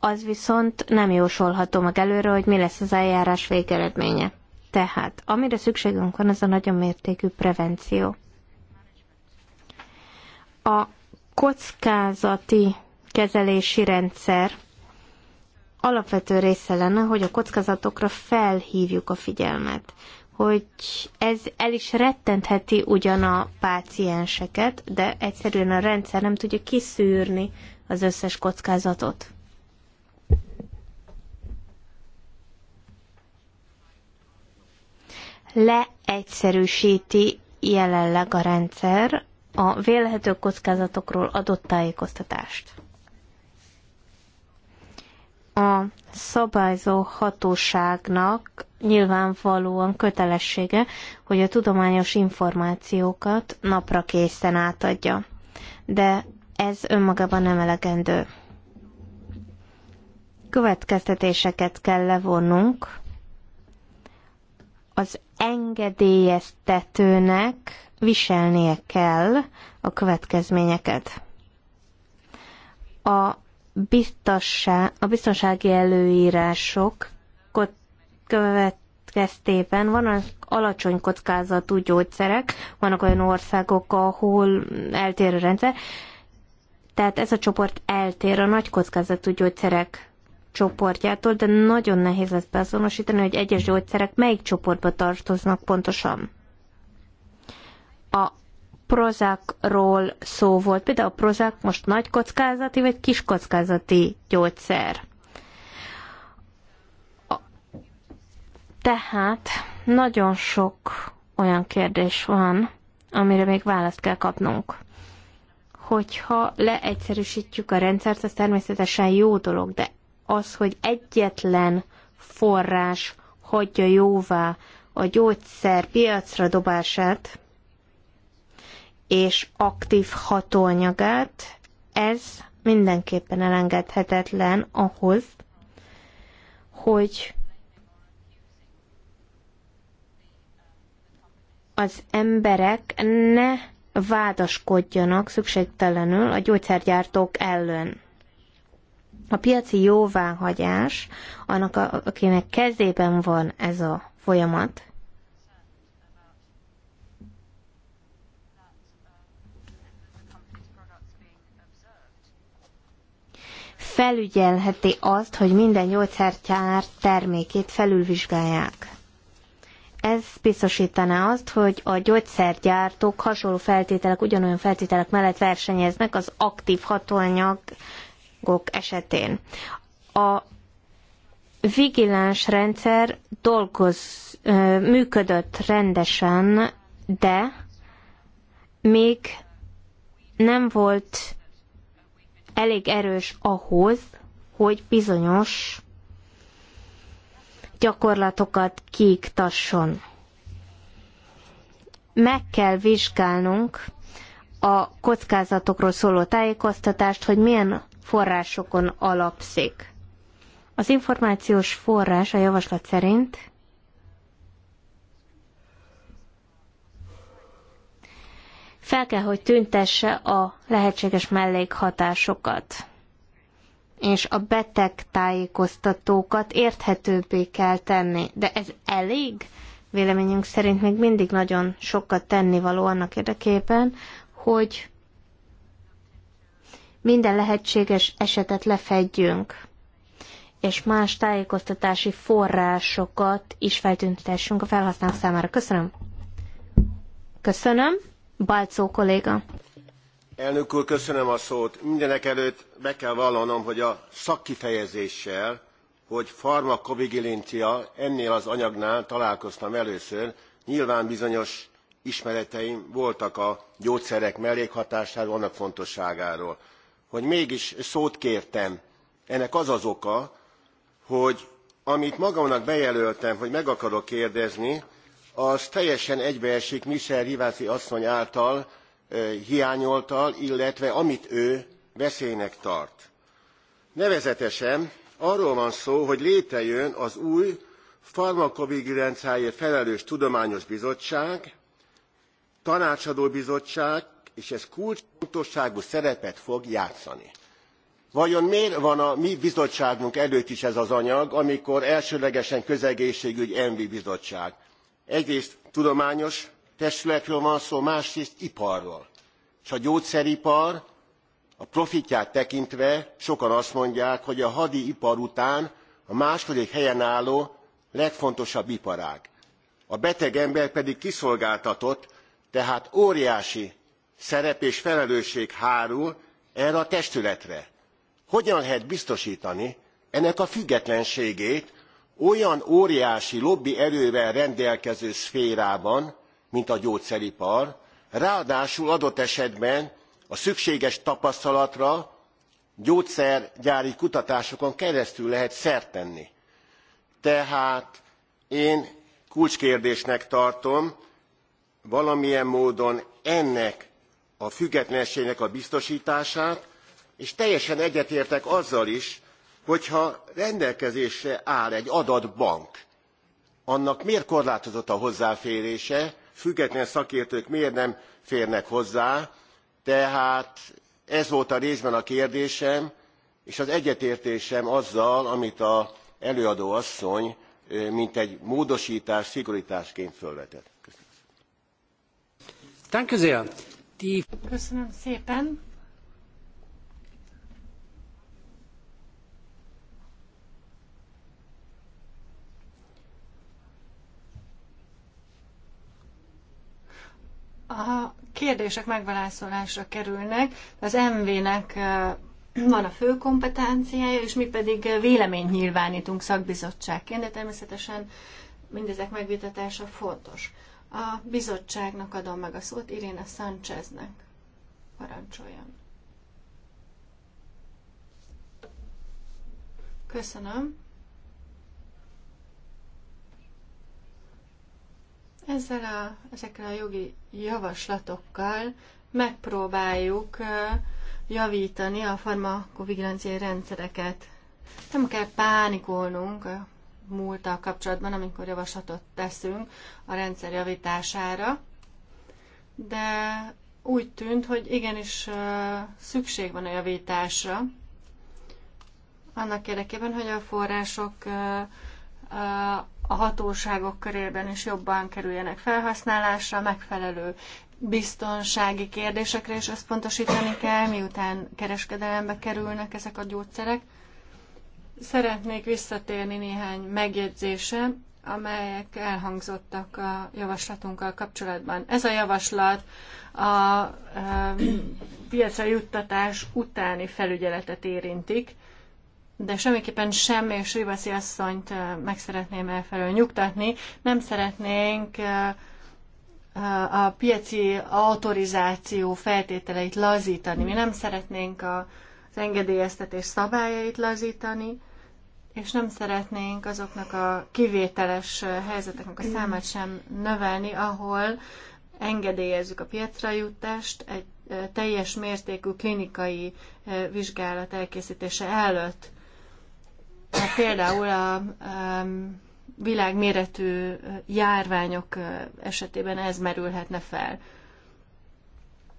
Az viszont nem jósolható meg előre, hogy mi lesz az eljárás végeredménye. Tehát, amire szükségünk van, az a nagyon mértékű prevenció. A kockázati kezelési rendszer alapvető része lenne, hogy a kockázatokra felhívjuk a figyelmet, hogy ez el is rettentheti ugyan a pácienseket, de egyszerűen a rendszer nem tudja kiszűrni az összes kockázatot. Leegyszerűsíti jelenleg a rendszer a vélehető kockázatokról adott tájékoztatást. A szabályzó hatóságnak nyilvánvalóan kötelessége, hogy a tudományos információkat napra készen átadja. De ez önmagában nem elegendő. Következtetéseket kell levonnunk az engedélyeztetőnek viselnie kell a következményeket. A, a biztonsági előírások következtében vannak alacsony kockázatú gyógyszerek, vannak olyan országok, ahol eltér a rendszer, tehát ez a csoport eltér a nagy kockázatú gyógyszerek csoportjától, de nagyon nehéz lesz beazonosítani, hogy egyes gyógyszerek melyik csoportba tartoznak pontosan. A Prozacról szó volt. Például a Prozac most nagy kockázati vagy kis kockázati gyógyszer. Tehát nagyon sok olyan kérdés van, amire még választ kell kapnunk. Hogyha leegyszerűsítjük a rendszert, az természetesen jó dolog, de az, hogy egyetlen forrás hagyja jóvá a gyógyszer piacra dobását és aktív hatóanyagát, ez mindenképpen elengedhetetlen ahhoz, hogy az emberek ne vádaskodjanak szükségtelenül a gyógyszergyártók ellen. A piaci jóváhagyás, annak, a, akinek kezében van ez a folyamat, felügyelheti azt, hogy minden gyógyszergyár termékét felülvizsgálják. Ez biztosítaná azt, hogy a gyógyszergyártók hasonló feltételek, ugyanolyan feltételek mellett versenyeznek az aktív hatóanyag országok esetén. A vigiláns rendszer dolgoz, működött rendesen, de még nem volt elég erős ahhoz, hogy bizonyos gyakorlatokat kiiktasson. Meg kell vizsgálnunk a kockázatokról szóló tájékoztatást, hogy milyen forrásokon alapszik. Az információs forrás a javaslat szerint fel kell, hogy tüntesse a lehetséges mellékhatásokat és a beteg tájékoztatókat érthetőbbé kell tenni. De ez elég? Véleményünk szerint még mindig nagyon sokat tennivaló annak érdekében, hogy minden lehetséges esetet lefedjünk, és más tájékoztatási forrásokat is feltüntetessünk a felhasználók számára. Köszönöm. Köszönöm. Balcó kolléga. Elnök úr, köszönöm a szót. Mindenekelőtt be kell vallanom, hogy a szakkifejezéssel, hogy farmakovigilintia ennél az anyagnál találkoztam először, nyilván bizonyos ismereteim voltak a gyógyszerek mellékhatásáról annak fontosságáról hogy mégis szót kértem. ennek az az oka hogy amit magamnak bejelöltem hogy meg akarok kérdezni az teljesen egybeesik michel rivasi asszony által hiányoltal illetve amit ő veszélynek tart. nevezetesen arról van szó hogy létrejön az új farmakovigilanciáért felelős tudományos bizottság tanácsadó bizottság és ez kulcsfontosságú szerepet fog játszani. vajon miért van a mi bizottságunk előtt is ez az anyag amikor elsőlegesen közegészségügy envi bizottság? egyrészt tudományos testületről van szó másrészt iparról s a gyógyszeripar a profitját tekintve sokan azt mondják hogy a hadiipar után a második helyen álló legfontosabb iparág a beteg ember pedig kiszolgáltatott tehát óriási szerep és felelősség hárul erre a testületre. hogyan lehet biztostani ennek a függetlenségét olyan óriási lobbierővel rendelkező szférában mint a gyógyszeripar ráadásul adott esetben a szükséges tapasztalatra gyógyszergyári kutatásokon keresztül lehet szert tenni. tehát én kulcskérdésnek tartom valamilyen módon ennek a függetlenségnek a biztostását és teljesen egyetértek azzal is hogyha rendelkezésre áll egy adatbank annak miért korlátozott a hozzáférése független szakértők miért nem férnek hozzá tehát ez volt a részben a kérdésem és az egyetértésem azzal amit az előadó asszony mintegy módostás szigortásként fölvetett. Köszönöm aktív. Köszönöm szépen. A kérdések megválaszolásra kerülnek, az MV-nek van a fő kompetenciája, és mi pedig véleményt nyilvánítunk szakbizottságként, de természetesen mindezek megvitatása fontos. A bizottságnak adom meg a szót Iréna Sáncheznek. Parancsoljon. Köszönöm. Ezzel a, ezekkel a jogi javaslatokkal megpróbáljuk javítani a farmakovigilanciai rendszereket. Nem kell pánikolnunk múlttal kapcsolatban, amikor javaslatot teszünk a rendszer javítására, de úgy tűnt, hogy igenis szükség van a javításra, annak érdekében, hogy a források a hatóságok körében is jobban kerüljenek felhasználásra, megfelelő biztonsági kérdésekre is összpontosítani kell, miután kereskedelembe kerülnek ezek a gyógyszerek. Szeretnék visszatérni néhány megjegyzése, amelyek elhangzottak a javaslatunkkal kapcsolatban. Ez a javaslat a piacra juttatás utáni felügyeletet érintik, de semmiképpen sem, és Ribaszi asszonyt meg szeretném elfelől nyugtatni, nem szeretnénk a piaci autorizáció feltételeit lazítani. Mi nem szeretnénk a az engedélyeztetés szabályait lazítani, és nem szeretnénk azoknak a kivételes helyzeteknek a számát sem növelni, ahol engedélyezzük a piacra jutást egy teljes mértékű klinikai vizsgálat elkészítése előtt. Hát például a világméretű járványok esetében ez merülhetne fel.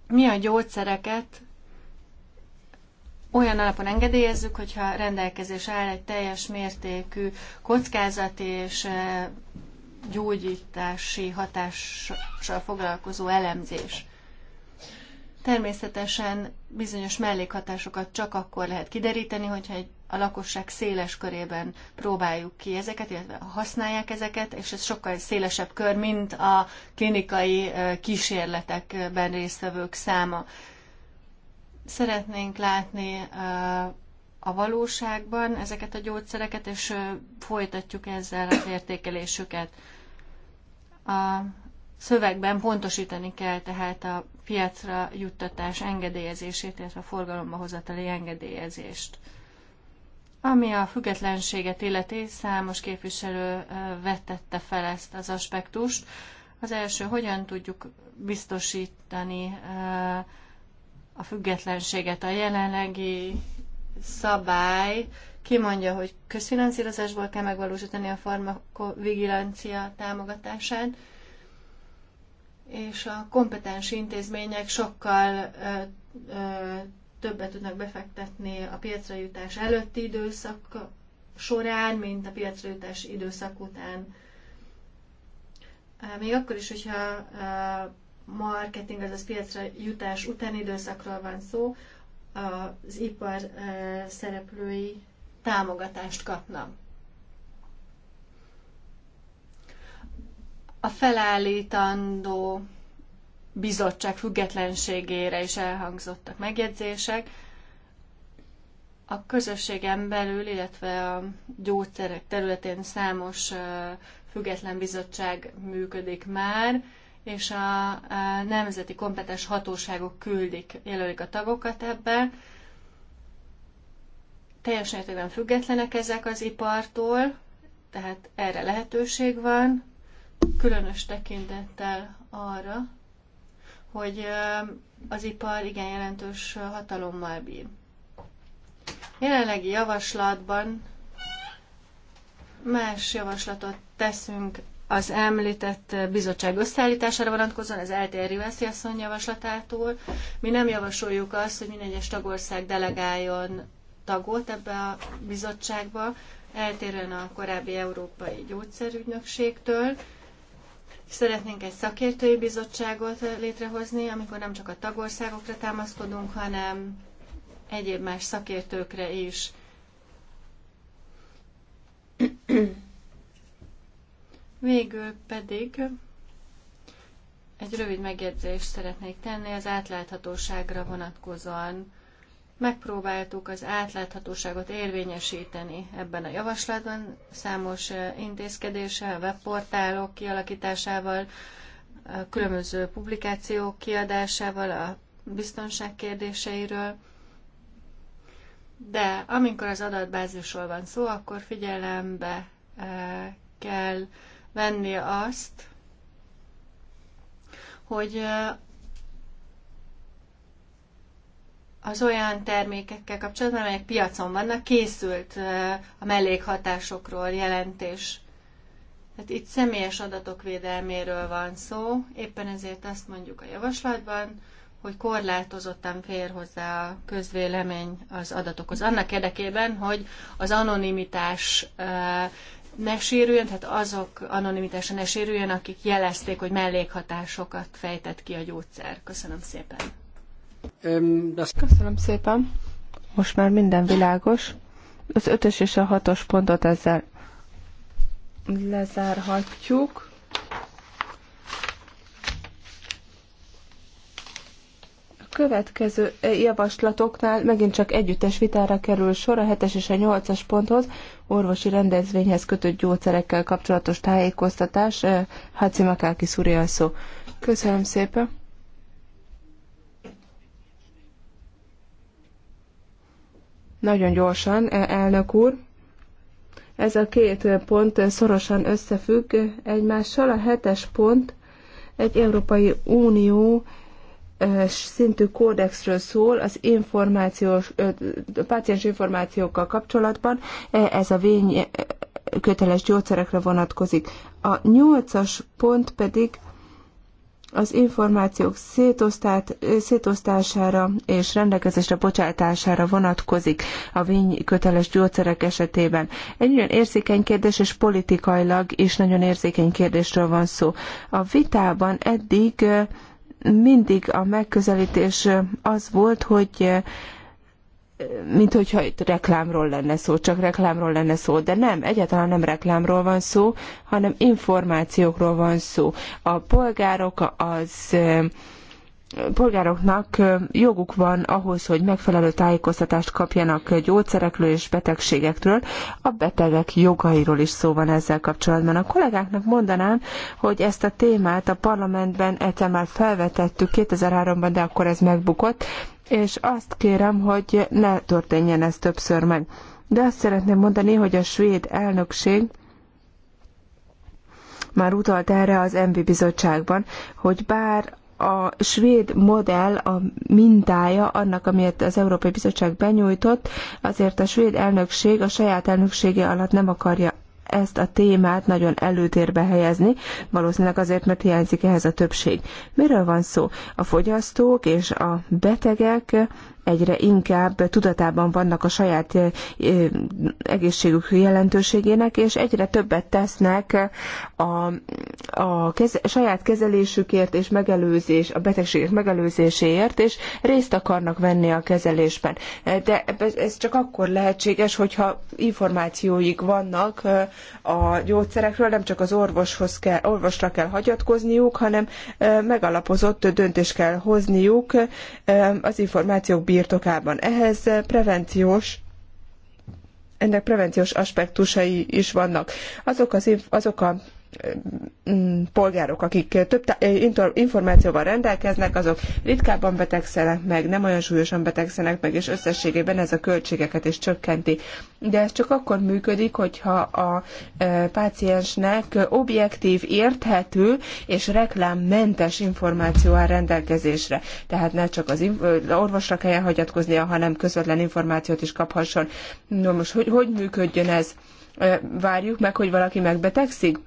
Mi a gyógyszereket olyan alapon engedélyezzük, hogyha rendelkezés áll egy teljes mértékű kockázat és eh, gyógyítási hatással foglalkozó elemzés. Természetesen bizonyos mellékhatásokat csak akkor lehet kideríteni, hogyha egy a lakosság széles körében próbáljuk ki ezeket, illetve használják ezeket, és ez sokkal szélesebb kör, mint a klinikai eh, kísérletekben résztvevők száma. Szeretnénk látni a valóságban ezeket a gyógyszereket, és folytatjuk ezzel az értékelésüket. A szövegben pontosítani kell tehát a piacra juttatás engedélyezését, illetve a forgalomba hozatali engedélyezést. Ami a függetlenséget illeti, számos képviselő vetette fel ezt az aspektust. Az első, hogyan tudjuk biztosítani a függetlenséget. A jelenlegi szabály kimondja, hogy közfinanszírozásból kell megvalósítani a farmakovigilancia támogatását, és a kompetens intézmények sokkal ö, ö, többet tudnak befektetni a piacra jutás előtti időszak során, mint a piacra jutás időszak után. Még akkor is, hogyha marketing, azaz piacra jutás utáni időszakról van szó, az ipar szereplői támogatást kapnak. A felállítandó bizottság függetlenségére is elhangzottak megjegyzések. A közösségen belül, illetve a gyógyszerek területén számos független bizottság működik már, és a, a nemzeti kompetens hatóságok küldik, jelölik a tagokat ebbe. Teljes mértékben függetlenek ezek az ipartól, tehát erre lehetőség van, különös tekintettel arra, hogy az ipar igen jelentős hatalommal bír. Jelenlegi javaslatban más javaslatot teszünk az említett bizottság összeállítására vonatkozóan, ez eltér Riveszi asszony javaslatától. Mi nem javasoljuk azt, hogy minden egyes tagország delegáljon tagot ebbe a bizottságba, eltérően a korábbi Európai Gyógyszerügynökségtől. Szeretnénk egy szakértői bizottságot létrehozni, amikor nem csak a tagországokra támaszkodunk, hanem egyéb más szakértőkre is. Végül pedig egy rövid megjegyzést szeretnék tenni az átláthatóságra vonatkozóan. Megpróbáltuk az átláthatóságot érvényesíteni ebben a javaslatban, számos eh, intézkedéssel, webportálok kialakításával, különböző publikációk kiadásával, a biztonság kérdéseiről. De amikor az adatbázisról van szó, akkor figyelembe eh, kell venni azt, hogy az olyan termékekkel kapcsolatban, amelyek piacon vannak, készült a mellékhatásokról jelentés. Tehát itt személyes adatok védelméről van szó, éppen ezért azt mondjuk a javaslatban, hogy korlátozottan fér hozzá a közvélemény az adatokhoz. Annak érdekében, hogy az anonimitás ne sérüljön, tehát azok anonimitása ne sérüljön, akik jelezték, hogy mellékhatásokat fejtett ki a gyógyszer. Köszönöm szépen. Köszönöm szépen. Most már minden világos. Az ötös és a hatos pontot ezzel lezárhatjuk. következő javaslatoknál megint csak együttes vitára kerül sor a 7-es és a 8-as ponthoz, orvosi rendezvényhez kötött gyógyszerekkel kapcsolatos tájékoztatás. Eh, Haci Makáki szó. Köszönöm szépen. Nagyon gyorsan, eh, elnök úr. Ez a két pont szorosan összefügg egymással. A hetes pont egy Európai Unió szintű kódexről szól az információs, páciens információkkal kapcsolatban, e, ez a vény köteles gyógyszerekre vonatkozik. A nyolcas pont pedig az információk szétosztására és rendelkezésre bocsátására vonatkozik a köteles gyógyszerek esetében. Egy nagyon érzékeny kérdés, és politikailag is nagyon érzékeny kérdésről van szó. A vitában eddig mindig a megközelítés az volt, hogy eh, mint hogyha itt reklámról lenne szó, csak reklámról lenne szó, de nem, egyáltalán nem reklámról van szó, hanem információkról van szó. A polgárok, az eh, polgároknak joguk van ahhoz, hogy megfelelő tájékoztatást kapjanak gyógyszerekről és betegségekről. A betegek jogairól is szó van ezzel kapcsolatban. A kollégáknak mondanám, hogy ezt a témát a parlamentben egyszer már felvetettük 2003-ban, de akkor ez megbukott, és azt kérem, hogy ne történjen ez többször meg. De azt szeretném mondani, hogy a svéd elnökség már utalt erre az MV bizottságban, hogy bár a svéd modell a mintája annak, amit az Európai Bizottság benyújtott, azért a svéd elnökség a saját elnöksége alatt nem akarja ezt a témát nagyon előtérbe helyezni, valószínűleg azért, mert hiányzik ehhez a többség. Miről van szó? A fogyasztók és a betegek egyre inkább tudatában vannak a saját eh, egészségük jelentőségének, és egyre többet tesznek a, a kez, saját kezelésükért és megelőzés, a betegségek megelőzéséért, és részt akarnak venni a kezelésben. Eh, de ez csak akkor lehetséges, hogyha információik vannak eh, a gyógyszerekről, nem csak az orvoshoz kell, orvosra kell hagyatkozniuk, hanem megalapozott döntést kell hozniuk az információk birtokában. Ehhez prevenciós ennek prevenciós aspektusai is vannak. Azok, az, azok a Mm, polgárok, akik több eh, információval rendelkeznek, azok ritkábban betegszenek meg, nem olyan súlyosan betegszenek meg, és összességében ez a költségeket is csökkenti. De ez csak akkor működik, hogyha a eh, páciensnek objektív, érthető és reklámmentes információ áll rendelkezésre. Tehát ne csak az eh, orvosra kelljen hagyatkoznia, hanem közvetlen információt is kaphasson. No most, hogy, hogy működjön ez? Várjuk meg, hogy valaki megbetegszik?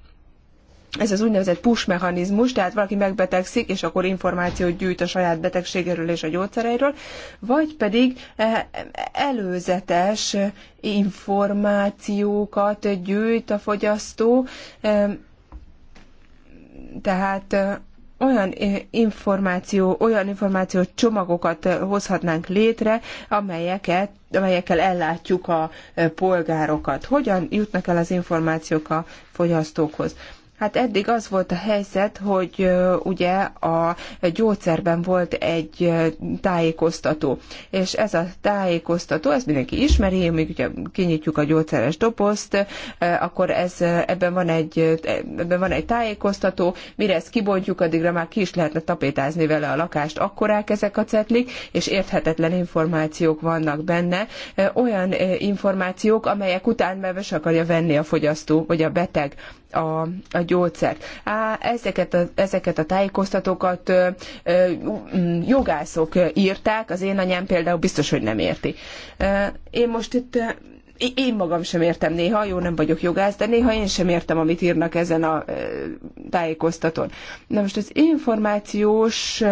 ez az úgynevezett push mechanizmus, tehát valaki megbetegszik, és akkor információt gyűjt a saját betegségéről és a gyógyszereiről, vagy pedig eh, előzetes eh, információkat gyűjt a fogyasztó, eh, tehát olyan információ, olyan információ csomagokat hozhatnánk létre, amelyeket, amelyekkel ellátjuk a polgárokat. Hogyan jutnak el az információk a fogyasztókhoz? Hát eddig az volt a helyzet, hogy ugye a gyógyszerben volt egy tájékoztató, és ez a tájékoztató, ezt mindenki ismeri, amíg ugye kinyitjuk a gyógyszeres dobozt, akkor ez, ebben, van egy, ebben van egy tájékoztató, mire ezt kibontjuk, addigra már ki is lehetne tapétázni vele a lakást, akkorák ezek a cetlik, és érthetetlen információk vannak benne, olyan információk, amelyek után meg akarja venni a fogyasztó vagy a beteg a, a gyógyszert. Á, ezeket, a, ezeket a tájékoztatókat ö, ö, jogászok írták, az én anyám például biztos, hogy nem érti. Én most itt én magam sem értem néha, jó, nem vagyok jogász, de néha én sem értem, amit írnak ezen a tájékoztatón. Na most az információs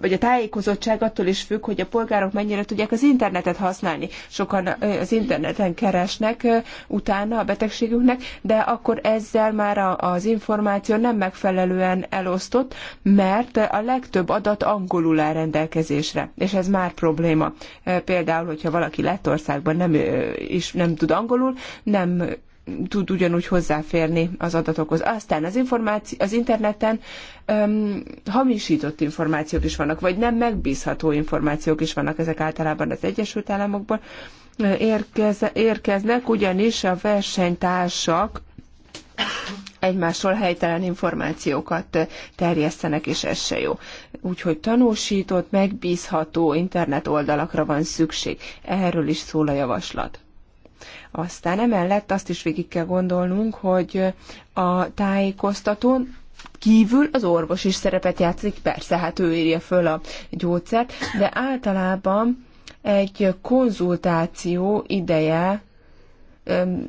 vagy a tájékozottság attól is függ, hogy a polgárok mennyire tudják az internetet használni. Sokan az interneten keresnek utána a betegségünknek, de akkor ezzel már az információ nem megfelelően elosztott, mert a legtöbb adat angolul áll rendelkezésre, és ez már probléma. Például, hogyha valaki Lettországban nem, is nem tud angolul, nem tud ugyanúgy hozzáférni az adatokhoz. Aztán az, információ, az interneten öm, hamisított információk is vannak, vagy nem megbízható információk is vannak, ezek általában az Egyesült Államokból érkez, érkeznek, ugyanis a versenytársak egymásról helytelen információkat terjesztenek, és ez se jó. Úgyhogy tanúsított, megbízható internet oldalakra van szükség. Erről is szól a javaslat. Aztán emellett azt is végig kell gondolnunk, hogy a tájékoztatón kívül az orvos is szerepet játszik, persze, hát ő írja föl a gyógyszert, de általában egy konzultáció ideje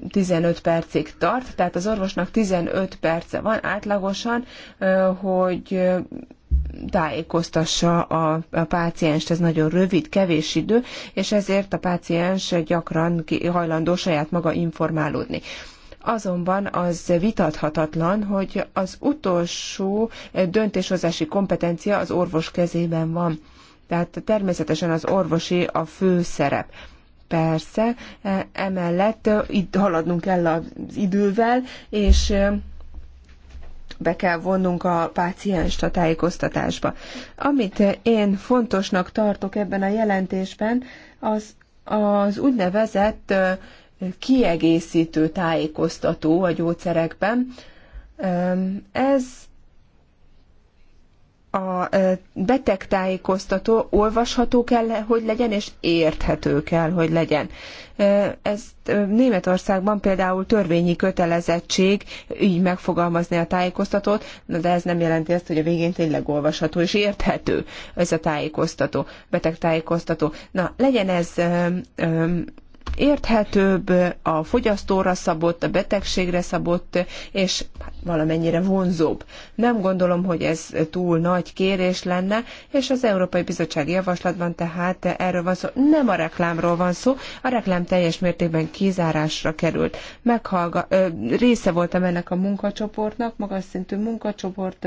15 percig tart, tehát az orvosnak 15 perce van átlagosan, hogy tájékoztassa a, a pácienst, ez nagyon rövid, kevés idő, és ezért a páciens gyakran hajlandó saját maga informálódni. Azonban az vitathatatlan, hogy az utolsó eh, döntéshozási kompetencia az orvos kezében van. Tehát természetesen az orvosi a fő szerep. Persze, eh, emellett eh, itt haladnunk kell az idővel, és be kell vonnunk a pácienst a tájékoztatásba. Amit én fontosnak tartok ebben a jelentésben, az az úgynevezett kiegészítő tájékoztató a gyógyszerekben. Ez a betegtájékoztató olvasható kell, hogy legyen, és érthető kell, hogy legyen. Ezt Németországban például törvényi kötelezettség így megfogalmazni a tájékoztatót, de ez nem jelenti azt, hogy a végén tényleg olvasható és érthető ez a tájékoztató, betegtájékoztató. Na, legyen ez érthetőbb, a fogyasztóra szabott, a betegségre szabott, és valamennyire vonzóbb. Nem gondolom, hogy ez túl nagy kérés lenne, és az Európai Bizottság javaslatban tehát erről van szó. Nem a reklámról van szó, a reklám teljes mértékben kizárásra került. Meghallga, ö, része voltam ennek a munkacsoportnak, magas szintű munkacsoport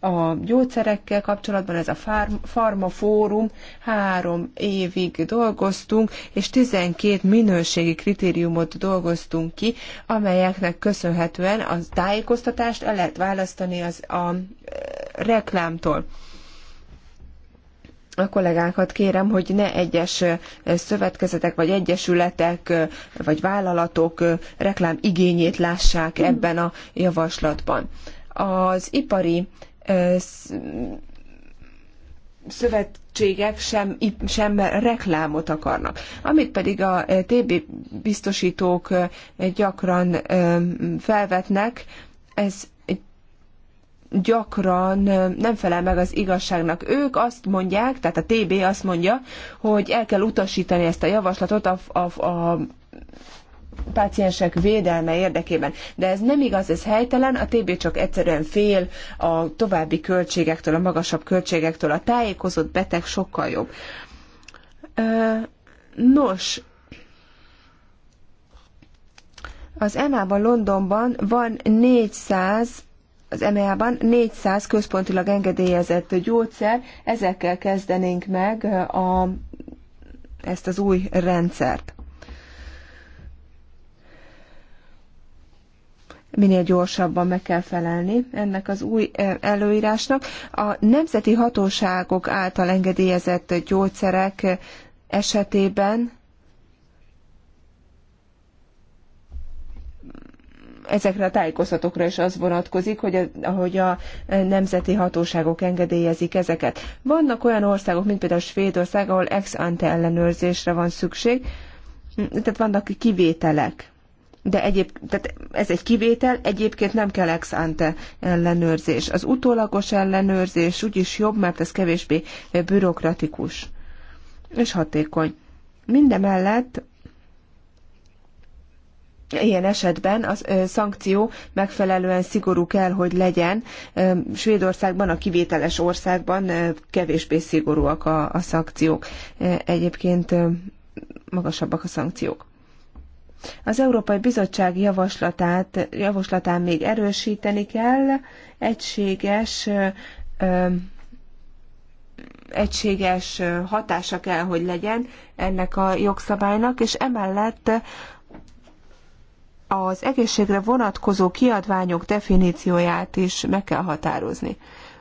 a gyógyszerekkel kapcsolatban, ez a farm Pharma Fórum, három évig dolgoztunk, és 12 minőségi kritériumot dolgoztunk ki, amelyeknek köszönhetően az tájékoztatás hallgatást el lehet választani az, a e, reklámtól. A kollégákat kérem, hogy ne egyes e, szövetkezetek, vagy egyesületek, e, vagy vállalatok reklám igényét lássák ebben a javaslatban. Az ipari szövetségek sem, sem reklámot akarnak. Amit pedig a TB biztosítók gyakran felvetnek, ez gyakran nem felel meg az igazságnak. Ők azt mondják, tehát a TB azt mondja, hogy el kell utasítani ezt a javaslatot a, a, a páciensek védelme érdekében. De ez nem igaz, ez helytelen, a TB csak egyszerűen fél a további költségektől, a magasabb költségektől, a tájékozott beteg sokkal jobb. Nos, Az EMA-ban, Londonban van 400 az EMEA-ban 400 központilag engedélyezett gyógyszer, ezekkel kezdenénk meg a, ezt az új rendszert. minél gyorsabban meg kell felelni ennek az új előírásnak. A nemzeti hatóságok által engedélyezett gyógyszerek esetében ezekre a tájékoztatókra is az vonatkozik, hogy a, hogy a nemzeti hatóságok engedélyezik ezeket. Vannak olyan országok, mint például Svédország, ahol ex ante ellenőrzésre van szükség, tehát vannak kivételek. De egyéb, tehát ez egy kivétel, egyébként nem kell ex ante ellenőrzés. Az utólagos ellenőrzés úgyis jobb, mert ez kevésbé bürokratikus és hatékony. Mindemellett Ilyen esetben a szankció megfelelően szigorú kell, hogy legyen. Svédországban, a kivételes országban kevésbé szigorúak a, a szankciók. Egyébként magasabbak a szankciók. Az Európai Bizottság javaslatát, javaslatán még erősíteni kell egységes egységes hatása kell, hogy legyen ennek a jogszabálynak, és emellett az egészségre vonatkozó kiadványok definícióját is meg kell határozni.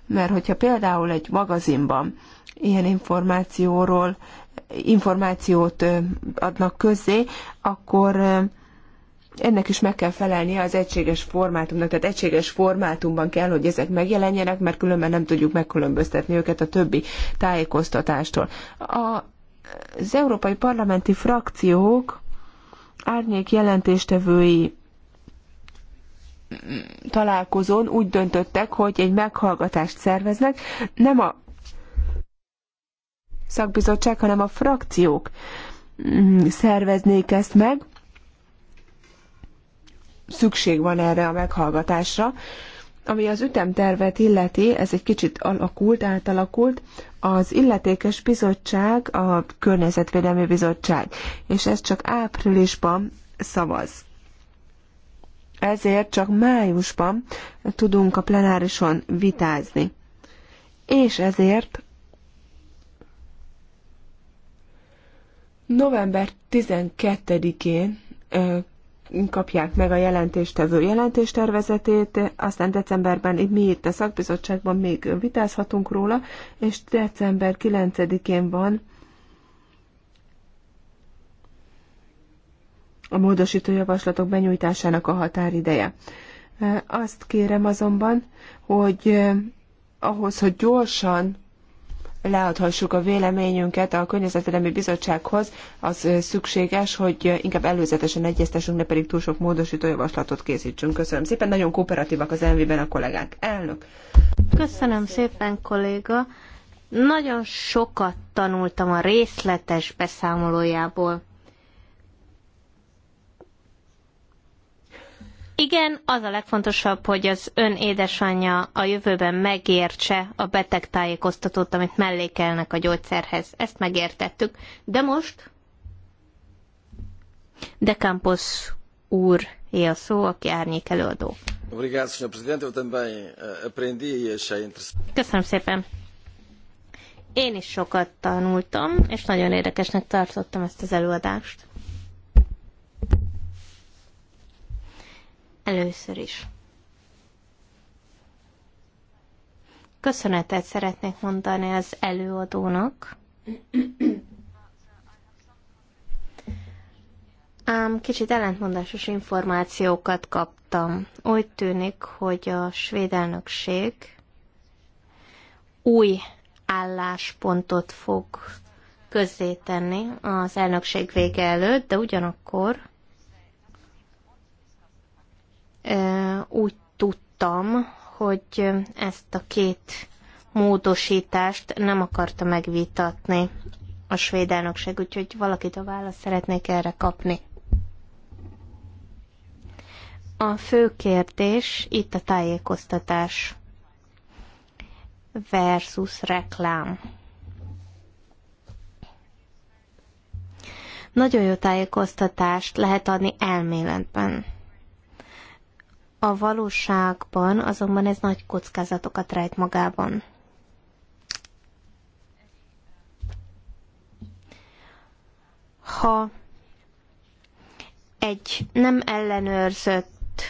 Mert hogyha például egy magazinban ilyen információról információt adnak közzé, akkor ennek is meg kell felelnie az egységes formátumnak, tehát egységes formátumban kell, hogy ezek megjelenjenek, mert különben nem tudjuk megkülönböztetni őket a többi tájékoztatástól. A, az európai parlamenti frakciók árnyék jelentéstevői találkozón úgy döntöttek, hogy egy meghallgatást szerveznek, nem a szakbizottság, hanem a frakciók mm, szerveznék ezt meg. Szükség van erre a meghallgatásra. Ami az ütemtervet illeti, ez egy kicsit alakult, átalakult az illetékes bizottság a Környezetvédelmi Bizottság, és ez csak áprilisban szavaz. Ezért csak májusban tudunk a plenárison vitázni. És ezért november 12-én kapják meg a jelentéstevő jelentéstervezetét, aztán decemberben itt mi itt a szakbizottságban még vitázhatunk róla, és december 9-én van a módosító javaslatok benyújtásának a határideje. Azt kérem azonban, hogy eh, ahhoz, hogy gyorsan leadhassuk a véleményünket a Környezetvédelmi Bizottsághoz, az szükséges, hogy inkább előzetesen egyeztessünk, ne pedig túl sok módosító javaslatot készítsünk. Köszönöm szépen, nagyon kooperatívak az envi a kollégák. Elnök! Köszönöm szépen, kolléga! Nagyon sokat tanultam a részletes beszámolójából. Igen, az a legfontosabb, hogy az ön édesanyja a jövőben megértse a beteg tájékoztatót, amit mellékelnek a gyógyszerhez. Ezt megértettük. De most De Campos úr é a szó, aki árnyék előadó. Eh, e Köszönöm szépen. Én is sokat tanultam, és nagyon érdekesnek tartottam ezt az előadást. Először is. Köszönetet szeretnék mondani az előadónak. Ám kicsit ellentmondásos információkat kaptam. Úgy tűnik, hogy a svéd elnökség új álláspontot fog közzétenni az elnökség vége előtt, de ugyanakkor úgy tudtam, hogy ezt a két módosítást nem akarta megvitatni a svéd elnökség, úgyhogy valakit a választ szeretnék erre kapni. A fő kérdés itt a tájékoztatás versus reklám. Nagyon jó tájékoztatást lehet adni elméletben a valóságban azonban ez nagy kockázatokat rejt magában. Ha egy nem ellenőrzött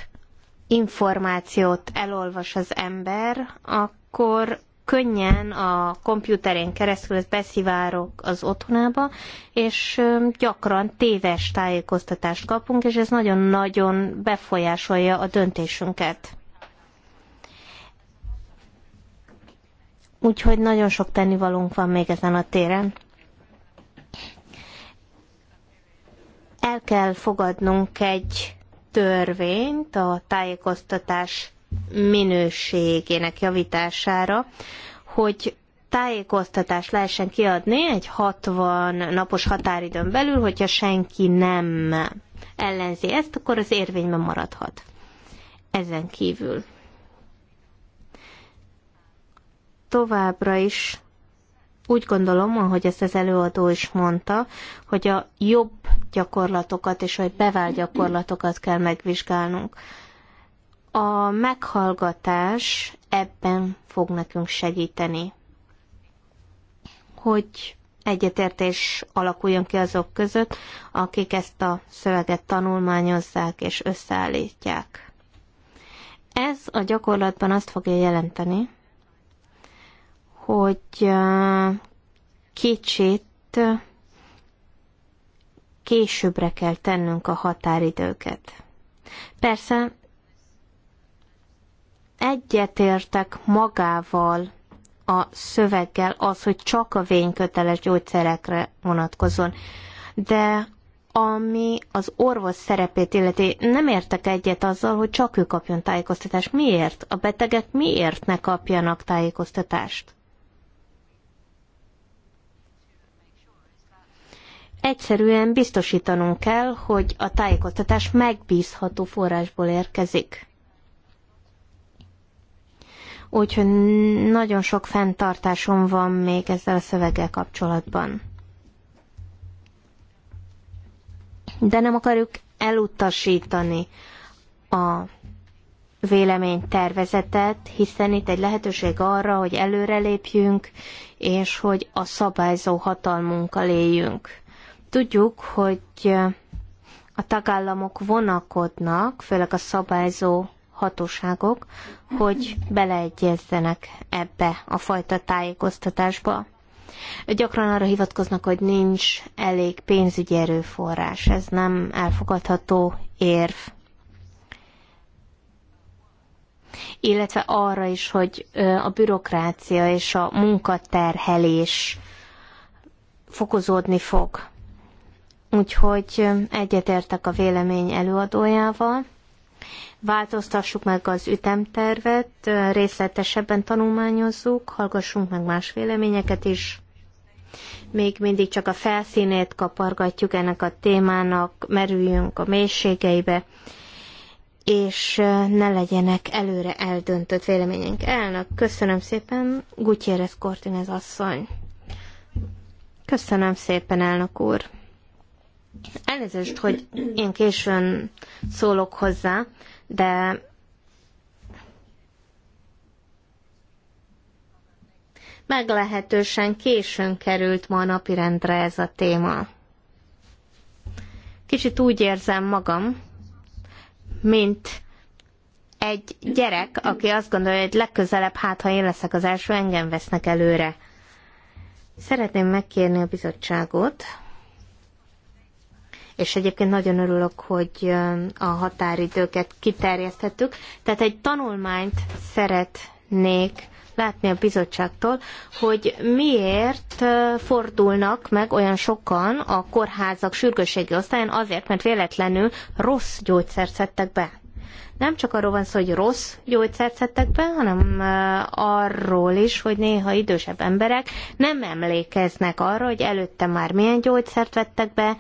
információt elolvas az ember, akkor könnyen a komputerén keresztül beszivárok az otthonába, és gyakran téves tájékoztatást kapunk, és ez nagyon-nagyon befolyásolja a döntésünket. Úgyhogy nagyon sok tennivalónk van még ezen a téren. El kell fogadnunk egy törvényt a tájékoztatás minőségének javítására, hogy tájékoztatást lehessen kiadni egy 60 napos határidőn belül, hogyha senki nem ellenzi ezt, akkor az érvényben maradhat. Ezen kívül továbbra is úgy gondolom, ahogy ezt az előadó is mondta, hogy a jobb gyakorlatokat és a bevált gyakorlatokat kell megvizsgálnunk. A meghallgatás ebben fog nekünk segíteni, hogy egyetértés alakuljon ki azok között, akik ezt a szöveget tanulmányozzák és összeállítják. Ez a gyakorlatban azt fogja jelenteni, hogy kicsit későbbre kell tennünk a határidőket. Persze egyetértek magával a szöveggel az, hogy csak a vényköteles gyógyszerekre vonatkozon. De ami az orvos szerepét illeti, nem értek egyet azzal, hogy csak ő kapjon tájékoztatást. Miért? A betegek miért ne kapjanak tájékoztatást? Egyszerűen biztosítanunk kell, hogy a tájékoztatás megbízható forrásból érkezik úgyhogy nagyon sok fenntartásom van még ezzel a szöveggel kapcsolatban. De nem akarjuk elutasítani a véleménytervezetet, hiszen itt egy lehetőség arra, hogy előrelépjünk, és hogy a szabályzó hatalmunkkal éljünk. Tudjuk, hogy a tagállamok vonakodnak, főleg a szabályzó hatóságok, hogy beleegyezzenek ebbe a fajta tájékoztatásba. Gyakran arra hivatkoznak, hogy nincs elég pénzügyi erőforrás. Ez nem elfogadható érv. Illetve arra is, hogy a bürokrácia és a munkaterhelés fokozódni fog. Úgyhogy egyetértek a vélemény előadójával Változtassuk meg az ütemtervet, részletesebben tanulmányozzuk, hallgassunk meg más véleményeket is. Még mindig csak a felszínét kapargatjuk ennek a témának, merüljünk a mélységeibe, és ne legyenek előre eldöntött véleményünk. Elnök, köszönöm szépen, Gutierrez Kortinez asszony. Köszönöm szépen, elnök úr. Elnézést, hogy én későn szólok hozzá, de meglehetősen későn került ma a napirendre ez a téma. Kicsit úgy érzem magam, mint egy gyerek, aki azt gondolja, hogy legközelebb, hát ha én leszek az első, engem vesznek előre. Szeretném megkérni a bizottságot, és egyébként nagyon örülök, hogy a határidőket kiterjesztettük. Tehát egy tanulmányt szeretnék látni a bizottságtól, hogy miért fordulnak meg olyan sokan a kórházak sürgősségi osztályán azért, mert véletlenül rossz gyógyszert szedtek be. Nem csak arról van szó, hogy rossz gyógyszert szedtek be, hanem arról is, hogy néha idősebb emberek nem emlékeznek arra, hogy előtte már milyen gyógyszert vettek be,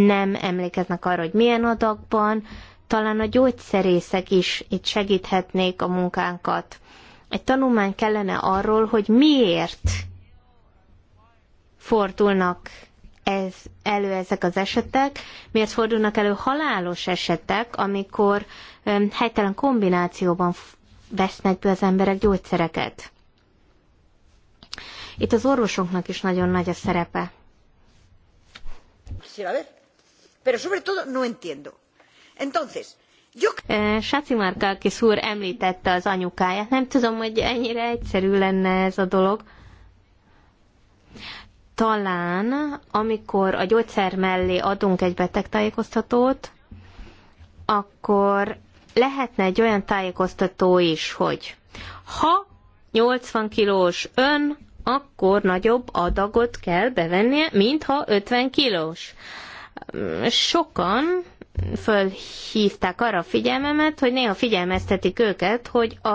nem emlékeznek arra, hogy milyen adagban, talán a gyógyszerészek is itt segíthetnék a munkánkat. Egy tanulmány kellene arról, hogy miért fordulnak ez, elő ezek az esetek, miért fordulnak elő halálos esetek, amikor um, helytelen kombinációban vesznek be az emberek gyógyszereket. Itt az orvosoknak is nagyon nagy a szerepe. Szíves pero sobre todo no entiendo. Entonces, yo... Eh, Sácimárkákis úr említette az anyukáját. Nem tudom, hogy ennyire egyszerű lenne ez a dolog. Talán, amikor a gyógyszer mellé adunk egy betegtájékoztatót, akkor lehetne egy olyan tájékoztató is, hogy ha 80 kilós ön, akkor nagyobb adagot kell bevennie, mint ha 50 kilós sokan fölhívták arra a figyelmemet, hogy néha figyelmeztetik őket, hogy a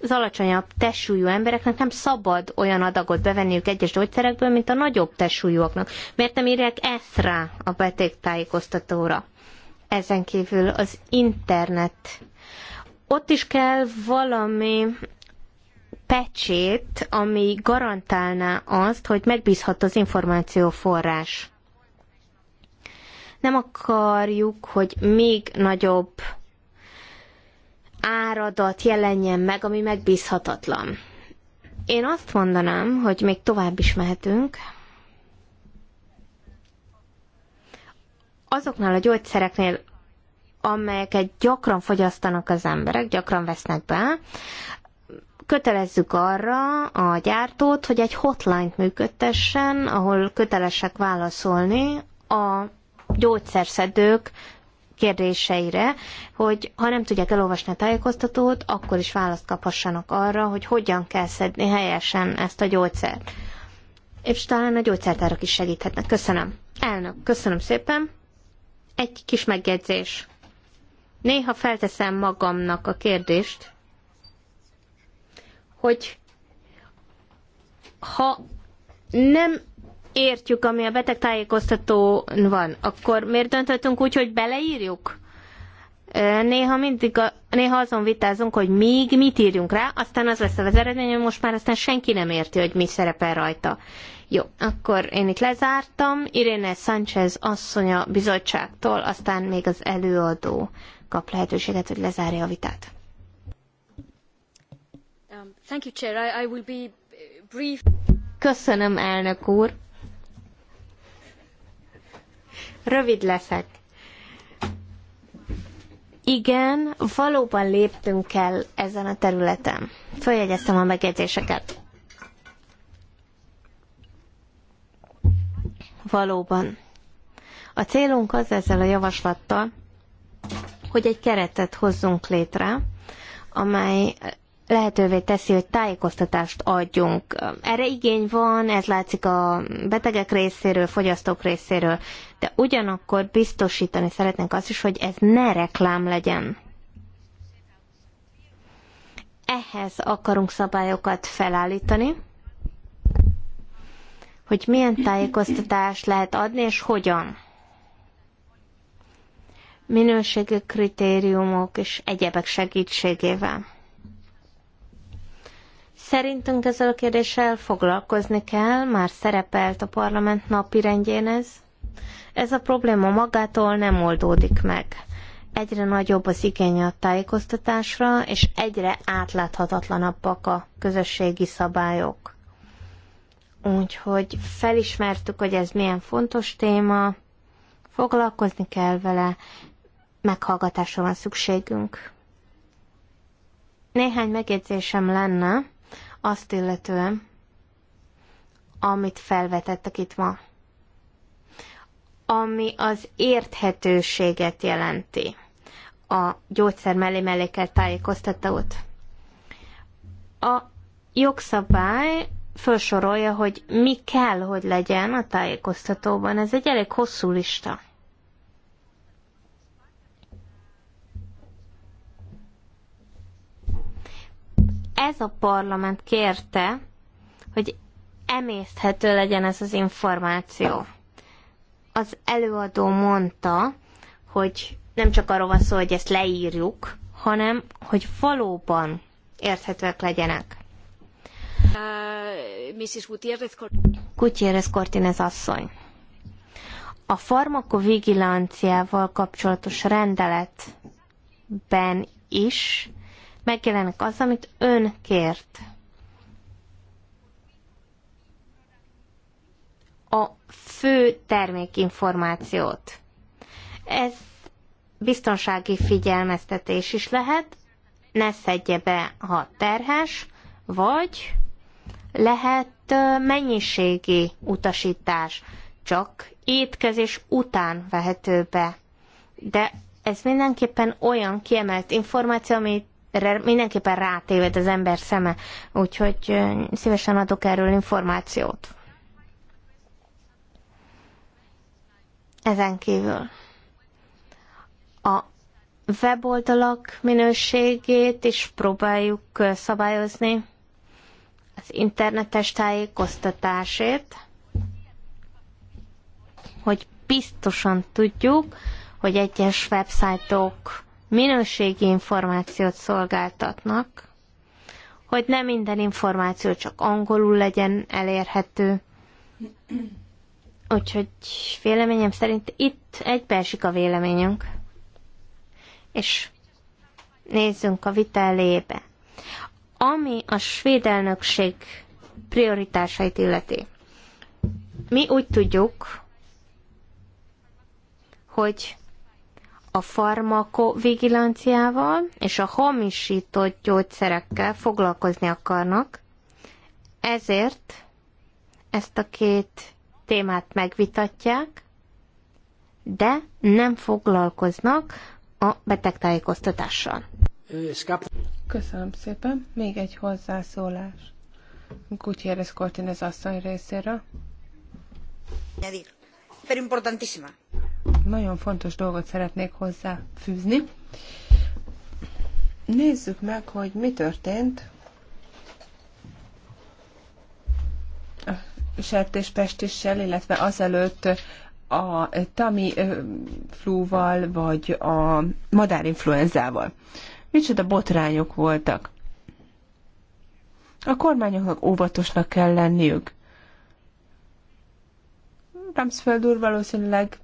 az alacsonyabb testsúlyú embereknek nem szabad olyan adagot bevenniük egyes gyógyszerekből, mint a nagyobb testsúlyúaknak. Miért nem írják ezt rá a betegtájékoztatóra? Ezen kívül az internet. Ott is kell valami pecsét, ami garantálná azt, hogy megbízhat az információforrás. Nem akarjuk, hogy még nagyobb áradat jelenjen meg, ami megbízhatatlan. Én azt mondanám, hogy még tovább is mehetünk. Azoknál a gyógyszereknél, amelyeket gyakran fogyasztanak az emberek, gyakran vesznek be, kötelezzük arra a gyártót, hogy egy hotline működtessen, ahol kötelesek válaszolni a gyógyszerszedők kérdéseire, hogy ha nem tudják elolvasni a tájékoztatót, akkor is választ kaphassanak arra, hogy hogyan kell szedni helyesen ezt a gyógyszert. És talán a gyógyszertárak is segíthetnek. Köszönöm. Elnök, köszönöm szépen. Egy kis megjegyzés. Néha felteszem magamnak a kérdést, hogy ha nem értjük, ami a betegtájékoztatón van, akkor miért döntöttünk úgy, hogy beleírjuk? Néha, mindig a, néha azon vitázunk, hogy még mit írjunk rá, aztán az lesz az eredmény, hogy most már aztán senki nem érti, hogy mi szerepel rajta. Jó, akkor én itt lezártam. Irene Sánchez asszonya bizottságtól, aztán még az előadó kap lehetőséget, hogy lezárja a vitát. Um, thank you, Chair. I, I will be brief. Köszönöm, elnök úr. Rövid leszek. Igen, valóban léptünk el ezen a területen. Följegyeztem a megjegyzéseket. Valóban. A célunk az ezzel a javaslattal, hogy egy keretet hozzunk létre, amely lehetővé teszi, hogy tájékoztatást adjunk. Erre igény van, ez látszik a betegek részéről, fogyasztók részéről, de ugyanakkor biztosítani szeretnénk azt is, hogy ez ne reklám legyen. Ehhez akarunk szabályokat felállítani, hogy milyen tájékoztatást lehet adni, és hogyan. Minőségi kritériumok és egyebek segítségével. Szerintünk ezzel a kérdéssel foglalkozni kell, már szerepelt a parlament napi rendjén ez. Ez a probléma magától nem oldódik meg. Egyre nagyobb az igény a tájékoztatásra, és egyre átláthatatlanabbak a közösségi szabályok. Úgyhogy felismertük, hogy ez milyen fontos téma, foglalkozni kell vele, meghallgatásra van szükségünk. Néhány megjegyzésem lenne, azt illetően, amit felvetettek itt ma, ami az érthetőséget jelenti a gyógyszer mellé mellékelt ott. A jogszabály felsorolja, hogy mi kell, hogy legyen a tájékoztatóban. Ez egy elég hosszú lista. ez a parlament kérte, hogy emészthető legyen ez az információ. Az előadó mondta, hogy nem csak arról van szó, hogy ezt leírjuk, hanem hogy valóban érthetőek legyenek. Uh, Mrs. Gutierrez, Gutierrez asszony. A farmakovigilanciával kapcsolatos rendeletben is megjelenik az, amit ön kért. A fő termékinformációt. Ez biztonsági figyelmeztetés is lehet, ne szedje be, ha terhes, vagy lehet mennyiségi utasítás, csak étkezés után vehető be. De ez mindenképpen olyan kiemelt információ, amit erre mindenképpen rátéved az ember szeme, úgyhogy szívesen adok erről információt. Ezen kívül a weboldalak minőségét is próbáljuk szabályozni, az internetes tájékoztatásért, hogy biztosan tudjuk, hogy egyes websájtok minőségi információt szolgáltatnak, hogy nem minden információ csak angolul legyen elérhető. Úgyhogy véleményem szerint itt egybeesik a véleményünk. És nézzünk a vita elébe. Ami a svéd elnökség prioritásait illeti. Mi úgy tudjuk, hogy a farmakovigilanciával és a hamisított gyógyszerekkel foglalkozni akarnak. Ezért ezt a két témát megvitatják, de nem foglalkoznak a betegtájékoztatással. Köszönöm szépen. Még egy hozzászólás. Gutierrez Cortines asszony részéről. Pero importantísima nagyon fontos dolgot szeretnék hozzáfűzni. Nézzük meg, hogy mi történt a sertéspestissel, illetve azelőtt a tami flúval, vagy a madárinfluenzával. Micsoda botrányok voltak. A kormányoknak óvatosnak kell lenniük. Ramsfeld úr valószínűleg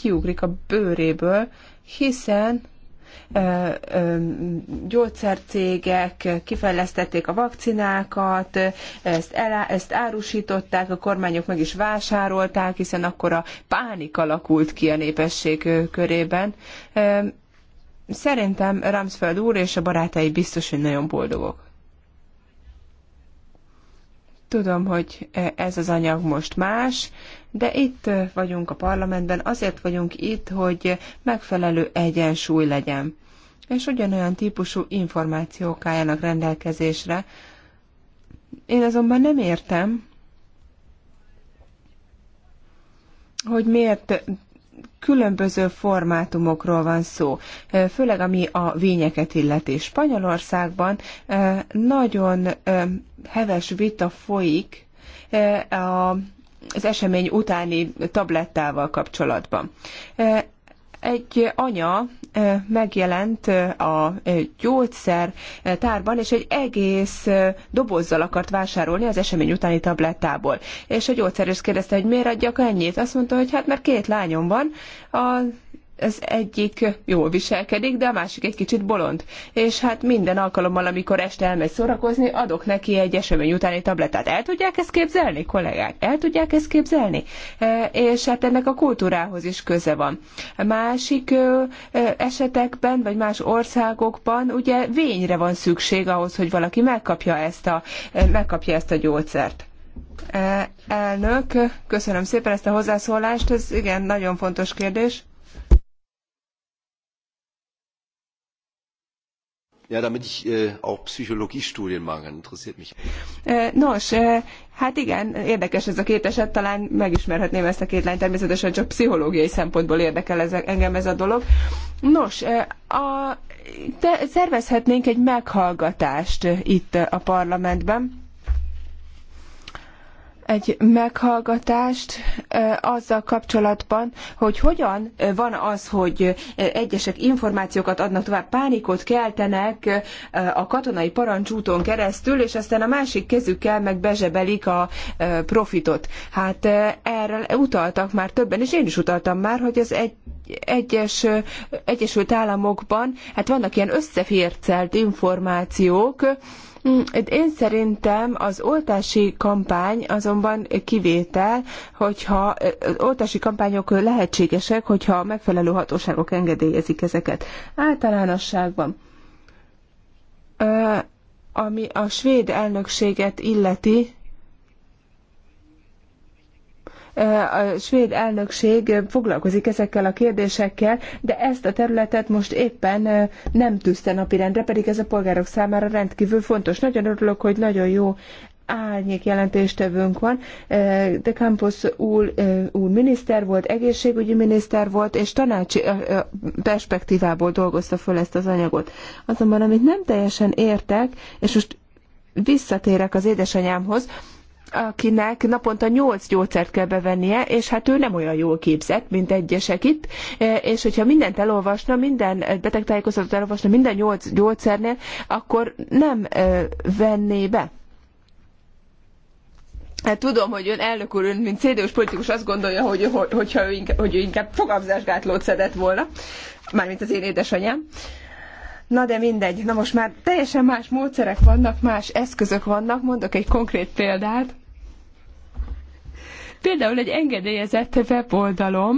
kiugrik a bőréből, hiszen gyógyszercégek kifejlesztették a vakcinákat, ezt, elá, ezt árusították, a kormányok meg is vásárolták, hiszen akkor a pánik alakult ki a népesség körében. Szerintem Ramsfeld úr és a barátai biztos, hogy nagyon boldogok. Tudom, hogy e, ez az anyag most más, de itt e, vagyunk a parlamentben, azért vagyunk itt, hogy megfelelő egyensúly legyen, és ugyanolyan típusú információk álljanak rendelkezésre. Én azonban nem értem, hogy miért különböző formátumokról van szó, főleg ami a vényeket illeti. Spanyolországban nagyon heves vita folyik a az esemény utáni tablettával kapcsolatban egy anya megjelent a gyógyszer tárban, és egy egész dobozzal akart vásárolni az esemény utáni tablettából. És a gyógyszerész kérdezte, hogy miért adjak ennyit? Azt mondta, hogy hát mert két lányom van, a az egyik jól viselkedik, de a másik egy kicsit bolond. És hát minden alkalommal, amikor este elmegy szórakozni, adok neki egy esemény utáni tabletát. El tudják ezt képzelni, kollégák? El tudják ezt képzelni? E, és hát ennek a kultúrához is köze van. Másik esetekben, vagy más országokban ugye vényre van szükség ahhoz, hogy valaki megkapja ezt a, e, megkapja ezt a gyógyszert. E, elnök, köszönöm szépen ezt a hozzászólást, ez igen, nagyon fontos kérdés. Ja, damit ich äh, auch Psychologiestudien machen kann. Interessiert mich. Nos, hát igen, érdekes ez a két eset, talán megismerhetném ezt a két lányt, természetesen csak pszichológiai szempontból érdekel ez, engem ez a dolog. Nos, a, te, szervezhetnénk egy meghallgatást itt a parlamentben egy meghallgatást azzal kapcsolatban, hogy hogyan van az, hogy egyesek információkat adnak tovább, pánikot keltenek a katonai parancsúton keresztül, és aztán a másik kezükkel meg bezsebelik a profitot. Hát erre utaltak már többen, és én is utaltam már, hogy az egy egyes, Egyesült Államokban hát vannak ilyen összefércelt információk, Mm, én szerintem az oltási kampány azonban kivétel, hogyha az oltási kampányok lehetségesek, hogyha a megfelelő hatóságok engedélyezik ezeket. Általánosságban. Ami a svéd elnökséget illeti, a svéd elnökség foglalkozik ezekkel a kérdésekkel, de ezt a területet most éppen nem tűzte napirendre, pedig ez a polgárok számára rendkívül fontos. Nagyon örülök, hogy nagyon jó árnyék jelentéstevőnk van. De Campos úr, úr miniszter volt, egészségügyi miniszter volt, és tanácsi perspektívából dolgozta föl ezt az anyagot. Azonban, amit nem teljesen értek, és most visszatérek az édesanyámhoz, akinek naponta 8 gyógyszert kell bevennie, és hát ő nem olyan jól képzett, mint egyesek itt, e, és hogyha mindent elolvasna, minden e, betegtájékoztatót elolvasna, minden 8 gyógyszernél, akkor nem e, venné be. Hát tudom, hogy ön elnök úr, ön, mint cdu politikus azt gondolja, hogy, hogyha ő inkább, hogy ő inkább fogamzásgátlót szedett volna, mármint az én édesanyám. Na de mindegy, na most már teljesen más módszerek vannak, más eszközök vannak, mondok egy konkrét példát. Például egy engedélyezett weboldalom,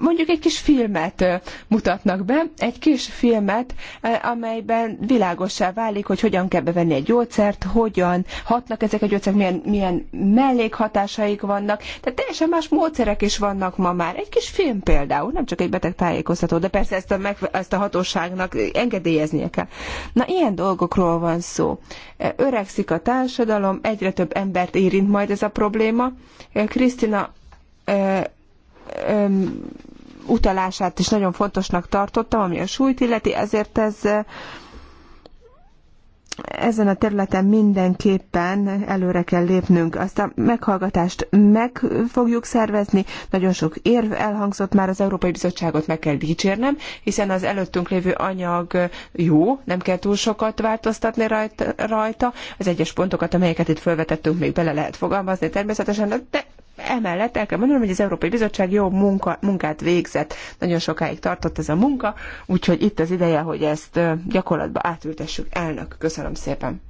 mondjuk egy kis filmet mutatnak be, egy kis filmet, amelyben világossá válik, hogy hogyan kell bevenni egy gyógyszert, hogyan hatnak ezek a gyógyszerek, milyen, milyen mellékhatásaik vannak. Tehát teljesen más módszerek is vannak ma már. Egy kis film például, nem csak egy beteg tájékoztató, de persze ezt a, meg, ezt a hatóságnak engedélyeznie kell. Na, ilyen dolgokról van szó. Öregszik a társadalom, egyre több embert érint majd ez a probléma. Krisztina utalását is nagyon fontosnak tartottam, ami a súlyt illeti, ezért ez eh, ezen a területen mindenképpen előre kell lépnünk. Azt a meghallgatást meg fogjuk szervezni. Nagyon sok érv elhangzott már, az Európai Bizottságot meg kell dicsérnem, hiszen az előttünk lévő anyag jó, nem kell túl sokat változtatni rajta. Az egyes pontokat, amelyeket itt felvetettünk, még bele lehet fogalmazni természetesen, de emellett el kell mondanom, hogy az Európai Bizottság jó munka, munkát végzett. Nagyon sokáig tartott ez a munka, úgyhogy itt az ideje, hogy ezt gyakorlatba átültessük. Elnök, köszönöm szépen.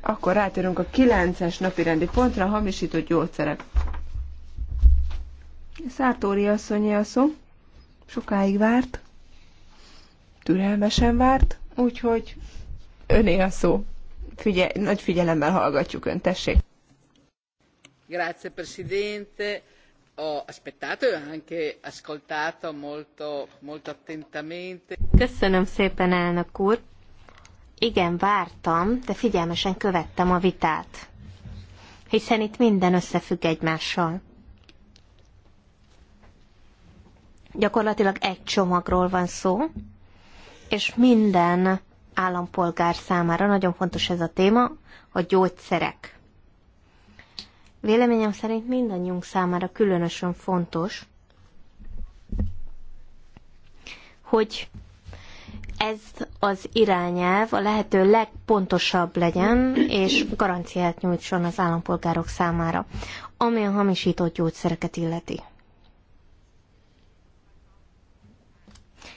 Akkor rátérünk a 9-es rendi pontra, a hamisított gyógyszerek. Szártóri asszonyi a szó. Sokáig várt. Türelmesen várt. Úgyhogy öné a szó. Figye, nagy figyelemmel hallgatjuk ön, tessék. Grazie Presidente. Ho aspettato e anche ascoltato molto, molto attentamente. Köszönöm szépen, elnök úr. Igen, vártam, de figyelmesen követtem a vitát. Hiszen itt minden összefügg egymással. Gyakorlatilag egy csomagról van szó, és minden állampolgár számára nagyon fontos ez a téma, a gyógyszerek. Véleményem szerint mindannyiunk számára különösen fontos, hogy ez az irányelv a lehető legpontosabb legyen, és garanciát nyújtson az állampolgárok számára, ami a hamisított gyógyszereket illeti.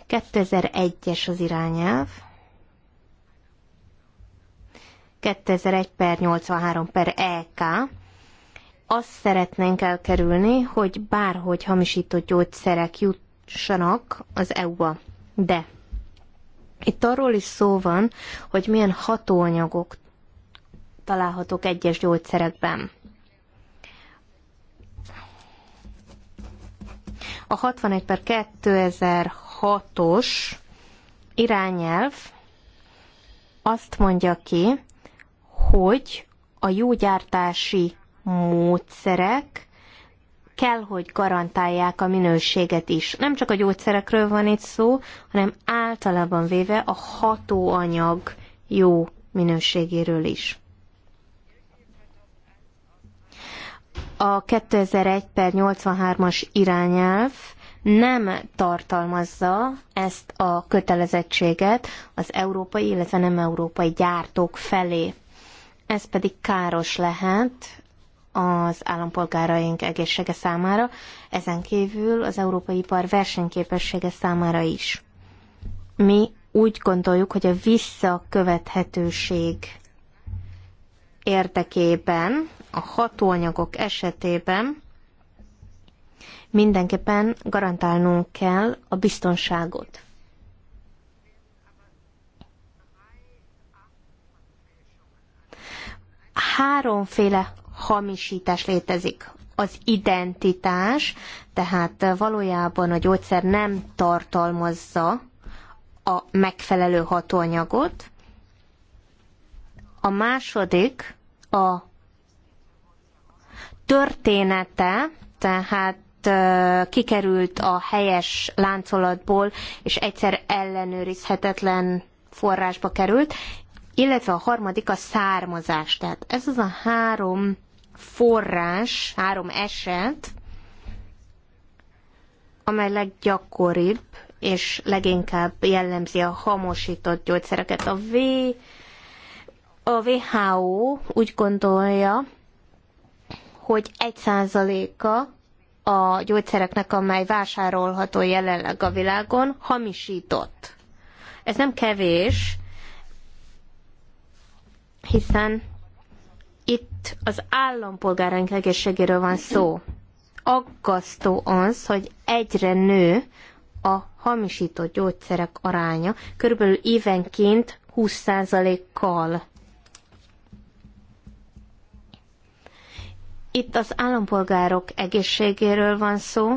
2001-es az irányelv, 2001 per 83 per EK, azt szeretnénk elkerülni, hogy bárhogy hamisított gyógyszerek jussanak az EU-ba. De itt arról is szó van, hogy milyen hatóanyagok találhatók egyes gyógyszerekben. A 61 per 2006-os irányelv azt mondja ki, hogy a jógyártási módszerek kell, hogy garantálják a minőséget is. Nem csak a gyógyszerekről van itt szó, hanem általában véve a hatóanyag jó minőségéről is. A 2001 per 83-as irányelv nem tartalmazza ezt a kötelezettséget az európai, illetve nem európai gyártók felé. Ez pedig káros lehet az állampolgáraink egészsége számára, ezen kívül az európai ipar versenyképessége számára is. Mi úgy gondoljuk, hogy a visszakövethetőség érdekében, a hatóanyagok esetében mindenképpen garantálnunk kell a biztonságot. Háromféle hamisítás létezik. Az identitás, tehát valójában a gyógyszer nem tartalmazza a megfelelő hatóanyagot. A második a története, tehát kikerült a helyes láncolatból, és egyszer ellenőrizhetetlen forrásba került, illetve a harmadik a származás. Tehát ez az a három forrás, három eset, amely leggyakoribb és leginkább jellemzi a hamosított gyógyszereket. A, v, a WHO úgy gondolja, hogy egy a a gyógyszereknek, amely vásárolható jelenleg a világon, hamisított. Ez nem kevés, hiszen itt az állampolgáraink egészségéről van szó. Aggasztó az, hogy egyre nő a hamisított gyógyszerek aránya, körülbelül évenként 20%-kal. Itt az állampolgárok egészségéről van szó.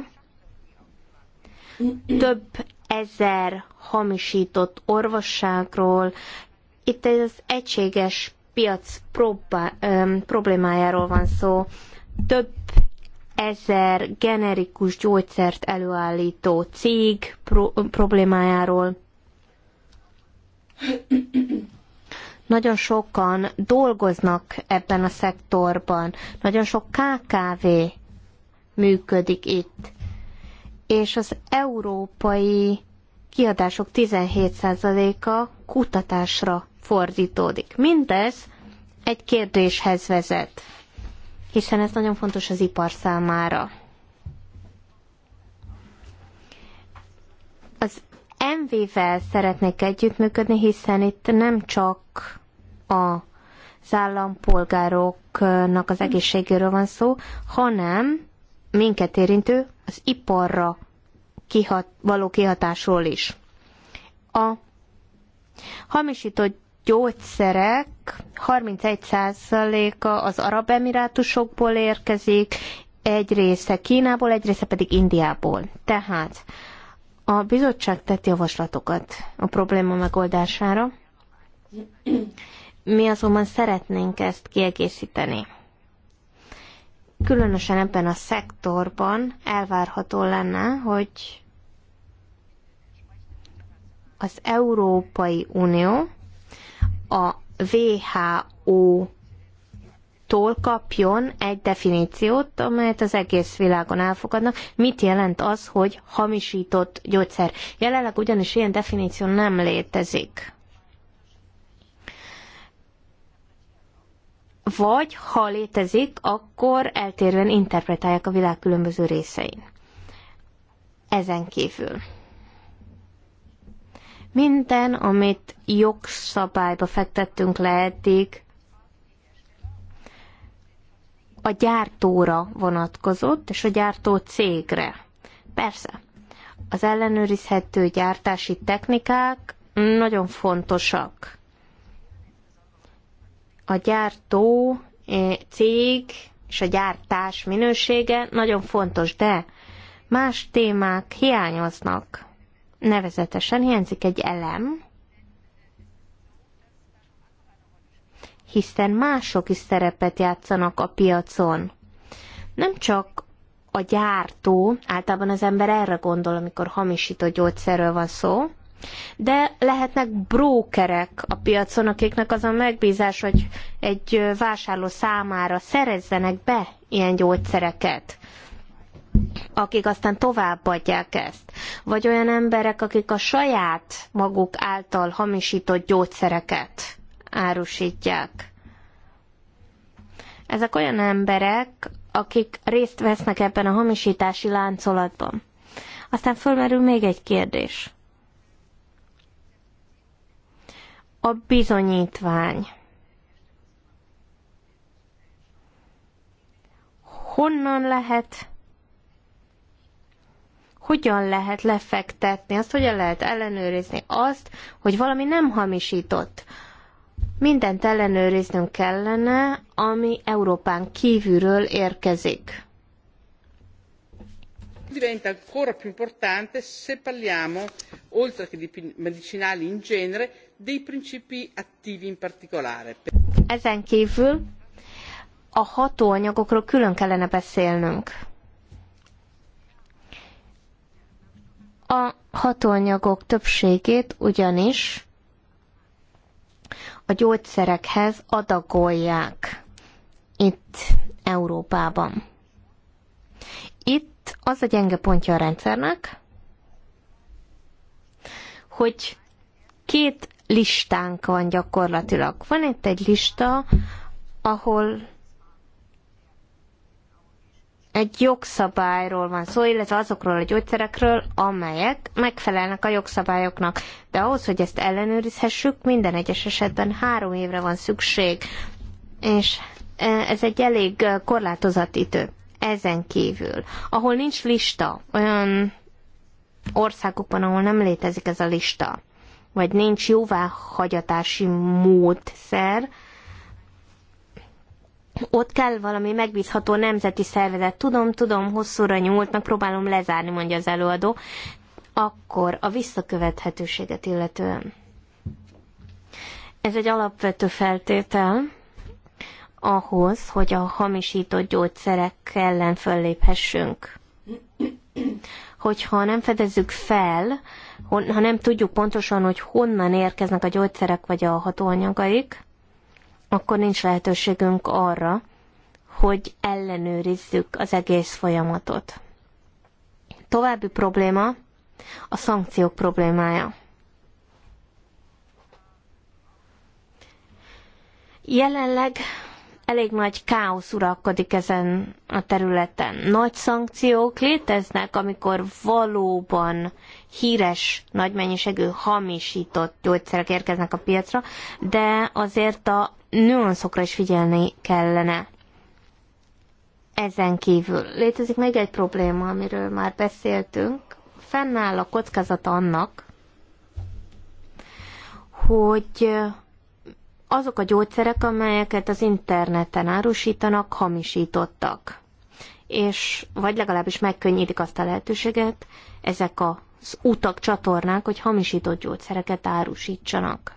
Több ezer hamisított orvosságról. Itt az egységes piac problémájáról van szó. Több ezer generikus gyógyszert előállító cég pro- problémájáról. Nagyon sokan dolgoznak ebben a szektorban, nagyon sok KKV működik itt, és az európai kiadások 17%-a kutatásra fordítódik. Mindez egy kérdéshez vezet, hiszen ez nagyon fontos az ipar számára. Az MV-vel szeretnék együttműködni, hiszen itt nem csak a az állampolgároknak az egészségéről van szó, hanem minket érintő az iparra kihat, való kihatásról is. A hamisított gyógyszerek 31%-a az Arab Emirátusokból érkezik, egy része Kínából, egy része pedig Indiából. Tehát a bizottság tett javaslatokat a probléma megoldására. Mi azonban szeretnénk ezt kiegészíteni. Különösen ebben a szektorban elvárható lenne, hogy az Európai Unió a WHO tól kapjon egy definíciót, amelyet az egész világon elfogadnak. Mit jelent az, hogy hamisított gyógyszer? Jelenleg ugyanis ilyen definíció nem létezik. Vagy, ha létezik, akkor eltérően interpretálják a világ különböző részein. Ezen kívül. Minden, amit jogszabályba fektettünk le eddig, a gyártóra vonatkozott, és a gyártó cégre. Persze, az ellenőrizhető gyártási technikák nagyon fontosak. A gyártó eh, cég és a gyártás minősége nagyon fontos, de más témák hiányoznak. Nevezetesen hiányzik egy elem, hiszen mások is szerepet játszanak a piacon. Nem csak a gyártó, általában az ember erre gondol, amikor hamisított gyógyszerről van szó, de lehetnek brókerek a piacon, akiknek az a megbízás, hogy egy vásárló számára szerezzenek be ilyen gyógyszereket akik aztán továbbadják ezt, vagy olyan emberek, akik a saját maguk által hamisított gyógyszereket árusítják. Ezek olyan emberek, akik részt vesznek ebben a hamisítási láncolatban. Aztán fölmerül még egy kérdés. A bizonyítvány. Honnan lehet hogyan lehet lefektetni, azt hogyan lehet ellenőrizni azt, hogy valami nem hamisított. Mindent ellenőriznünk kellene, ami Európán kívülről érkezik. Diventa ancora più importante se parliamo, oltre che di medicinali in genere, dei principi attivi in particolare. Ezen kívül a hatóanyagokról külön kellene beszélnünk A hatóanyagok többségét ugyanis a gyógyszerekhez adagolják itt Európában. Itt az a gyenge pontja a rendszernek, hogy két listánk van gyakorlatilag. Van itt egy lista, ahol egy jogszabályról van szó, illetve azokról a gyógyszerekről, amelyek megfelelnek a jogszabályoknak. De ahhoz, hogy ezt ellenőrizhessük, minden egyes esetben három évre van szükség, és e, ez egy elég e, korlátozott idő. Ezen kívül, ahol nincs lista, olyan országokban, ahol nem létezik ez a lista, vagy nincs jóváhagyatási módszer, ott kell valami megbízható nemzeti szervezet. Tudom, tudom, hosszúra nyúlt, megpróbálom lezárni, mondja az előadó. Akkor a visszakövethetőséget illetően. Ez egy alapvető feltétel ahhoz, hogy a hamisított gyógyszerek ellen fölléphessünk. Hogyha nem fedezzük fel, ha nem tudjuk pontosan, hogy honnan érkeznek a gyógyszerek vagy a hatóanyagaik, akkor nincs lehetőségünk arra, hogy ellenőrizzük az egész folyamatot. További probléma a szankciók problémája. Jelenleg elég nagy káosz uralkodik ezen a területen. Nagy szankciók léteznek, amikor valóban híres, nagy mennyiségű hamisított gyógyszerek érkeznek a piacra, de azért a nüanszokra is figyelni kellene. Ezen kívül létezik még egy probléma, amiről már beszéltünk. Fennáll a kockázata annak, hogy azok a gyógyszerek, amelyeket az interneten árusítanak, hamisítottak. És vagy legalábbis megkönnyítik azt a lehetőséget, ezek az utak, csatornák, hogy hamisított gyógyszereket árusítsanak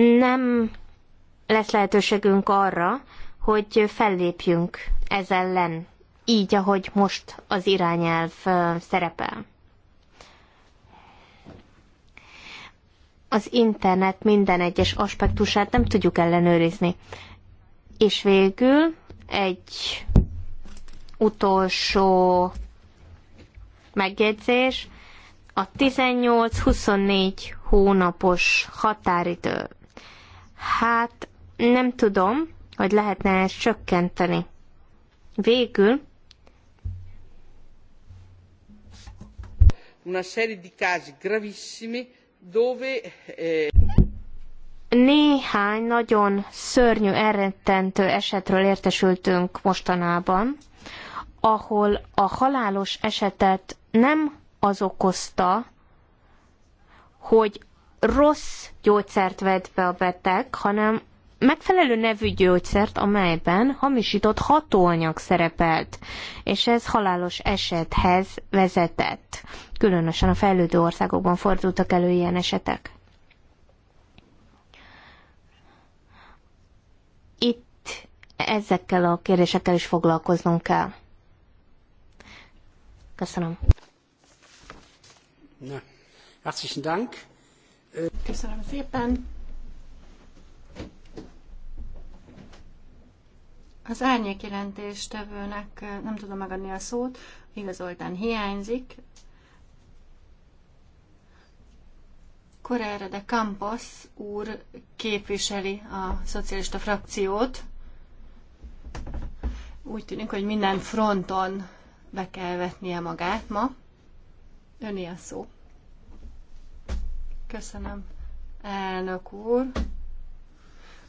nem lesz lehetőségünk arra, hogy fellépjünk ez ellen, így, ahogy most az irányelv szerepel. Az internet minden egyes aspektusát nem tudjuk ellenőrizni. És végül egy utolsó megjegyzés, a 18-24 hónapos határidő Hát nem tudom, hogy lehetne ezt csökkenteni. Végül una serie di casi gravissimi dove eh... Néhány nagyon szörnyű, elrettentő esetről értesültünk mostanában, ahol a halálos esetet nem az okozta, hogy rossz gyógyszert vett be a beteg, hanem megfelelő nevű gyógyszert, amelyben hamisított hatóanyag szerepelt, és ez halálos esethez vezetett. Különösen a fejlődő országokban fordultak elő ilyen esetek. Itt ezekkel a kérdésekkel is foglalkoznunk kell. Köszönöm. Na, herzlichen Dank. Köszönöm szépen. Az árnyék jelentéstevőnek eh, nem tudom megadni a szót, igazoltán hiányzik. Korére de Campos úr képviseli a szocialista frakciót. Úgy tűnik, hogy minden fronton be kell vetnie magát ma. Öné a szó. Köszönöm, elnök úr.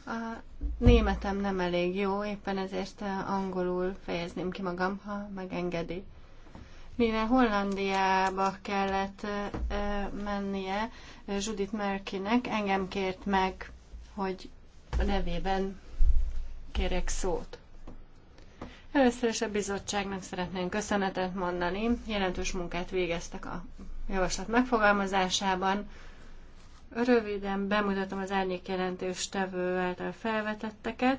A németem nem elég jó, éppen ezért eh, angolul fejezném ki magam, ha megengedi. Mivel Hollandiába kellett eh, eh, mennie Judith Merkinek, engem kért meg, hogy a nevében kérek szót. Először is a bizottságnak szeretnénk köszönetet mondani. Jelentős munkát végeztek a javaslat megfogalmazásában. Röviden bemutatom az árnyék jelentős tevő által felvetetteket.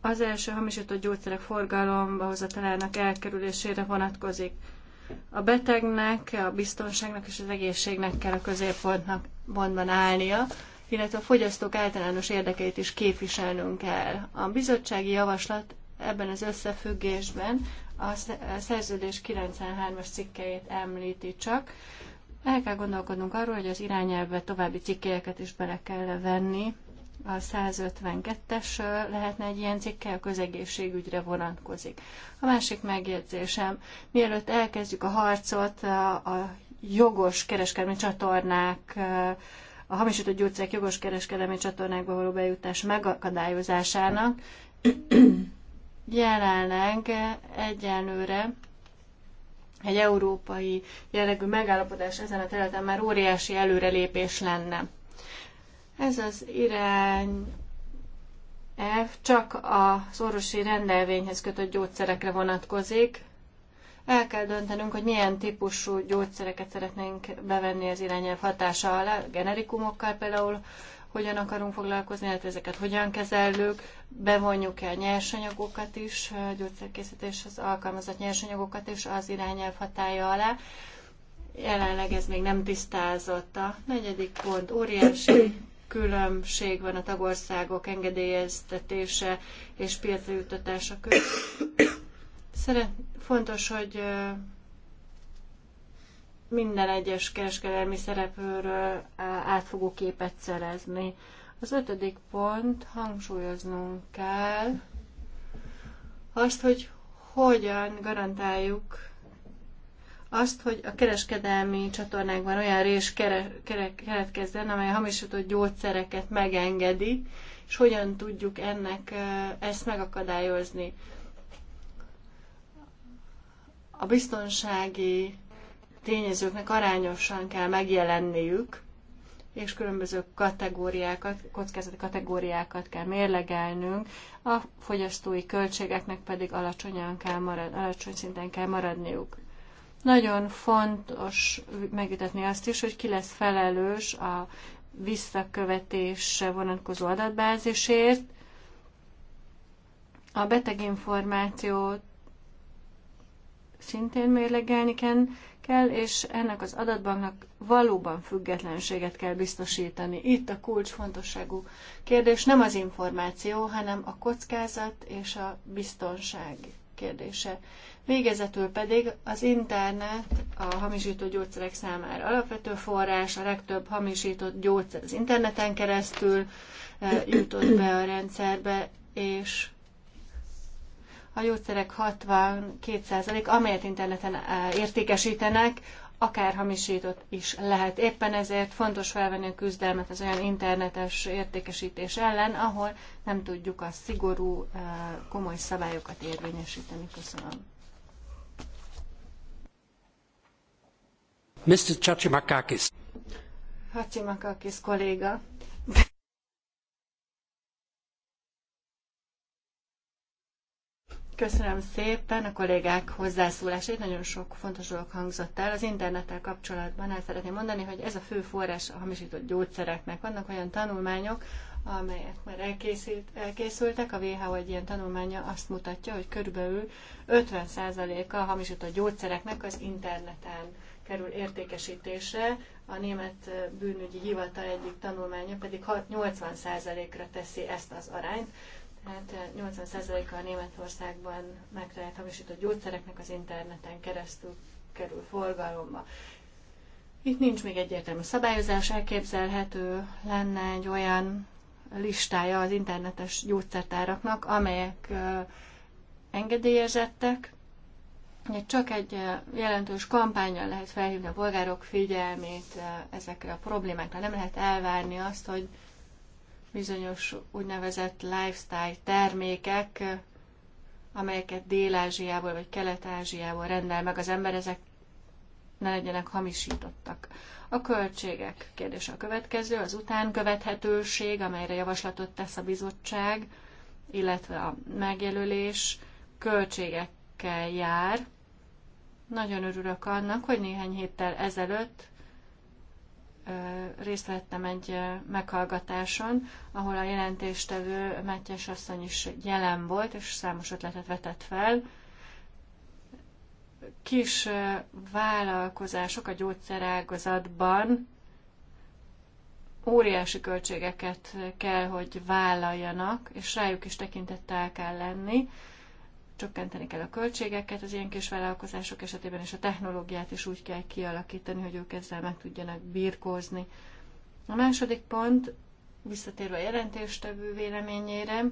Az első hamisított gyógyszerek forgalomba hozatalának elkerülésére vonatkozik. A betegnek, a biztonságnak és az egészségnek kell a középpontnak pontban állnia, illetve a fogyasztók általános érdekeit is képviselnünk kell. A bizottsági javaslat ebben az összefüggésben a szerződés 93-as cikkeit említi csak. El kell gondolkodnunk arról, hogy az irányelvbe további cikkelyeket is bele kell venni. A 152-es lehetne egy ilyen cikkel, a közegészségügyre vonatkozik. A másik megjegyzésem, mielőtt elkezdjük a harcot a jogos kereskedelmi csatornák a hamisított gyógyszerek jogos kereskedelmi csatornákba való bejutás megakadályozásának, jelenleg egyenlőre egy európai jellegű megállapodás ezen a területen már óriási előrelépés lenne. Ez az irány F csak a szorosi rendelvényhez kötött gyógyszerekre vonatkozik. El kell döntenünk, hogy milyen típusú gyógyszereket szeretnénk bevenni az irányelv hatása alá, generikumokkal például hogyan akarunk foglalkozni, illetve ezeket hogyan kezelők, bevonjuk e a nyersanyagokat is, gyógyszerkészítéshez alkalmazott nyersanyagokat is az irányelv hatája alá. Jelenleg ez még nem tisztázott. A negyedik pont óriási különbség van a tagországok engedélyeztetése és piacra juttatása között. Szeret, fontos, hogy minden egyes kereskedelmi szereplőről átfogó képet szerezni. Az ötödik pont, hangsúlyoznunk kell azt, hogy hogyan garantáljuk azt, hogy a kereskedelmi csatornákban olyan rés keretkezzen, amely a hamisított gyógyszereket megengedi, és hogyan tudjuk ennek ezt megakadályozni. A biztonsági tényezőknek arányosan kell megjelenniük, és különböző kategóriákat, kockázati kategóriákat kell mérlegelnünk, a fogyasztói költségeknek pedig alacsonyan kell marad, alacsony szinten kell maradniuk. Nagyon fontos megütetni azt is, hogy ki lesz felelős a visszakövetésre vonatkozó adatbázisért. A beteginformációt szintén mérlegelni kell, és ennek az adatbanknak valóban függetlenséget kell biztosítani. Itt a kulcsfontosságú kérdés nem az információ, hanem a kockázat és a biztonság kérdése. Végezetül pedig az internet a hamisított gyógyszerek számára alapvető forrás, a legtöbb hamisított gyógyszer az interneten keresztül eh, jutott be a rendszerbe, és a gyógyszerek 62%, amelyet interneten eh, értékesítenek, akár hamisított is lehet. Éppen ezért fontos felvenni a küzdelmet az olyan internetes értékesítés ellen, ahol nem tudjuk a szigorú, eh, komoly szabályokat érvényesíteni. Köszönöm. Mr. Chachimakakis. Hachimakakis kolléga. Köszönöm szépen a kollégák hozzászólásait. Nagyon sok fontos dolog hangzott el. Az internettel kapcsolatban el szeretném mondani, hogy ez a fő forrás a hamisított gyógyszereknek. Vannak olyan tanulmányok, amelyek már elkészült, elkészültek. A WHO egy ilyen tanulmánya azt mutatja, hogy körülbelül 50%-a a hamisított gyógyszereknek az interneten kerül értékesítésre. A német bűnügyi hivatal egyik tanulmánya pedig 80%-ra teszi ezt az arányt tehát 80%-a eh, a Németországban megtalált hamisított gyógyszereknek az interneten keresztül kerül forgalomba. Itt nincs még egyértelmű szabályozás, elképzelhető lenne egy olyan listája az internetes gyógyszertáraknak, amelyek eh, engedélyezettek, csak egy eh, jelentős kampányal lehet felhívni a polgárok figyelmét ezekre a problémákra. Nem lehet elvárni azt, hogy bizonyos úgynevezett lifestyle termékek, amelyeket Dél-Ázsiából vagy Kelet-Ázsiából rendel meg az ember, ezek ne legyenek hamisítottak. A költségek kérdése a következő, az utánkövethetőség, amelyre javaslatot tesz a bizottság, illetve a megjelölés költségekkel jár. Nagyon örülök annak, hogy néhány héttel ezelőtt részt vettem egy meghallgatáson, ahol a jelentéstevő Mátyás asszony is jelen volt, és számos ötletet vetett fel. Kis vállalkozások a gyógyszerágazatban óriási költségeket kell, hogy vállaljanak, és rájuk is tekintettel kell lenni csökkenteni kell a költségeket az ilyen kis vállalkozások esetében, és a technológiát is úgy kell kialakítani, hogy ők ezzel meg tudjanak birkózni. A második pont, visszatérve a jelentéstevő véleményére,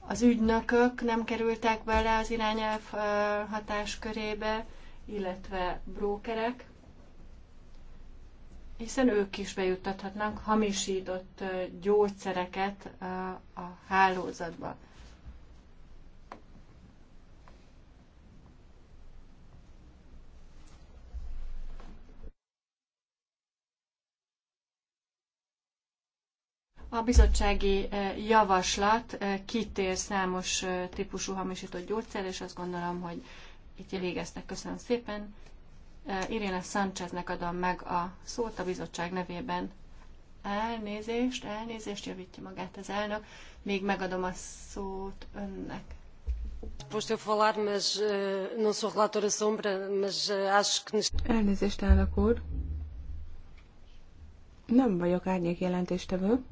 az ügynökök nem kerültek bele az irányelv hatáskörébe, illetve brókerek, hiszen ők is bejuttathatnak hamisított gyógyszereket a hálózatba. A bizottsági eh, javaslat eh, kitér számos eh, típusú hamisított gyógyszer, és azt gondolom, hogy itt végeztek. Köszönöm szépen. Irina Sáncheznek adom meg a szót a bizottság nevében. Elnézést, elnézést, javítja magát az elnök. Még megadom a szót önnek. Elnézést, elnök úr. Nem vagyok árnyék jelentéstevő.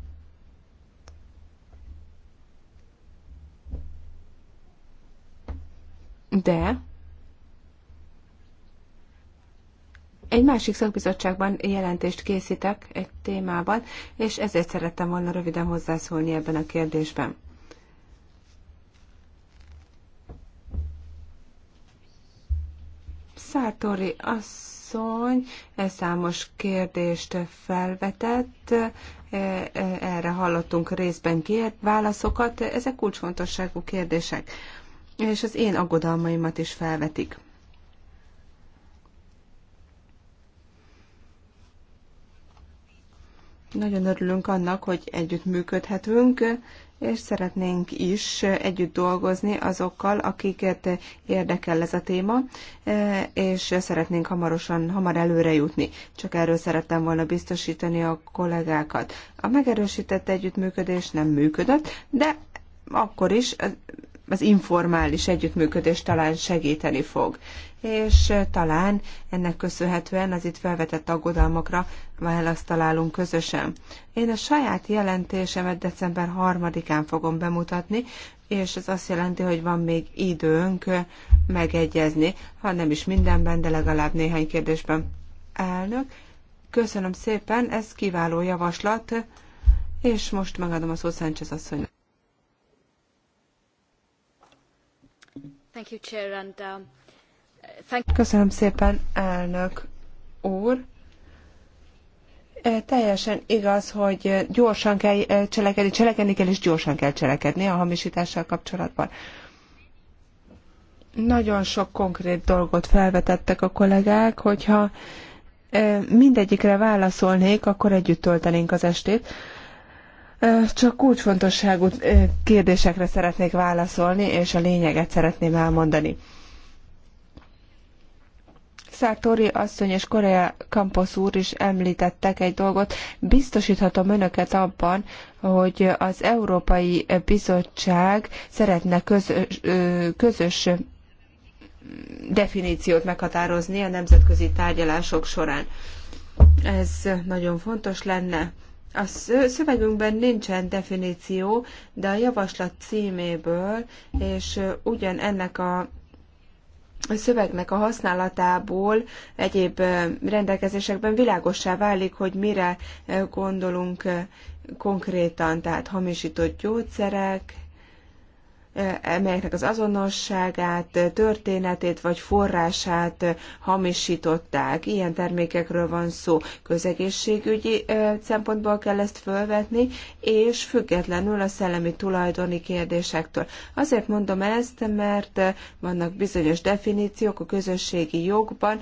de egy másik szakbizottságban jelentést készítek egy témában, és ezért szerettem volna röviden hozzászólni ebben a kérdésben. Szártori asszony e számos kérdést felvetett, e, e, erre hallottunk részben válaszokat, ezek kulcsfontosságú kérdések és az én aggodalmaimat is felvetik. Nagyon örülünk annak, hogy együtt működhetünk, és szeretnénk is együtt dolgozni azokkal, akiket érdekel ez a téma, és szeretnénk hamarosan, hamar előre jutni. Csak erről szerettem volna biztosítani a kollégákat. A megerősített együttműködés nem működött, de akkor is az informális együttműködés talán segíteni fog. És talán ennek köszönhetően az itt felvetett aggodalmakra választ találunk közösen. Én a saját jelentésemet december 3-án fogom bemutatni, és ez azt jelenti, hogy van még időnk megegyezni, ha nem is mindenben, de legalább néhány kérdésben. Elnök, köszönöm szépen, ez kiváló javaslat, és most megadom a szót Sánchez asszonynak. Um, Köszönöm szépen, elnök úr. E, teljesen igaz, hogy gyorsan kell e, cselekedni, cselekedni kell, és gyorsan kell cselekedni a hamisítással kapcsolatban. Nagyon sok konkrét dolgot felvetettek a kollégák, hogyha e, mindegyikre válaszolnék, akkor együtt töltenénk az estét. Csak kulcsfontosságú kérdésekre szeretnék válaszolni, és a lényeget szeretném elmondani. Szártóri asszony és Korea Campos úr is említettek egy dolgot. Biztosíthatom önöket abban, hogy az Európai Bizottság szeretne közös, közös definíciót meghatározni a nemzetközi tárgyalások során. Ez nagyon fontos lenne a szövegünkben nincsen definíció, de a javaslat címéből és ugyan ennek a a szövegnek a használatából egyéb rendelkezésekben világossá válik, hogy mire gondolunk konkrétan, tehát hamisított gyógyszerek, melyeknek az azonosságát, történetét vagy forrását hamisították. Ilyen termékekről van szó. Közegészségügyi szempontból kell ezt fölvetni, és függetlenül a szellemi tulajdoni kérdésektől. Azért mondom ezt, mert vannak bizonyos definíciók a közösségi jogban,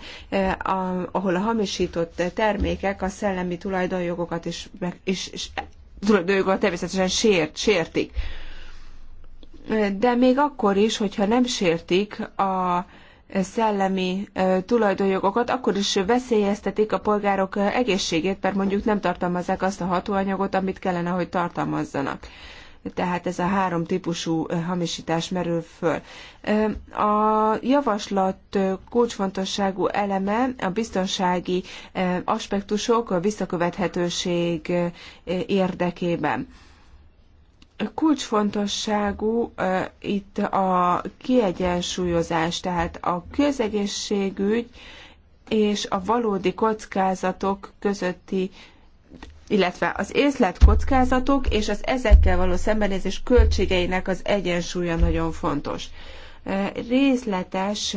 ahol a hamisított termékek a szellemi tulajdonjogokat is, is, is tulajdonjogokat természetesen sért, sértik de még akkor is, hogyha nem sértik a szellemi tulajdonjogokat, akkor is veszélyeztetik a polgárok egészségét, mert mondjuk nem tartalmazzák azt a hatóanyagot, amit kellene, hogy tartalmazzanak. Tehát ez a három típusú hamisítás merül föl. A javaslat kulcsfontosságú eleme a biztonsági aspektusok, a visszakövethetőség érdekében kulcsfontosságú itt a kiegyensúlyozás, tehát a közegészségügy és a valódi kockázatok közötti illetve az észlet kockázatok és az ezekkel való szembenézés költségeinek az egyensúlya nagyon fontos. Részletes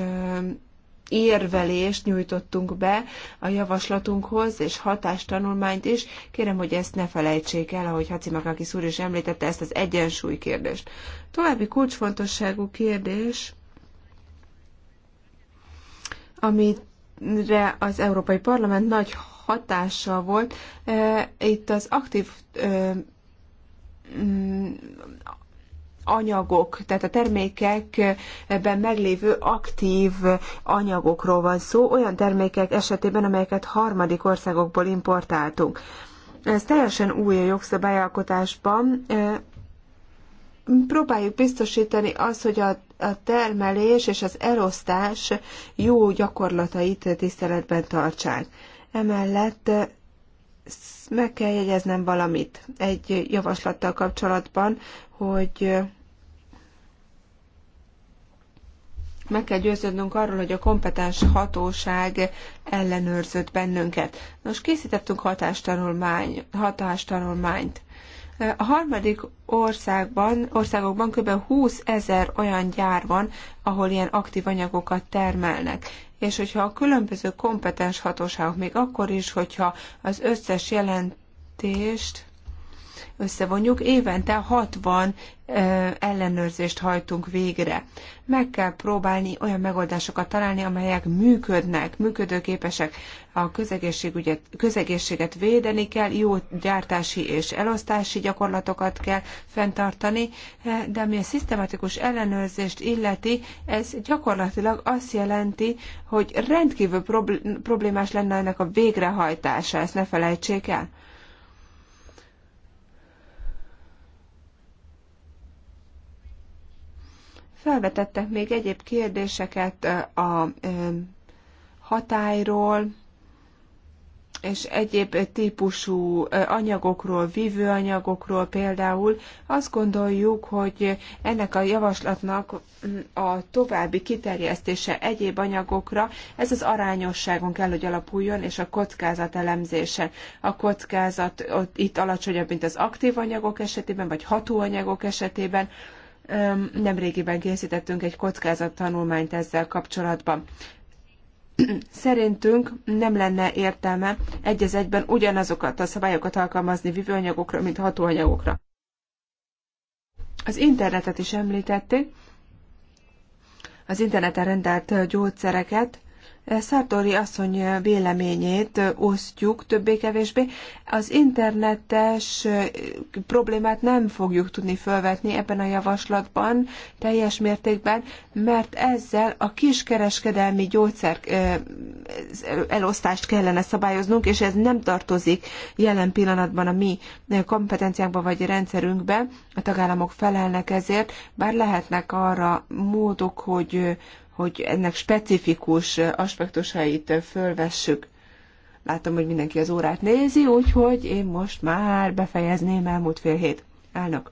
érvelést nyújtottunk be a javaslatunkhoz, és hatástanulmányt is. Kérem, hogy ezt ne felejtsék el, ahogy Hacimakakis úr is említette, ezt az egyensúly kérdést. További kulcsfontosságú kérdés, amire az Európai Parlament nagy hatással volt, eh, itt az aktív eh, mm, anyagok, tehát a termékekben meglévő aktív anyagokról van szó, olyan termékek esetében, amelyeket harmadik országokból importáltunk. Ez teljesen új a jogszabályalkotásban. Próbáljuk biztosítani azt, hogy a, a termelés és az elosztás jó gyakorlatait tiszteletben tartsák. Emellett meg kell jegyeznem valamit egy javaslattal kapcsolatban, hogy meg kell győződnünk arról, hogy a kompetens hatóság ellenőrzött bennünket. Nos, készítettünk hatástanulmány, hatástanulmányt. A harmadik országban, országokban kb. 20 ezer olyan gyár van, ahol ilyen aktív anyagokat termelnek. És hogyha a különböző kompetens hatóságok, még akkor is, hogyha az összes jelentést összevonjuk, évente 60 ellenőrzést hajtunk végre. Meg kell próbálni olyan megoldásokat találni, amelyek működnek, működőképesek. A közegészségügyet, közegészséget védeni kell, jó gyártási és elosztási gyakorlatokat kell fenntartani, de ami a szisztematikus ellenőrzést illeti, ez gyakorlatilag azt jelenti, hogy rendkívül problémás lenne ennek a végrehajtása, ezt ne felejtsék el. Felvetettek még egyéb kérdéseket a hatályról, és egyéb típusú anyagokról, vívőanyagokról például, azt gondoljuk, hogy ennek a javaslatnak a további kiterjesztése egyéb anyagokra, ez az arányosságon kell, hogy alapuljon, és a kockázat elemzése. A kockázat ott, itt alacsonyabb, mint az aktív anyagok esetében, vagy hatóanyagok esetében, Nemrégiben készítettünk egy kockázattanulmányt ezzel kapcsolatban. Szerintünk nem lenne értelme egy az egyben ugyanazokat a szabályokat alkalmazni vívőanyagokra, mint hatóanyagokra. Az internetet is említették, az interneten rendelt gyógyszereket, Szartori asszony véleményét osztjuk többé-kevésbé. Az internetes problémát nem fogjuk tudni felvetni ebben a javaslatban teljes mértékben, mert ezzel a kiskereskedelmi gyógyszer elosztást kellene szabályoznunk, és ez nem tartozik jelen pillanatban a mi kompetenciánkba vagy rendszerünkbe. A tagállamok felelnek ezért, bár lehetnek arra módok, hogy hogy ennek specifikus aspektusait fölvessük. Látom, hogy mindenki az órát nézi, úgyhogy én most már befejezném elmúlt fél hét. Elnök.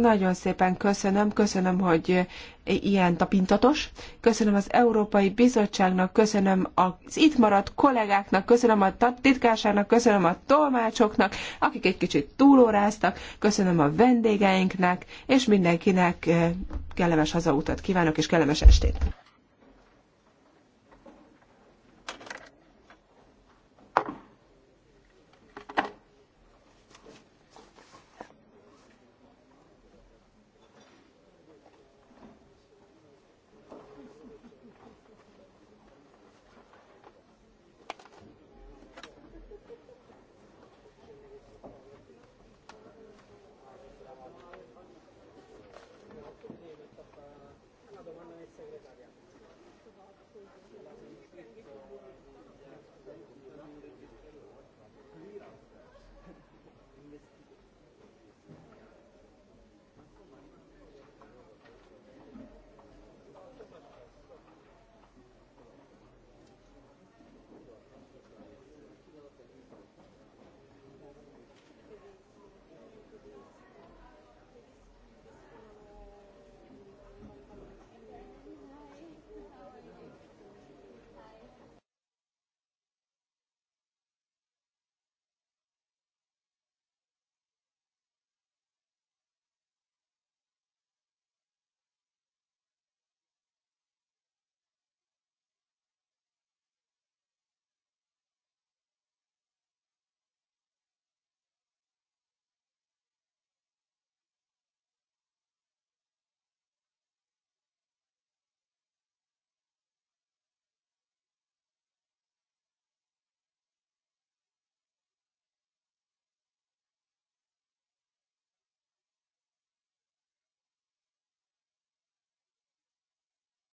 Nagyon szépen köszönöm, köszönöm, hogy ilyen tapintatos. Köszönöm az Európai Bizottságnak, köszönöm az itt maradt kollégáknak, köszönöm a titkárságnak, köszönöm a tolmácsoknak, akik egy kicsit túlóráztak, köszönöm a vendégeinknek, és mindenkinek eh, kellemes hazautat kívánok, és kellemes estét!